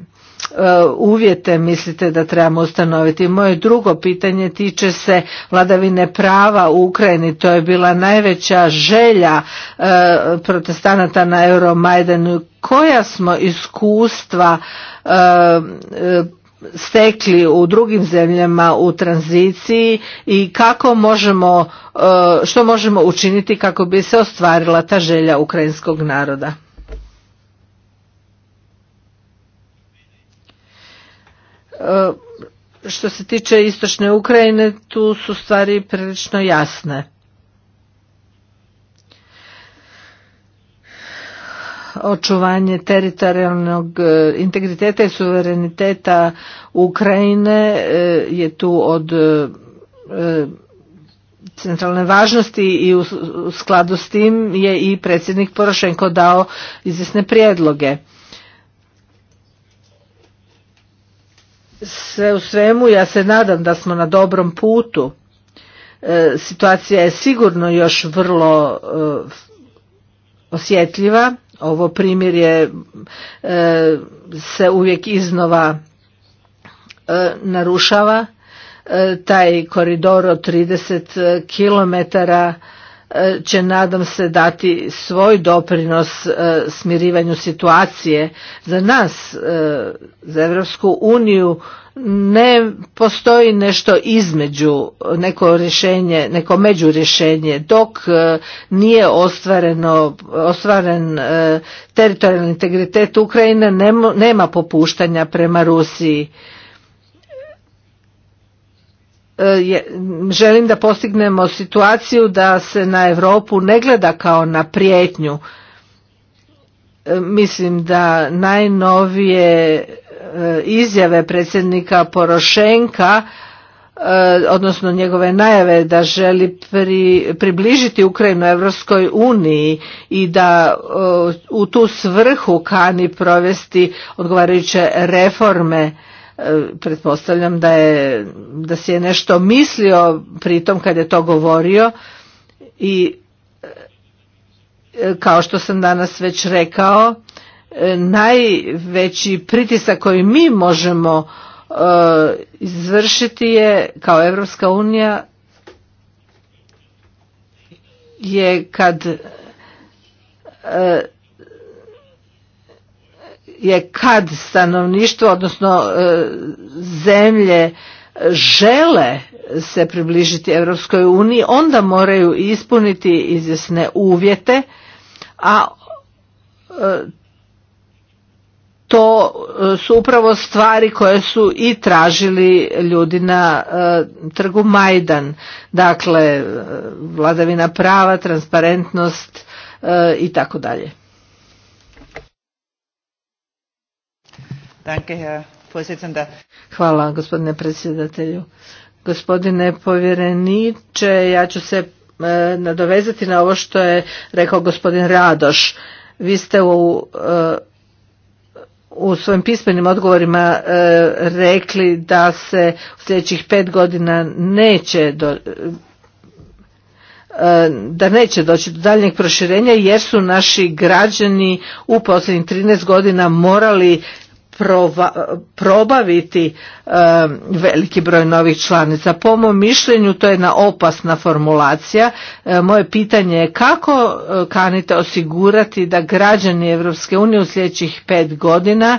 E, uvjete mislite da trebamo ustanoviti? Moje drugo pitanje tiče se vladavine prava u Ukrajini. To je bila najveća želja e, protestanata na Euromajdanu. Koja smo iskustva e, stekli u drugim zemljama u tranziciji i kako možemo, što možemo učiniti kako bi se ostvarila ta želja ukrajinskog naroda. E, što se tiče istočne Ukrajine, tu su stvari prilično jasne. očuvanje teritorijalnog e, integriteta i suvereniteta Ukrajine e, je tu od centralne važnosti i u skladu s tim je i predsjednik Porošenko dao izvjesne prijedloge. Sve u svemu ja se nadam da smo na dobrom putu. E, situacija je sigurno još vrlo e, osjetljiva. Ovo primjer je e, se uvijek iznova narušava. Taj koridor od 30 kilometara će nadam se dati svoj doprinos e, smirivanju situacije za nas e, za Europsku uniju ne postoji nešto između neko rješenje neko rješenje dok e, nije ostvareno ostvaren teritorijalni integritet Ukrajine nema popuštanja prema Rusiji E, želim da postignemo situaciju da se na Europu ne gleda kao na prijetnju. E, mislim da najnovije e, izjave predsjednika Porošenka odnosno njegove najave da želi približiti Ukrajinu Evropskoj uniji i da u tu svrhu kani provesti odgovarajuće reforme E, pretpostavljam da, je, da si je nešto mislio pritom kad je to govorio i e, kao što sam danas već rekao, e, najveći pritisak koji mi možemo izvršiti je kao Europska unija je kad je kad stanovništvo, odnosno e, zemlje žele se približiti Europskoj uniji, onda moraju ispuniti izvjesne uvjete, a e, to e, su upravo stvari koje su i tražili ljudi na trgu Majdan. Dakle, vladavina prava, transparentnost i tako dalje. Hvala gospodine predsjedatelju. Gospodine povjereniče, ja ću se e, nadovezati na ovo što je rekao gospodin Radoš. Vi ste u e, svojim pismenim odgovorima e, rekli da se u sljedećih pet godina neće da neće doći do daljnjeg proširenja jer su naši građani u posljednjih 13 godina morali probaviti eh, veliki broj novih članica. Po mom mišljenju to je jedna opasna formulacija. Eh, moje pitanje je kako eh, kanite osigurati da građani Europske unije u sljedećih pet godina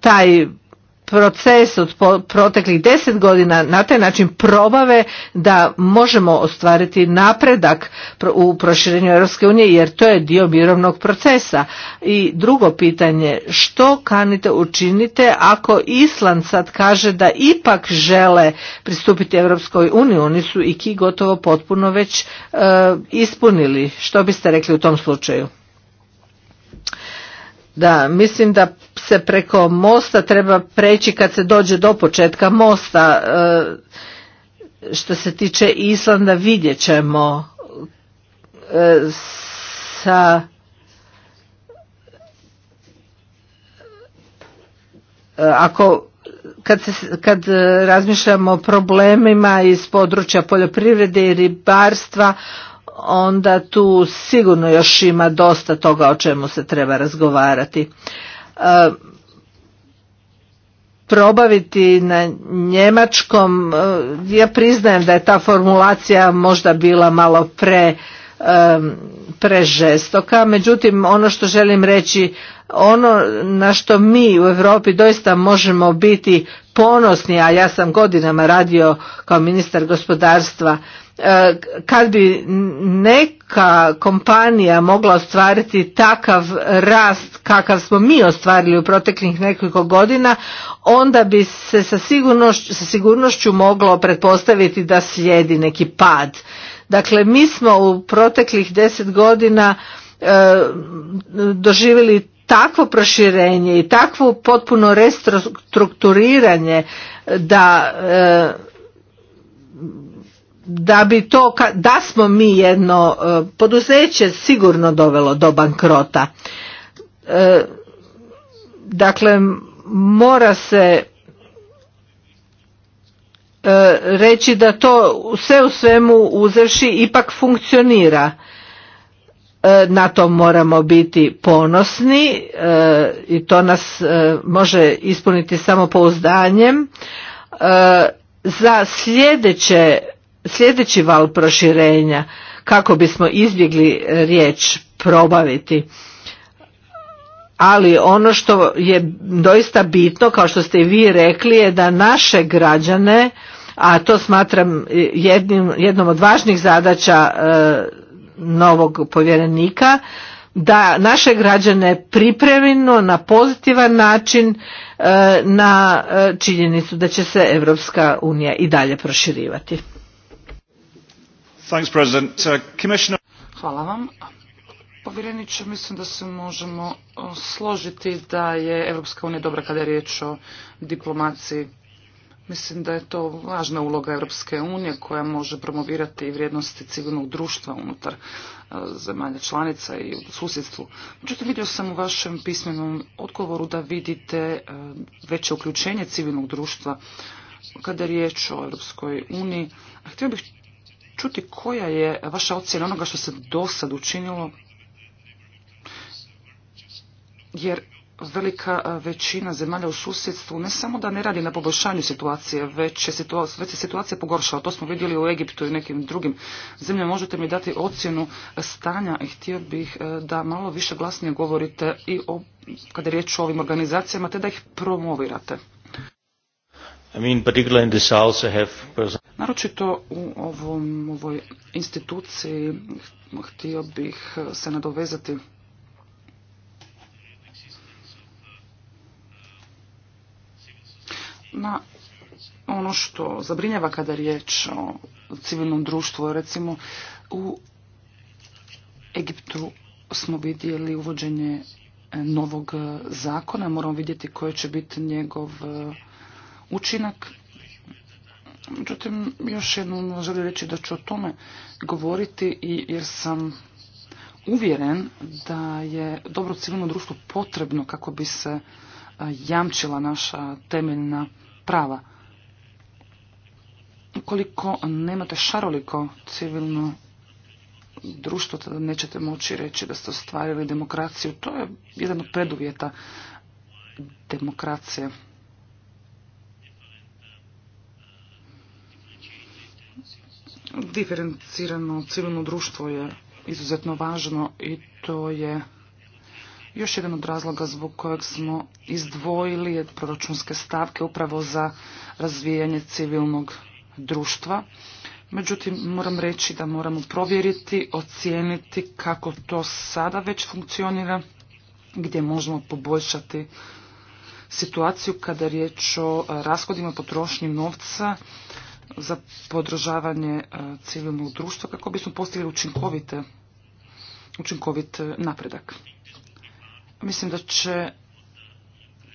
taj proces od proteklih deset godina na taj način probave da možemo ostvariti napredak u proširenju Europske unije jer to je dio mirovnog procesa. I drugo pitanje, što kanite učinite ako Island sad kaže da ipak žele pristupiti Europskoj uniji, oni su i ki gotovo potpuno već e, ispunili. Što biste rekli u tom slučaju? Da, mislim da se preko mosta treba preći kad se dođe do početka mosta. E, što se tiče Islanda vidjet ćemo e, sa e, ako kad, se, kad razmišljamo o problemima iz područja poljoprivrede i ribarstva onda tu sigurno još ima dosta toga o čemu se treba razgovarati. E, probaviti na njemačkom, e, ja priznajem da je ta formulacija možda bila malo pre e, prežestoka, međutim ono što želim reći, ono na što mi u Europi doista možemo biti ponosni, a ja sam godinama radio kao ministar gospodarstva E, kad bi neka kompanija mogla ostvariti takav rast kakav smo mi ostvarili u proteklih nekoliko godina, onda bi se sa sigurnošću, sigurnošću moglo pretpostaviti da slijedi neki pad. Dakle, mi smo u proteklih deset godina e, doživjeli takvo proširenje i takvo potpuno restrukturiranje da e, da bi to da smo mi jedno e, poduzeće sigurno dovelo do bankrota. E, dakle mora se e, reći da to sve u svemu uzrši ipak funkcionira. Na to moramo biti ponosni i to nas može ispuniti samo pouzdanjem. Za sljedeće sljedeći val proširenja kako bismo izbjegli riječ probaviti ali ono što je doista bitno kao što ste i vi rekli je da naše građane a to smatram jednim, jednom od važnih zadaća e, novog povjerenika da naše građane pripremimo na pozitivan način e, na e, činjenicu da će se Europska unija i dalje proširivati Uh, Hvala vam. Povjereniče, mislim da se možemo uh, složiti da je Europska unija dobra kada je riječ o diplomaciji. Mislim da je to važna uloga Europske unije koja može promovirati vrijednosti civilnog društva unutar uh, zemalja članica i u susjedstvu. Međutim, vidio sam u vašem pismenom odgovoru da vidite veće uključenje civilnog društva kada je riječ o Europskoj uniji. htio bih čuti koja je vaša ocjena onoga što se do sad učinilo, jer velika većina zemalja u susjedstvu ne samo da ne radi na poboljšanju situacije, već, je već se situacija pogoršala. To smo vidjeli u Egiptu i nekim drugim zemljama. Možete mi dati ocjenu stanja i htio bih e, da malo više glasnije govorite i o, kada je riječ o ovim organizacijama, te da ih promovirate. Naročito u ovoj instituciji htio bih e, se nadovezati na ono što zabrinjava kada je riječ o civilnom društvu. Recimo u Egiptu smo vidjeli uvođenje novog zakona. Moramo vidjeti koje će biti njegov e, učinak. Međutim, još jednom želim reći da ću o tome govoriti i jer sam uvjeren da je dobro civilno društvo potrebno kako bi se e, jamčila naša temeljna prava. Ukoliko nemate šaroliko civilno društvo, tada nećete moći reći da ste ostvarili demokraciju. To je jedan od preduvjeta demokracije. Diferencirano civilno društvo je izuzetno važno i to je još jedan od razloga zbog kojeg smo izdvojili proračunske stavke upravo za razvijanje civilnog društva. Međutim, moram reći da moramo provjeriti, ocijeniti kako to sada već funkcionira, gdje možemo poboljšati situaciju kada je riječ o rashodima potrošnji novca za podržavanje e, civilnog društva kako bismo postigli učinkovite, učinkovit e, napredak. Mislim da će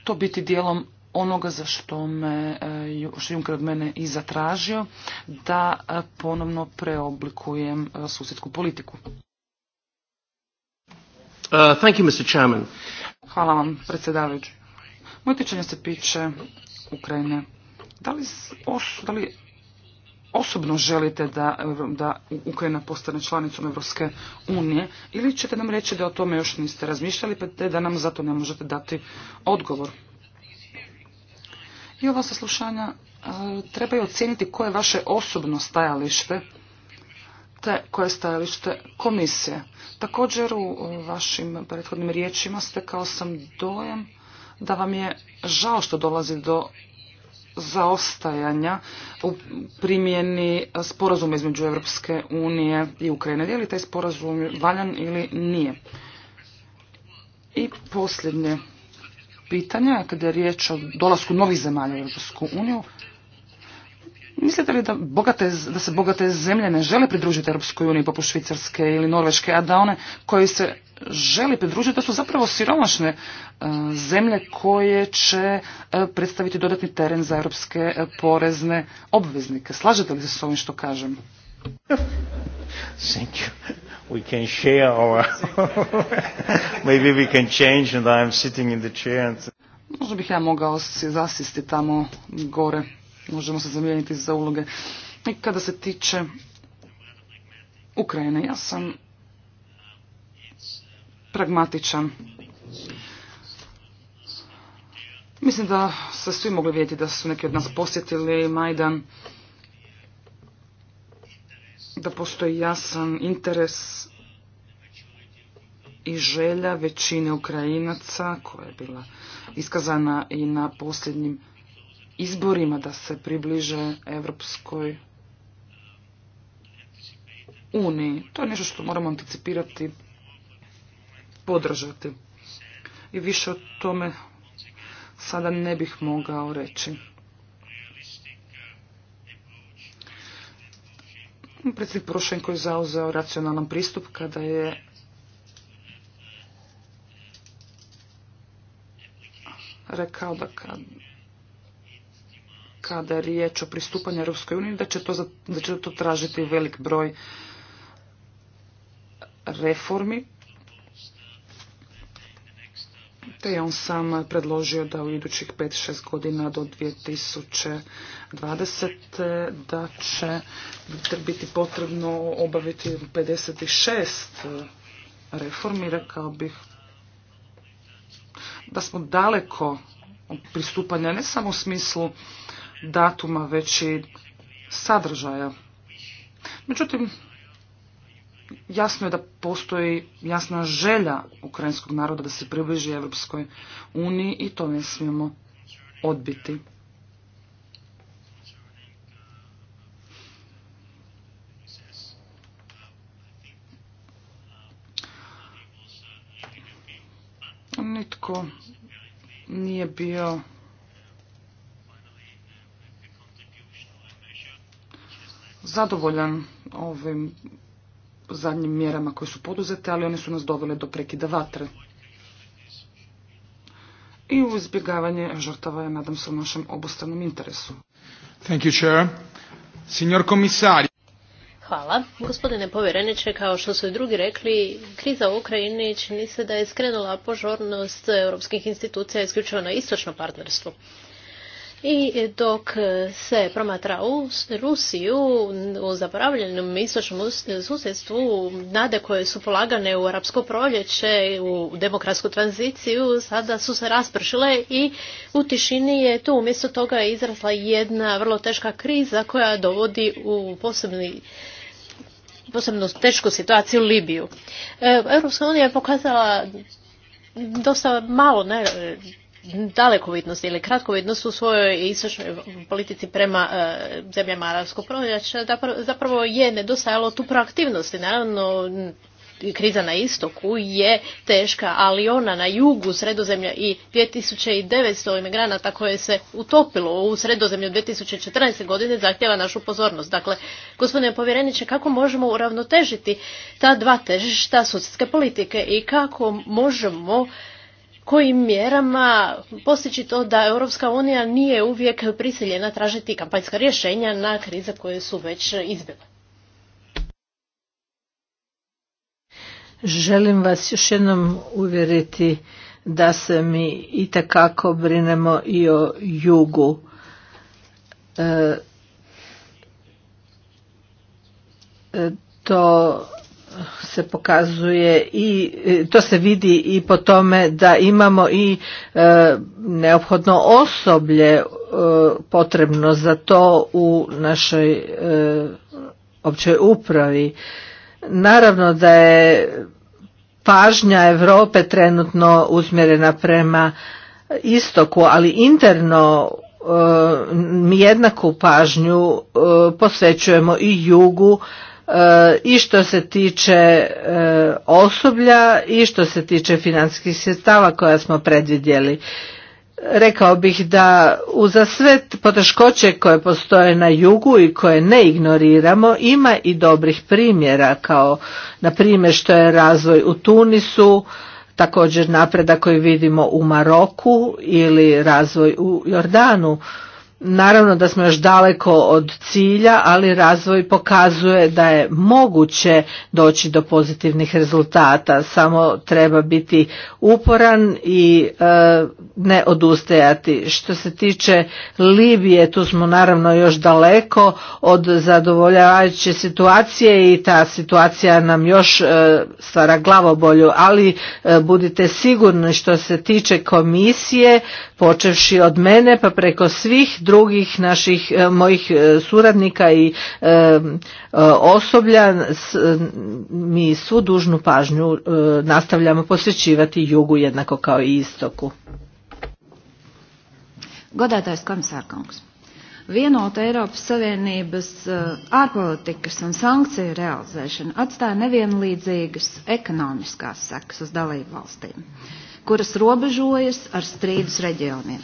to biti dijelom onoga za što me e, što Juncker od mene i zatražio da ponovno preoblikujem susjedsku politiku. Uh, thank you, Mr. Chairman. Hvala vam, predsjedavajući. Moje tičanje se piče Ukrajine. Da li, os, da li osobno želite da, da Ukrajina postane članicom Europske unije ili ćete nam reći da o tome još niste razmišljali pa te da nam zato ne možete dati odgovor. I ova saslušanja e, trebaju ocijeniti koje je vaše osobno stajalište te koje je stajalište komisije. Također u vašim prethodnim riječima stekao sam dojam da vam je žao što dolazi do zaostajanja u primjeni sporazuma između Europske unije i Ukrajine. Je li taj sporazum valjan ili nije? I posljednje pitanje, kada je riječ o dolasku novih zemalja u Europsku uniju, mislite li da, da se bogate zemlje ne žele pridružiti Europskoj uniji poput Švicarske ili Norveške, a da one koje se želi pridružiti, to su zapravo siromašne e, zemlje koje će e, predstaviti dodatni teren za europske e, porezne obveznike. Slažete li se s ovim što kažem? Thank you. We can share (laughs) Maybe we can change and I'm sitting in the chair and... Možda bih ja mogao se zasisti tamo gore. Možemo se zamijeniti za uloge. I kada se tiče Ukrajine, ja sam pragmatičan. Mislim da se svi mogli vidjeti da su neki od nas posjetili Majdan, da postoji jasan interes i želja većine Ukrajinaca koja je bila iskazana i na posljednjim izborima da se približe Evropskoj uniji. To je nešto što moramo anticipirati podržati. I više o tome sada ne bih mogao reći. Predsjednik Porošenko je zauzeo racionalan pristup kada je rekao da kada je riječ o pristupanju Europskoj uniji, da će, to, da će to tražiti velik broj reformi te je on sam predložio da u idućih 5-6 godina do 2020. da će biti potrebno obaviti 56 reformi, rekao bih da smo daleko pristupanja ne samo u smislu datuma, već i sadržaja. Međutim, jasno je da postoji jasna želja ukrajinskog naroda da se približi Europskoj uniji i to ne smijemo odbiti. Nitko nije bio zadovoljan ovim zadnjim mjerama koje su poduzete, ali one su nas dovele do prekida vatre. I u izbjegavanje žrtava je, nadam se, u našem obostranom interesu. Thank you, Chair. Signor Hvala. Gospodine povjereniče, kao što su i drugi rekli, kriza u Ukrajini čini se da je skrenula požornost europskih institucija isključivo na istočno partnerstvo. I dok se promatra u Rusiju u zaboravljenom istočnom susjedstvu nade koje su polagane u arapsko proljeće, u demokratsku tranziciju, sada su se raspršile i u tišini je tu umjesto toga izrasla jedna vrlo teška kriza koja dovodi u posebni posebno tešku situaciju u Libiju. E, Europska unija je pokazala dosta malo ne, dalekovidnost ili kratkovidnost u svojoj istočnoj politici prema e, zemljama arabskog proljeća zapravo je nedostajalo tu proaktivnosti. Naravno, kriza na istoku je teška, ali ona na jugu sredozemlja i 2900 imigranata koje se utopilo u sredozemlju 2014. godine zahtjeva našu pozornost. Dakle, gospodine povjereniče, kako možemo uravnotežiti ta dva težišta sudske politike i kako možemo kojim mjerama postići to da Europska unija nije uvijek prisiljena tražiti kampanjska rješenja na krize koje su već izbjela. Želim vas još jednom uvjeriti da se mi itekako brinemo i o jugu. E, e, to se pokazuje i e, to se vidi i po tome da imamo i e, neophodno osoblje e, potrebno za to u našoj općoj upravi. Naravno da je pažnja Europe trenutno usmjerena prema istoku, ali interno mi jednaku pažnju posvećujemo i jugu i što se tiče e, osoblja i što se tiče financijskih sredstava koja smo predvidjeli. Rekao bih da uza sve poteškoće koje postoje na jugu i koje ne ignoriramo ima i dobrih primjera kao na primjer što je razvoj u Tunisu, također napredak koji vidimo u Maroku ili razvoj u Jordanu. Naravno da smo još daleko od cilja, ali razvoj pokazuje da je moguće doći do pozitivnih rezultata, samo treba biti uporan i e, ne odustajati. Što se tiče Libije, tu smo naravno još daleko od zadovoljavajuće situacije i ta situacija nam još e, stvara glavobolju, ali e, budite sigurni što se tiče komisije, počevši od mene pa preko svih drugih naših e, mojih e, suradnika i e, osoblja mi svu dužnu pažnju nastavljamo posvećivati jugu jednako kao i istoku. Godātais komisārkungs, vienota Eiropas Savienības ārpolitikas un sankciju realizēšana atstāja nevienlīdzīgas ekonomiskās sekas uz dalību valstīm, kuras robežojas ar strīdus reģioniem.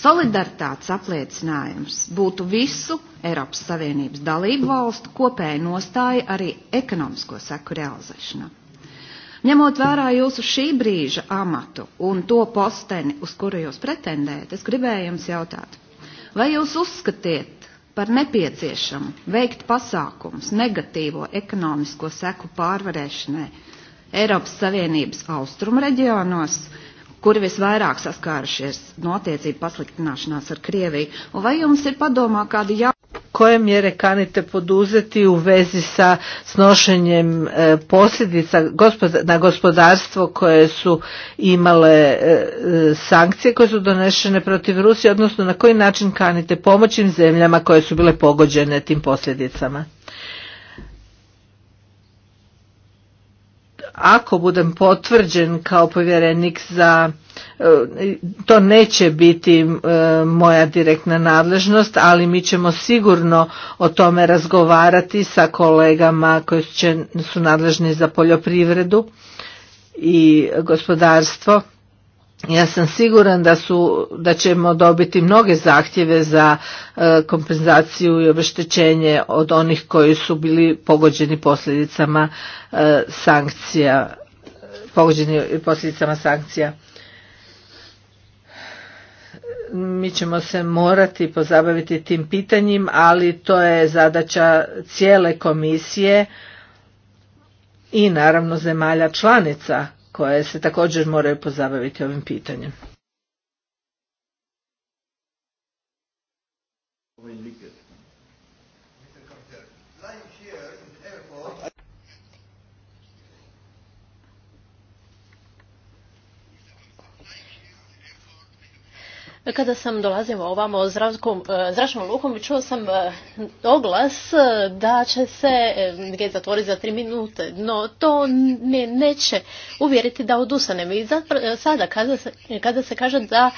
Solidaritātes apliecinājums būtu visu Eiropas Savienības dalību valstu kopēja nostāja arī ekonomisko seku realizēšanā. Ņemot vērā jūsu šī brīža amatu un to posteni, uz kuru jūs pretendējat, es gribēju jums jautāt, vai jūs uzskatiet, par nepieciešamu veikt pasākums negatīvo ekonomisko seku pārvarēšanai Eiropas Savienības austrumu reģionos, kur visvairāk saskāršies no pasliktināšanās ar Krieviju? vai jums ir padomā kādi koje mjere kanite poduzeti u vezi sa snošenjem e, posljedica na gospodarstvo koje su imale e, sankcije koje su donešene protiv Rusije, odnosno na koji način kanite pomoći zemljama koje su bile pogođene tim posljedicama? ako budem potvrđen kao povjerenik za e, to neće biti e, moja direktna nadležnost, ali mi ćemo sigurno o tome razgovarati sa kolegama koji su nadležni za poljoprivredu i gospodarstvo ja sam siguran da, su, da ćemo dobiti mnoge zahtjeve za e, kompenzaciju i obeštećenje od onih koji su bili pogođeni posljedicama e, sankcija pogođeni posljedicama sankcija mi ćemo se morati pozabaviti tim pitanjem ali to je zadaća cijele komisije i naravno zemalja članica koje se također moraju pozabaviti ovim pitanjem. Kada sam dolazila ovamo e, zračnom lukom, čuo sam e, oglas e, da će se gdje zatvoriti za tri minute, no to me neće uvjeriti da odusanem. I sada kada se, kaže da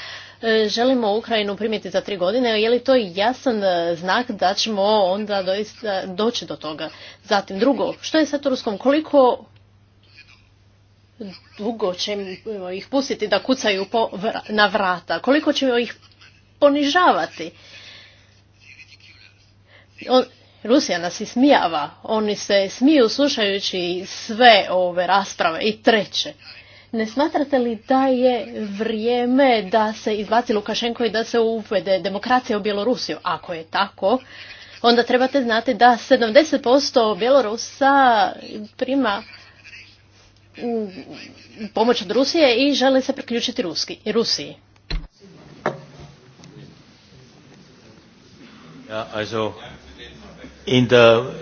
želimo Ukrajinu primiti za tri godine, je li to jasan znak da ćemo onda doista doći do toga? Zatim drugo, što je sa Turskom? Koliko dugo ćemo ih pustiti da kucaju po na vrata, koliko ćemo ih ponižavati. On, Rusija nas ismijava, oni se smiju slušajući sve ove rasprave i treće. Ne smatrate li da je vrijeme da se izbaci Lukašenko i da se uvede demokracija u Bjelorusiju? Ako je tako, onda trebate znati da 70% Bjelorusa prima pomoć od Rusije i žele se priključiti Ruski, Rusiji. also in uh,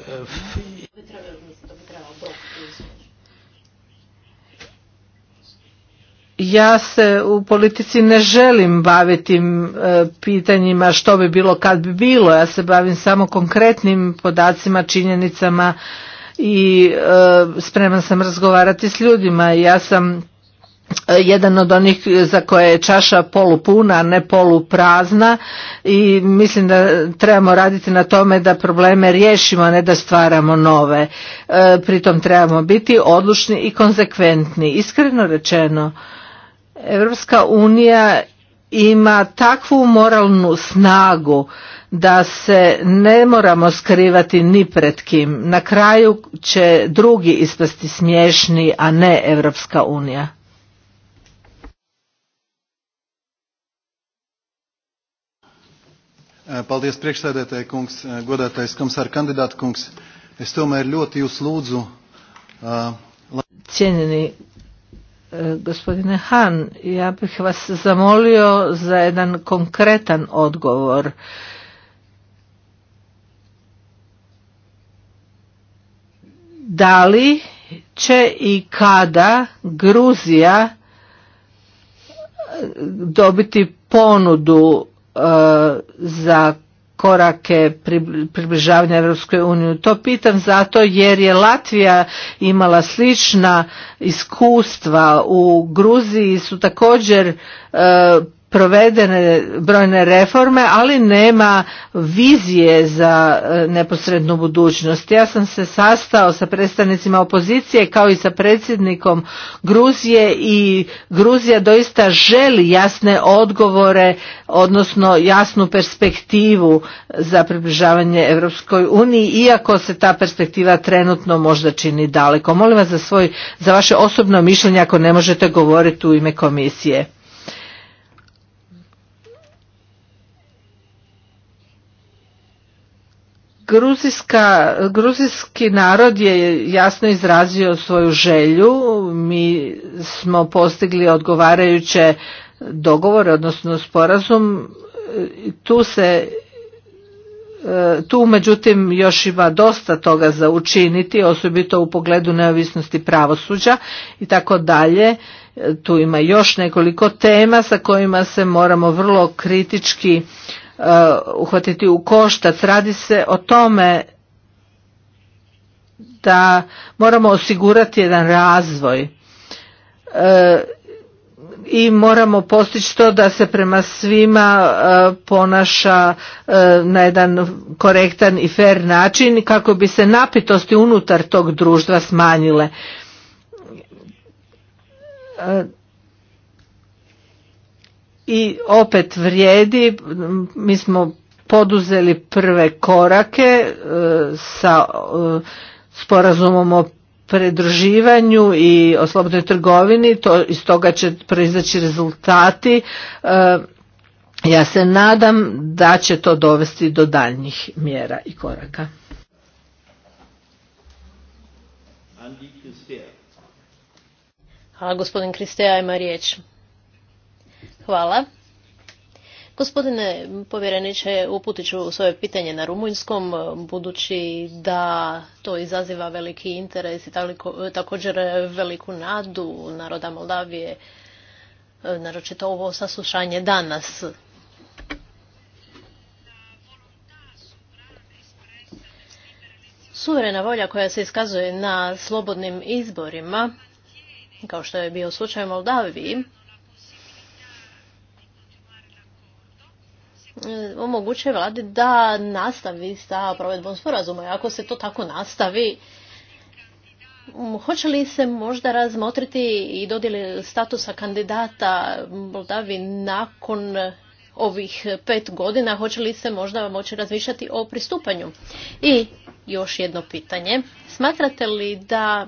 ja se u politici ne želim baviti e, pitanjima što bi bilo kad bi bilo ja se bavim samo konkretnim podacima činjenicama i e, spreman sam razgovarati s ljudima. Ja sam e, jedan od onih za koje je čaša polupuna, a ne poluprazna i mislim da trebamo raditi na tome da probleme riješimo, a ne da stvaramo nove. E, pritom trebamo biti odlučni i konsekventni. Iskreno rečeno, Evropska unija ima takvu moralnu snagu da se ne moramo skrivati ni pred kim. Na kraju će drugi ispasti smiješni, a ne Evropska unija. Eh, paldies priekšsēdētāji kungs, eh, godātais komisāra kandidāta kungs. Es tomēr ļoti jūs lūdzu. Uh, Cienjeni gospodine Han, ja bih vas zamolio za jedan konkretan odgovor da li će i kada Gruzija e, dobiti ponudu e, za korake približavanja Europskoj uniji. To pitam zato jer je Latvija imala slična iskustva. U Gruziji su također e, provedene brojne reforme, ali nema vizije za e, neposrednu budućnost. Ja sam se sastao sa predstavnicima opozicije kao i sa predsjednikom Gruzije i Gruzija doista želi jasne odgovore, odnosno jasnu perspektivu za približavanje Europskoj uniji, iako se ta perspektiva trenutno možda čini daleko. Molim vas za, svoj, za vaše osobno mišljenje ako ne možete govoriti u ime komisije. Gruzijska, gruzijski narod je jasno izrazio svoju želju, mi smo postigli odgovarajuće dogovore, odnosno sporazum, tu se e, tu međutim još ima dosta toga za učiniti, osobito u pogledu neovisnosti pravosuđa i tako dalje. Tu ima još nekoliko tema sa kojima se moramo vrlo kritički Uh, uhvatiti u koštac. Radi se o tome da moramo osigurati jedan razvoj uh, i moramo postići to da se prema svima uh, ponaša na jedan korektan i fer način kako bi se napitosti unutar tog društva smanjile i opet vrijedi, mi smo poduzeli prve korake e, sa e, sporazumom o predruživanju i o slobodnoj trgovini, to, iz toga će proizaći rezultati. E, ja se nadam da će to dovesti do daljnjih mjera i koraka. Hvala gospodin Kristeja, ima riječ. Hvala. Gospodine povjereniče, uputit ću svoje pitanje na rumunjskom, budući da to izaziva veliki interes i također veliku nadu naroda Moldavije, naročito ovo saslušanje danas. Suverena volja koja se iskazuje na slobodnim izborima, kao što je bio slučaj u Moldaviji, Mm, omogućuje vladi da nastavi sa provedbom sporazuma. Ako se to tako nastavi, mm, hoće li se možda razmotriti i dodjeli statusa kandidata Moldavi nakon ovih pet godina, hoće li se možda moći razmišljati o pristupanju? I još jedno pitanje. Smatrate li da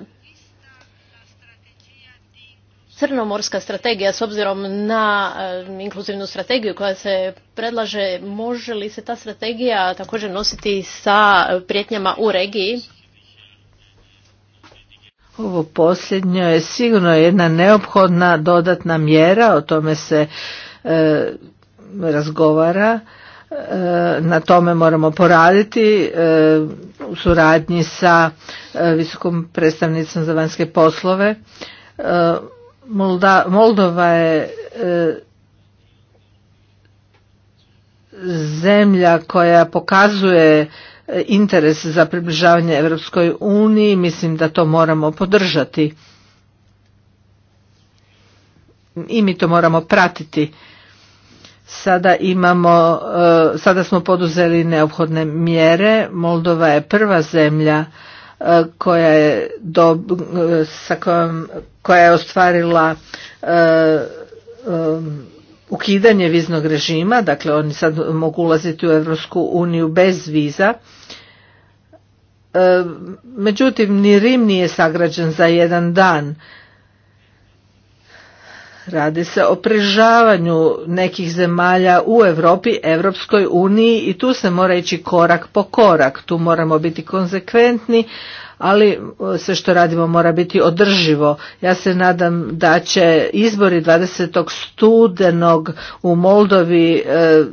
crnomorska strategija s obzirom na e, inkluzivnu strategiju koja se predlaže, može li se ta strategija također nositi sa prijetnjama u regiji? Ovo posljednje je sigurno jedna neophodna dodatna mjera, o tome se e, razgovara, e, na tome moramo poraditi u suradnji sa visokom predstavnicom za vanjske poslove Moldova je e, zemlja koja pokazuje e, interes za približavanje Europskoj uniji, mislim da to moramo podržati. I mi to moramo pratiti. Sada imamo, e, sada smo poduzeli neophodne mjere. Moldova je prva zemlja koja je, do, sa kojom, koja je ostvarila e, e, ukidanje viznog režima, dakle oni sad mogu ulaziti u Europsku uniju bez viza. E, međutim, ni Rim nije sagrađen za jedan dan. Radi se o prežavanju nekih zemalja u Europi, Europskoj uniji i tu se mora ići korak po korak. Tu moramo biti konsekventni, ali e, sve što radimo mora biti održivo. Ja se nadam da će izbori 20. studenog u Moldovi e,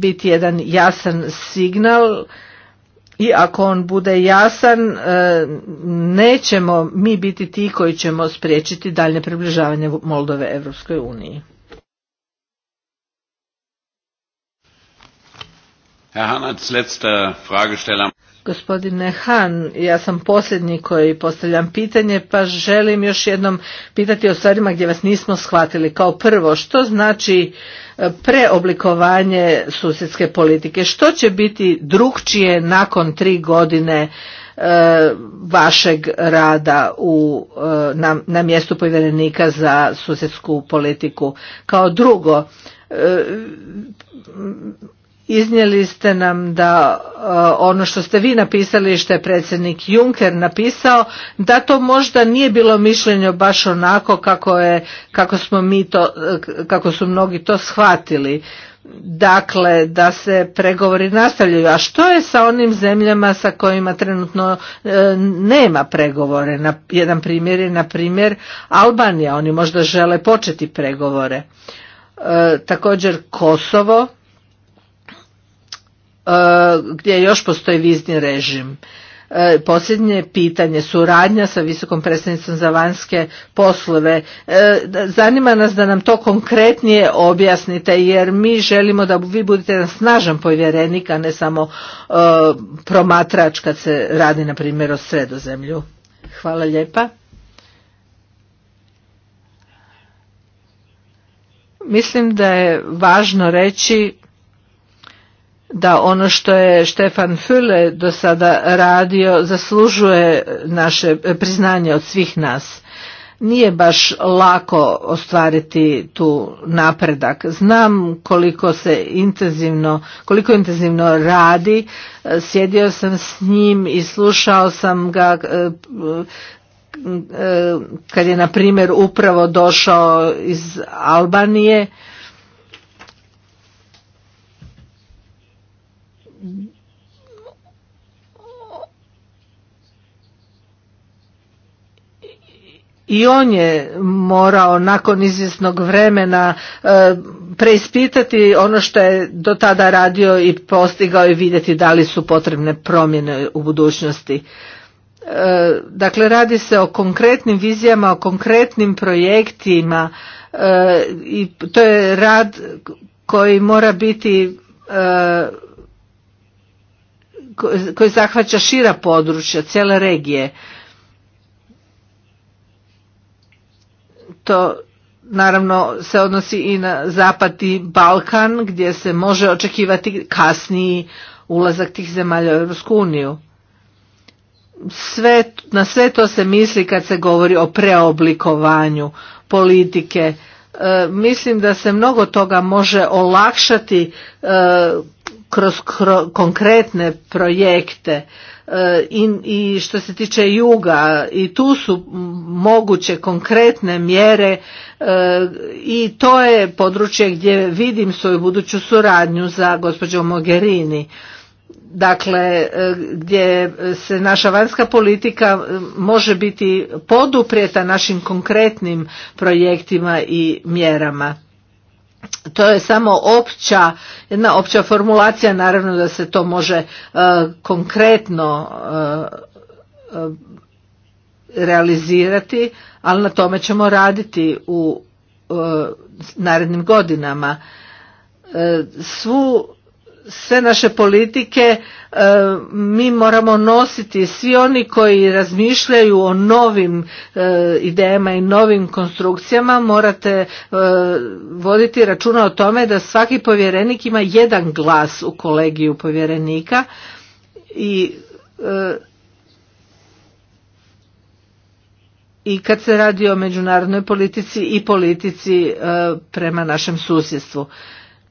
biti jedan jasan signal i ako on bude jasan e, nećemo mi biti ti koji ćemo spriječiti daljnje približavanje Moldove Europskoj uniji. Gospodine Han, ja sam posljednji koji postavljam pitanje, pa želim još jednom pitati o stvarima gdje vas nismo shvatili. Kao prvo, što znači preoblikovanje susjedske politike. Što će biti drukčije nakon tri godine e, vašeg rada u, e, na, na mjestu povjerenika za susjedsku politiku? Kao drugo, e, Iznijeli ste nam da e, ono što ste vi napisali i što je predsjednik Juncker napisao, da to možda nije bilo mišljenje baš onako kako, je, kako, smo mi to, e, kako su mnogi to shvatili. Dakle, da se pregovori nastavljaju. A što je sa onim zemljama sa kojima trenutno e, nema pregovore? Na, jedan primjer je, na primjer, Albanija. Oni možda žele početi pregovore. također Kosovo E, gdje još postoji vizni režim. E, posljednje pitanje, suradnja sa visokom predstavnicom za vanjske poslove. E, zanima nas da nam to konkretnije objasnite jer mi želimo da vi budete jedan snažan povjerenik, a ne samo promatrač kad se radi na primjer o sredozemlju. Hvala lijepa. Mislim da je važno reći da ono što je Štefan Füle do sada radio zaslužuje naše priznanje od svih nas. Nije baš lako ostvariti tu napredak. Znam koliko se intenzivno, koliko intenzivno radi. Sjedio sam s njim i slušao sam ga e, e, kad je na primjer upravo došao iz Albanije i on je morao nakon izvjesnog vremena e, preispitati ono što je do tada radio i postigao i vidjeti da li su potrebne promjene u budućnosti. E, dakle, radi se o konkretnim vizijama, o konkretnim projektima e, i to je rad koji mora biti koji zahvaća šira područja, cijele regije. to naravno se odnosi i na zapad i Balkan gdje se može očekivati kasniji ulazak tih zemalja u Europsku uniju. na sve to se misli kad se govori o preoblikovanju politike. E, mislim da se mnogo toga može olakšati e, kroz konkretne projekte. E, i što se tiče juga i tu su moguće konkretne mjere e, i to je područje gdje vidim svoju buduću suradnju za gospođo Mogherini dakle e, gdje se naša vanjska politika može biti poduprijeta našim konkretnim projektima i mjerama to je samo opća, jedna opća formulacija, naravno da se to može e, konkretno e, e, realizirati, ali na tome ćemo raditi u narednim godinama. Svu sve naše politike e, mi moramo nositi svi oni koji razmišljaju o novim e, idejama i novim konstrukcijama morate e, voditi računa o tome da svaki povjerenik ima jedan glas u kolegiju povjerenika i i kad se radi o međunarodnoj politici i politici prema našem susjedstvu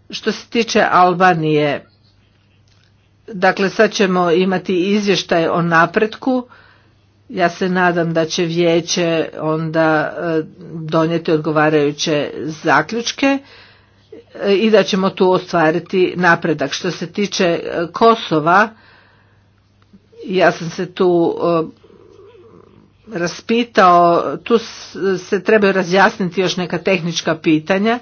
što se tiče Albanije, dakle sad ćemo imati izvještaj o napretku. Ja se nadam da će vijeće onda e, donijeti odgovarajuće zaključke e, i da ćemo tu ostvariti napredak. Što se tiče e, Kosova, ja sam se tu raspitao, tu se trebaju razjasniti još neka tehnička pitanja.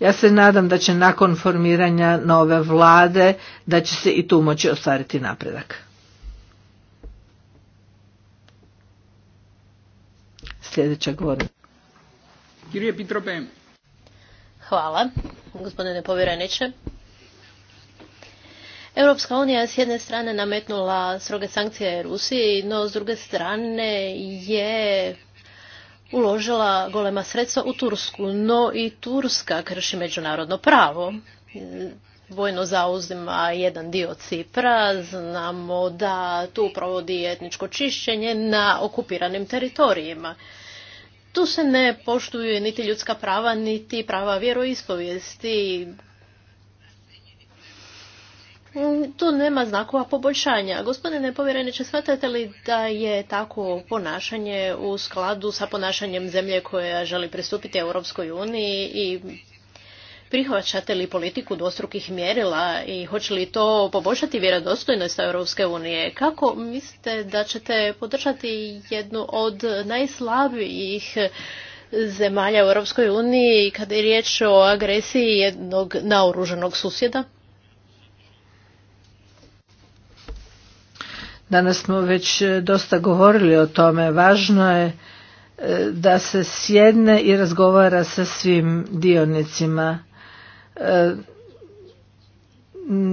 Ja se nadam da će nakon formiranja nove vlade da će se i tu moći ostvariti napredak. Sljedeća govornica. Hvala, gospodine povjereniče. Europska unija je s jedne strane nametnula stroge sankcije Rusiji, no s druge strane je uložila golema sredstva u Tursku, no i Turska krši međunarodno pravo. Vojno zauzima jedan dio Cipra, znamo da tu provodi etničko čišćenje na okupiranim teritorijima. Tu se ne poštuju niti ljudska prava, niti prava vjeroispovijesti. Mm, tu nema znakova poboljšanja. Gospodine povjereniče, shvatate li da je tako ponašanje u skladu sa ponašanjem zemlje koja želi pristupiti Europskoj uniji i prihvaćate li politiku dvostrukih mjerila i hoće li to poboljšati vjerodostojnost Europske unije? Kako mislite da ćete podržati jednu od najslabijih zemalja u Europskoj uniji kada je riječ o agresiji jednog naoruženog susjeda? Danas smo već e, dosta govorili o tome. Važno je e, da se sjedne i razgovara sa svim dionicima. E,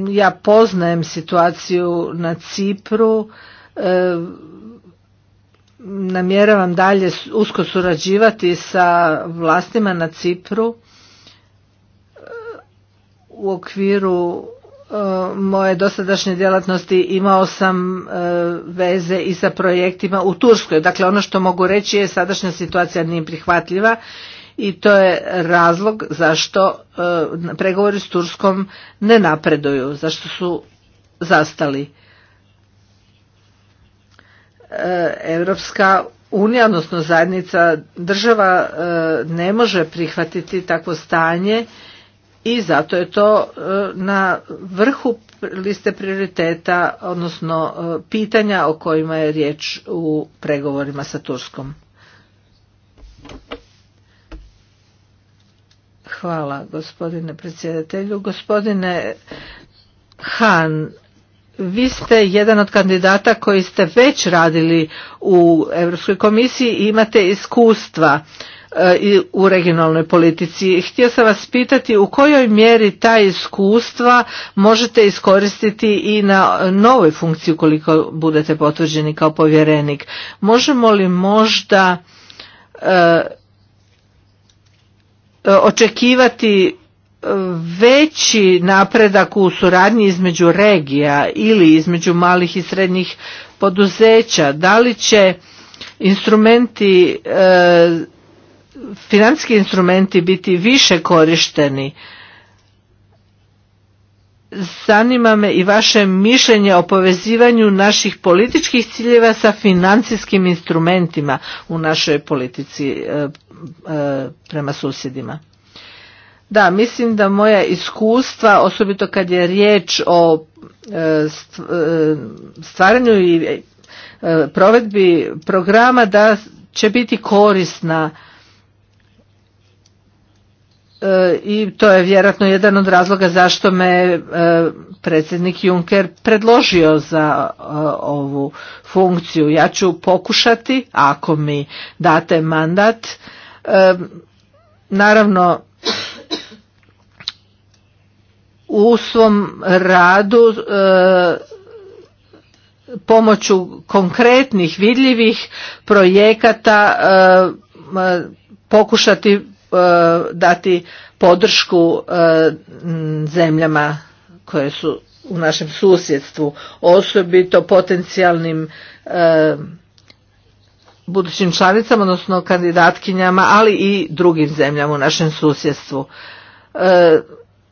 ja poznajem situaciju na Cipru, namjeravam dalje usko surađivati sa vlastima na Cipru u okviru moje dosadašnje djelatnosti imao sam e, veze i sa projektima u Turskoj. Dakle, ono što mogu reći je sadašnja situacija nije prihvatljiva i to je razlog zašto e, pregovori s Turskom ne napreduju, zašto su zastali. E, Europska unija, odnosno zajednica država ne može prihvatiti takvo stanje i zato je to e, na vrhu liste prioriteta, odnosno e, pitanja o kojima je riječ u pregovorima sa Turskom. Hvala gospodine predsjedatelju. Gospodine Han, vi ste jedan od kandidata koji ste već radili u Europskoj komisiji i imate iskustva E, u regionalnoj politici. Htio sam vas pitati u kojoj mjeri ta iskustva možete iskoristiti i na novoj funkciji ukoliko budete potvrđeni kao povjerenik. Možemo li možda e, e, očekivati veći napredak u suradnji između regija ili između malih i srednjih poduzeća, da li će instrumenti financijski instrumenti biti više korišteni. Zanima me i vaše mišljenje o povezivanju naših političkih ciljeva sa financijskim instrumentima u našoj politici e, e, prema susjedima. Da, mislim da moja iskustva, osobito kad je riječ o e, stvaranju i provedbi programa, da će biti korisna E, i to je vjerojatno jedan od razloga zašto me e, predsjednik Juncker predložio za e, ovu funkciju. Ja ću pokušati, ako mi date mandat, naravno u svom radu pomoću konkretnih vidljivih projekata pokušati E, dati podršku e, zemljama koje su u našem susjedstvu, osobito potencijalnim e, budućim članicama, odnosno kandidatkinjama, ali i drugim zemljama u našem susjedstvu.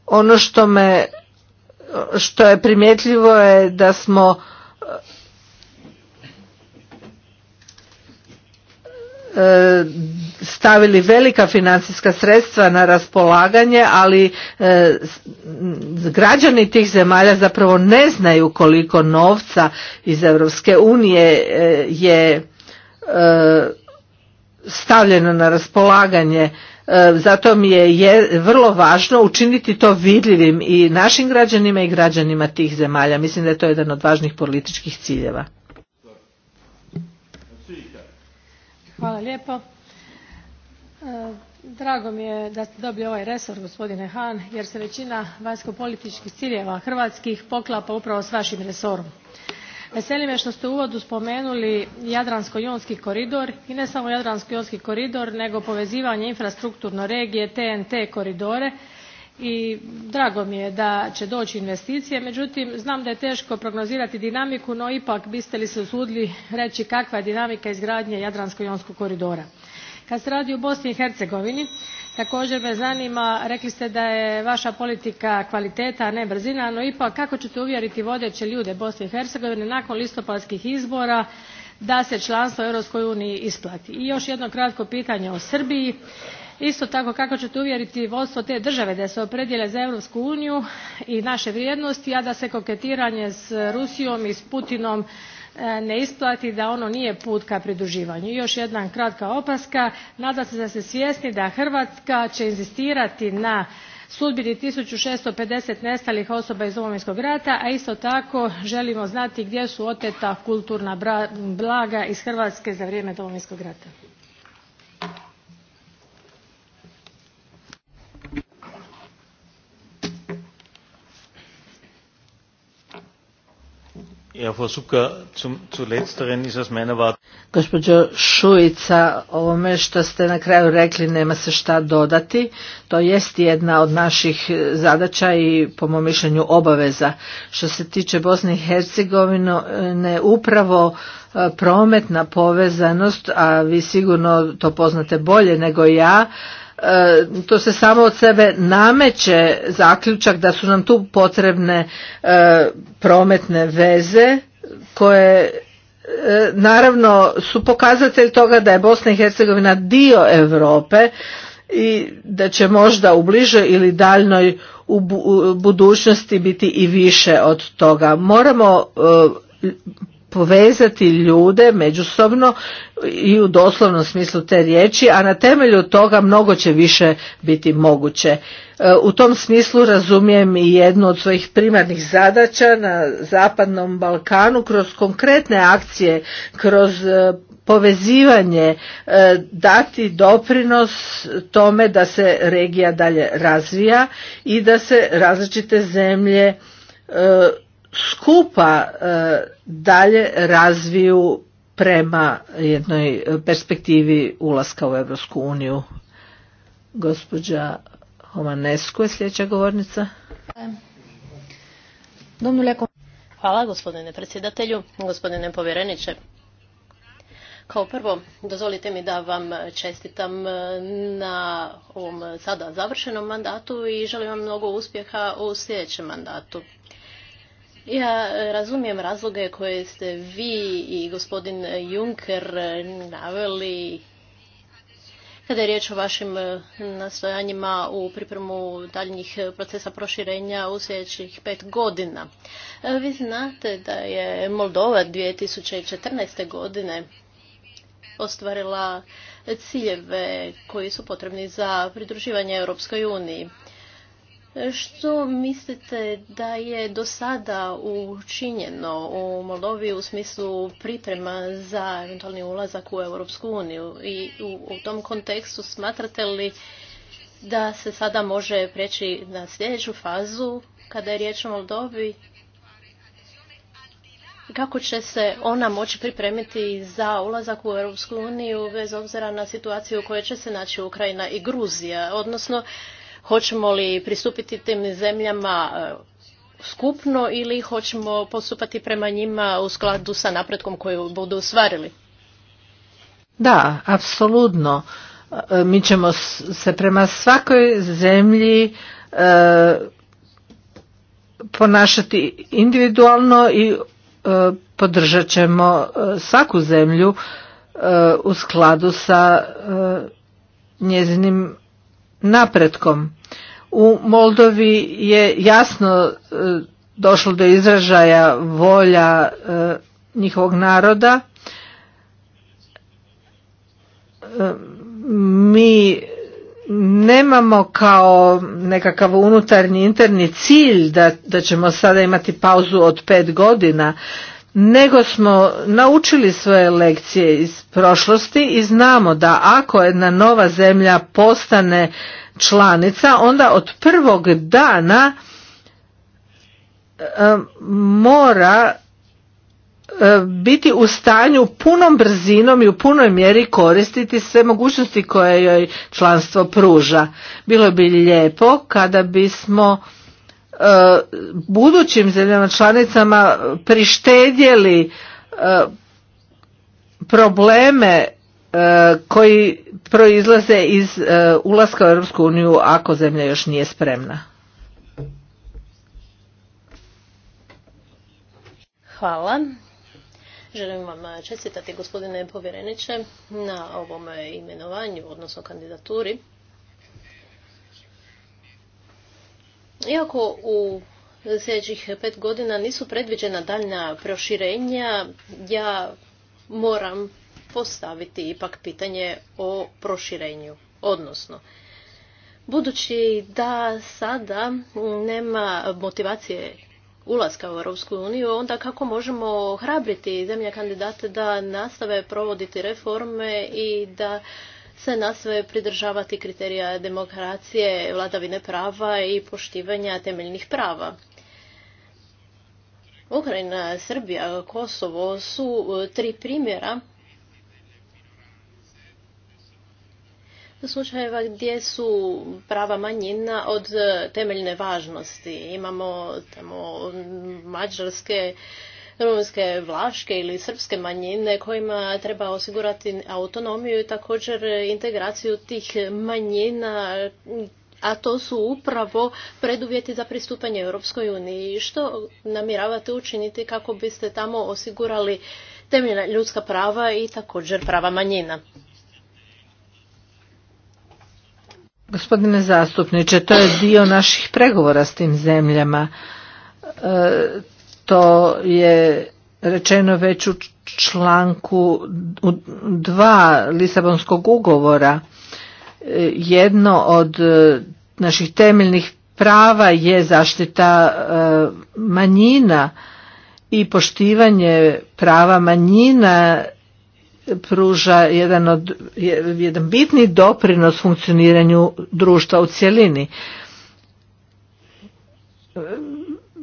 Ono što me što je primjetljivo je da smo E, stavili velika financijska sredstva na raspolaganje, ali e, građani tih zemalja zapravo ne znaju koliko novca iz Europske unije e, je stavljeno na raspolaganje zato mi je, je vrlo važno učiniti to vidljivim i našim građanima i građanima tih zemalja. Mislim da je to jedan od važnih političkih ciljeva. Hvala lijepo. E, drago mi je da ste dobili ovaj resor gospodine Han, jer se većina vanjskopolitičkih ciljeva hrvatskih poklapa upravo s vašim resorom. Veseli me što ste u uvodu spomenuli Jadransko-jonski koridor i ne samo Jadransko-jonski koridor nego povezivanje infrastrukturno regije TNT koridore i drago mi je da će doći investicije međutim znam da je teško prognozirati dinamiku no ipak biste li se usudili reći kakva je dinamika izgradnje jadransko jonskog koridora? kad se radi o bosni i hercegovini također me zanima rekli ste da je vaša politika kvaliteta a ne brzina no ipak kako ćete uvjeriti vodeće ljude bosne i hercegovine nakon listopadskih izbora da se članstvo u europskoj uniji isplati? i još jedno kratko pitanje o srbiji isto tako kako ćete uvjeriti vodstvo te države da se opredijele za europsku uniju i naše vrijednosti a da se koketiranje s rusijom i s putinom e, ne isplati da ono nije put ka pridruživanju. i još jedna kratka opaska nadam se da ste svjesni da hrvatska će inzistirati na sudbini tisuću šesto pedeset nestalih osoba iz domovinskog rata a isto tako želimo znati gdje su oteta kulturna blaga iz hrvatske za vrijeme domovinskog rata. Ja, Warte... Gospođo Šujica, ovome što ste na kraju rekli nema se šta dodati. To jest jedna od naših e, zadaća i po mom mišljenju obaveza. Što se tiče Bosne i Hercegovine, upravo e, prometna povezanost, a vi sigurno to poznate bolje nego ja, E, to se samo od sebe nameće zaključak da su nam tu potrebne e, prometne veze koje e, naravno su pokazatelj toga da je Bosna i Hercegovina dio Europe i da će možda u bližoj ili daljnoj u budućnosti biti i više od toga. Moramo povezati ljude međusobno i u doslovnom smislu te riječi, a na temelju toga mnogo će više biti moguće. E, u tom smislu razumijem i jednu od svojih primarnih zadaća na Zapadnom Balkanu kroz konkretne akcije, kroz e, povezivanje e, dati doprinos tome da se regija dalje razvija i da se različite zemlje skupa e, dalje razviju prema jednoj perspektivi ulaska u Europsku uniju. Gospođa Homanesku je sljedeća govornica. Hvala gospodine predsjedatelju, gospodine povjereniče. Kao prvo, dozvolite mi da vam čestitam na ovom sada završenom mandatu i želim vam mnogo uspjeha u sljedećem mandatu. Ja e, razumijem razloge koje ste vi i gospodin Juncker naveli kada je riječ o vašim e, nastojanjima u pripremu daljnjih procesa proširenja u sljedećih pet godina. E, vi znate da je Moldova 2014. godine ostvarila ciljeve koji su potrebni za pridruživanje Europskoj uniji. Što mislite da je do sada učinjeno u Moldovi u smislu priprema za eventualni ulazak u Europsku uniju i u, tom kontekstu smatrate li da se sada može preći na sljedeću fazu kada je riječ o Moldovi? Kako će se ona moći pripremiti za ulazak u Europsku uniju bez obzira na situaciju u kojoj će se naći Ukrajina i Gruzija? Odnosno, Hoćemo li pristupiti tim zemljama e, skupno ili hoćemo postupati prema njima u skladu sa napretkom koju budu ostvarili? Da, apsolutno. E, mi ćemo se prema svakoj zemlji e, ponašati individualno i e, podržat ćemo svaku zemlju u skladu sa njezinim napretkom. U Moldovi je jasno e, došlo do izražaja volja e, njihovog naroda. E, mi nemamo kao nekakav unutarnji interni cilj da, da ćemo sada imati pauzu od pet godina nego smo naučili svoje lekcije iz prošlosti i znamo da ako jedna nova zemlja postane članica onda od prvog dana e, mora e, biti u stanju punom brzinom i u punoj mjeri koristiti sve mogućnosti koje joj članstvo pruža bilo bi lijepo kada bismo budućim zemljama članicama prištedjeli e, probleme e, koji proizlaze iz e, ulaska u Europsku uniju ako zemlja još nije spremna. Hvala. Želim vam čestitati gospodine povjereniče na ovom imenovanju, odnosno kandidaturi. Iako u sljedećih pet godina nisu predviđena daljna proširenja, ja moram postaviti ipak pitanje o proširenju. Odnosno, budući da sada nema motivacije ulaska u Europsku uniju, onda kako možemo hrabriti zemlje kandidate da nastave provoditi reforme i da se nastoje pridržavati kriterija demokracije, vladavine prava i poštivanja temeljnih prava. Ukrajina, Srbija, Kosovo su e, tri primjera slučajeva gdje su prava manjina od e, temeljne važnosti. Imamo tamo mađarske rumunjske, vlaške ili srpske manjine kojima treba osigurati autonomiju i također integraciju tih manjina a to su upravo preduvjeti za pristupanje Europskoj uniji. Što namjeravate učiniti kako biste tamo osigurali temeljna ljudska prava i također prava manjina? Gospodine zastupniče, to je dio naših pregovora s tim zemljama. E, to je rečeno već u članku dva Lisabonskog ugovora. E, jedno od e, naših temeljnih prava je zaštita e, manjina i poštivanje prava manjina pruža jedan, od, jedan bitni doprinos funkcioniranju društva u cjelini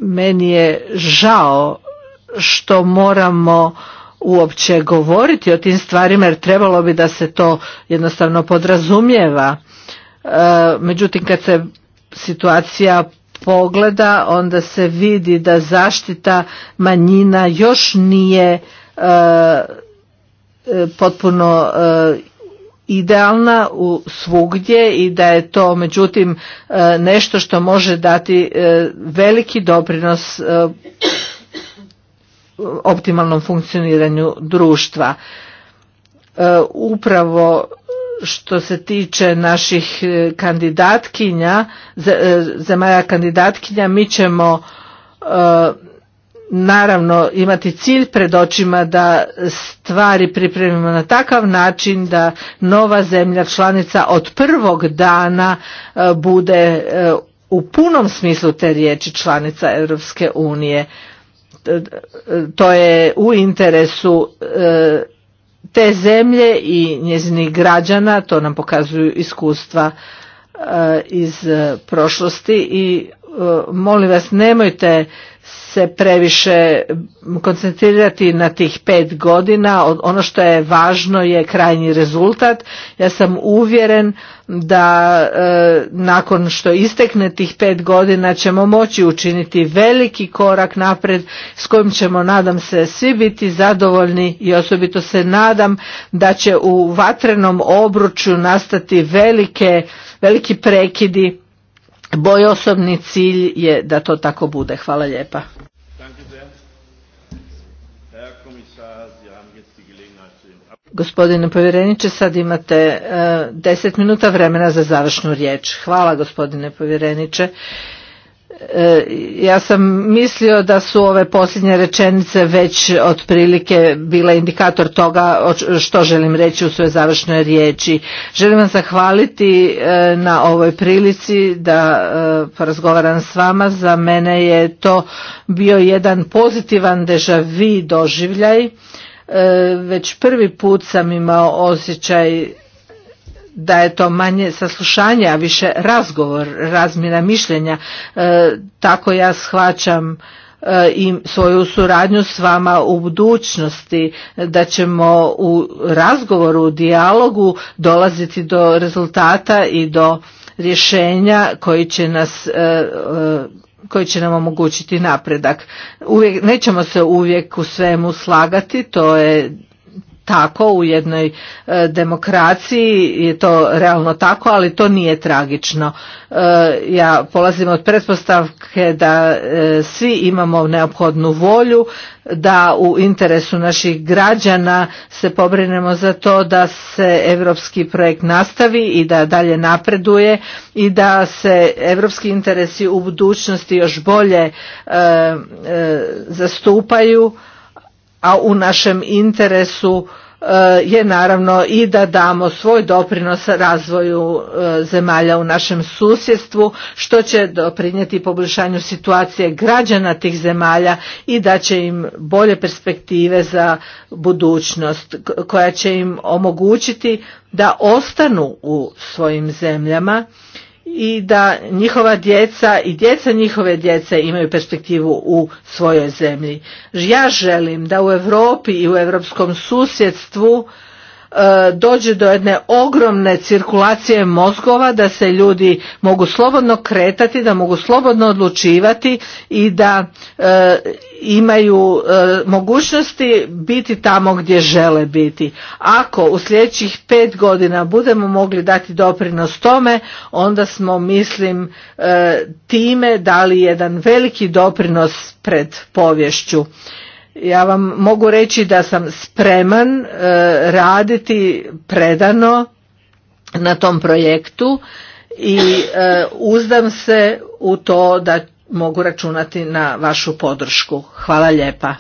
meni je žao što moramo uopće govoriti o tim stvarima jer trebalo bi da se to jednostavno podrazumijeva. E, međutim, kad se situacija pogleda, onda se vidi da zaštita manjina još nije e, potpuno e, idealna u svugdje i da je to međutim e, nešto što može dati e, veliki doprinos e, optimalnom funkcioniranju društva. Upravo što se tiče naših kandidatkinja, zemalja kandidatkinja, mi ćemo naravno imati cilj pred očima da stvari pripremimo na takav način da nova zemlja članica od prvog dana e, bude e, u punom smislu te riječi članica Europske unije. E, to je u interesu te zemlje i njezinih građana, to nam pokazuju iskustva iz prošlosti i molim vas nemojte se previše koncentrirati na tih pet godina. Ono što je važno je krajnji rezultat. Ja sam uvjeren da e, nakon što istekne tih pet godina ćemo moći učiniti veliki korak napred s kojim ćemo nadam se svi biti zadovoljni i osobito se nadam da će u vatrenom obruču nastati velike, veliki prekidi moj osobni cilj je da to tako bude. Hvala lijepa. Gospodine povjereniče, sad imate e, deset minuta vremena za završnu riječ. Hvala gospodine povjereniče. E, ja sam mislio da su ove posljednje rečenice već otprilike bila indikator toga što želim reći u svojoj završnoj riječi. Želim vam zahvaliti e, na ovoj prilici da e, porazgovaram s vama. Za mene je to bio jedan pozitivan dežavi doživljaj. Već prvi put sam imao osjećaj da je to manje saslušanje, a više razgovor, razmjena mišljenja. E, tako ja shvaćam e, i svoju suradnju s vama u budućnosti, da ćemo u razgovoru, u dijalogu dolaziti do rezultata i do rješenja koji će nas e, koji će nam omogućiti napredak. Uvijek, nećemo se uvijek u svemu slagati, to je tako u jednoj e, demokraciji je to realno tako ali to nije tragično e, ja polazim od pretpostavke da e, svi imamo neophodnu volju da u interesu naših građana se pobrinemo za to da se europski projekt nastavi i da dalje napreduje i da se europski interesi u budućnosti još bolje zastupaju a u našem interesu e, je naravno i da damo svoj doprinos razvoju e, zemalja u našem susjedstvu što će doprinijeti poboljšanju situacije građana tih zemalja i da će im bolje perspektive za budućnost koja će im omogućiti da ostanu u svojim zemljama i da njihova djeca i djeca njihove djece imaju perspektivu u svojoj zemlji. Ja želim da u Europi i u europskom susjedstvu E, dođe do jedne ogromne cirkulacije mozgova da se ljudi mogu slobodno kretati da mogu slobodno odlučivati i da e, imaju e, mogućnosti biti tamo gdje žele biti ako u sljedećih pet godina budemo mogli dati doprinos tome onda smo mislim time dali jedan veliki doprinos pred povješću ja vam mogu reći da sam spreman e, raditi predano na tom projektu i e, uzdam se u to da mogu računati na vašu podršku. Hvala lijepa.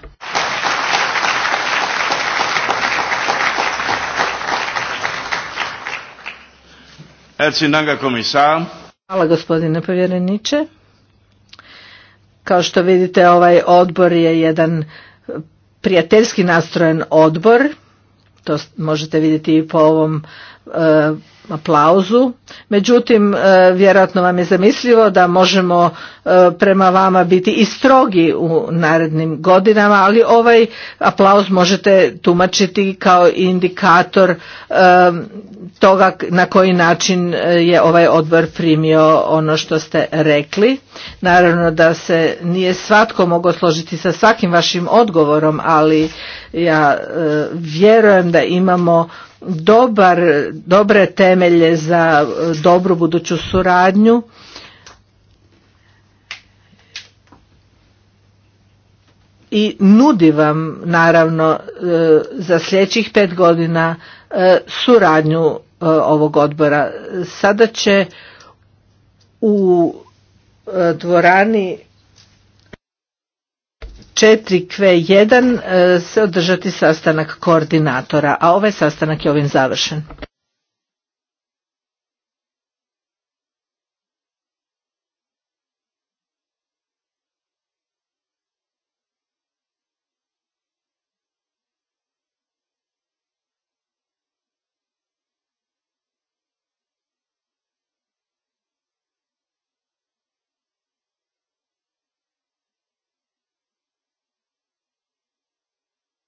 Hvala gospodine povjereniče. Kao što vidite ovaj odbor je jedan prijateljski nastrojen odbor, to možete vidjeti i po ovom e, aplauzu. Međutim, e, vjerojatno vam je zamislivo da možemo e, prema vama biti i strogi u narednim godinama, ali ovaj aplauz možete tumačiti kao indikator e, toga na koji način je ovaj odbor primio ono što ste rekli. Naravno da se nije svatko mogao složiti sa svakim vašim odgovorom, ali ja vjerujem da imamo dobar, dobre temelje za e, dobru buduću suradnju. i nudi vam naravno e, za sljedećih pet godina e, suradnju ovog odbora. Sada će u dvorani 4Q1 e, se održati sastanak koordinatora, a ovaj sastanak je ovim završen.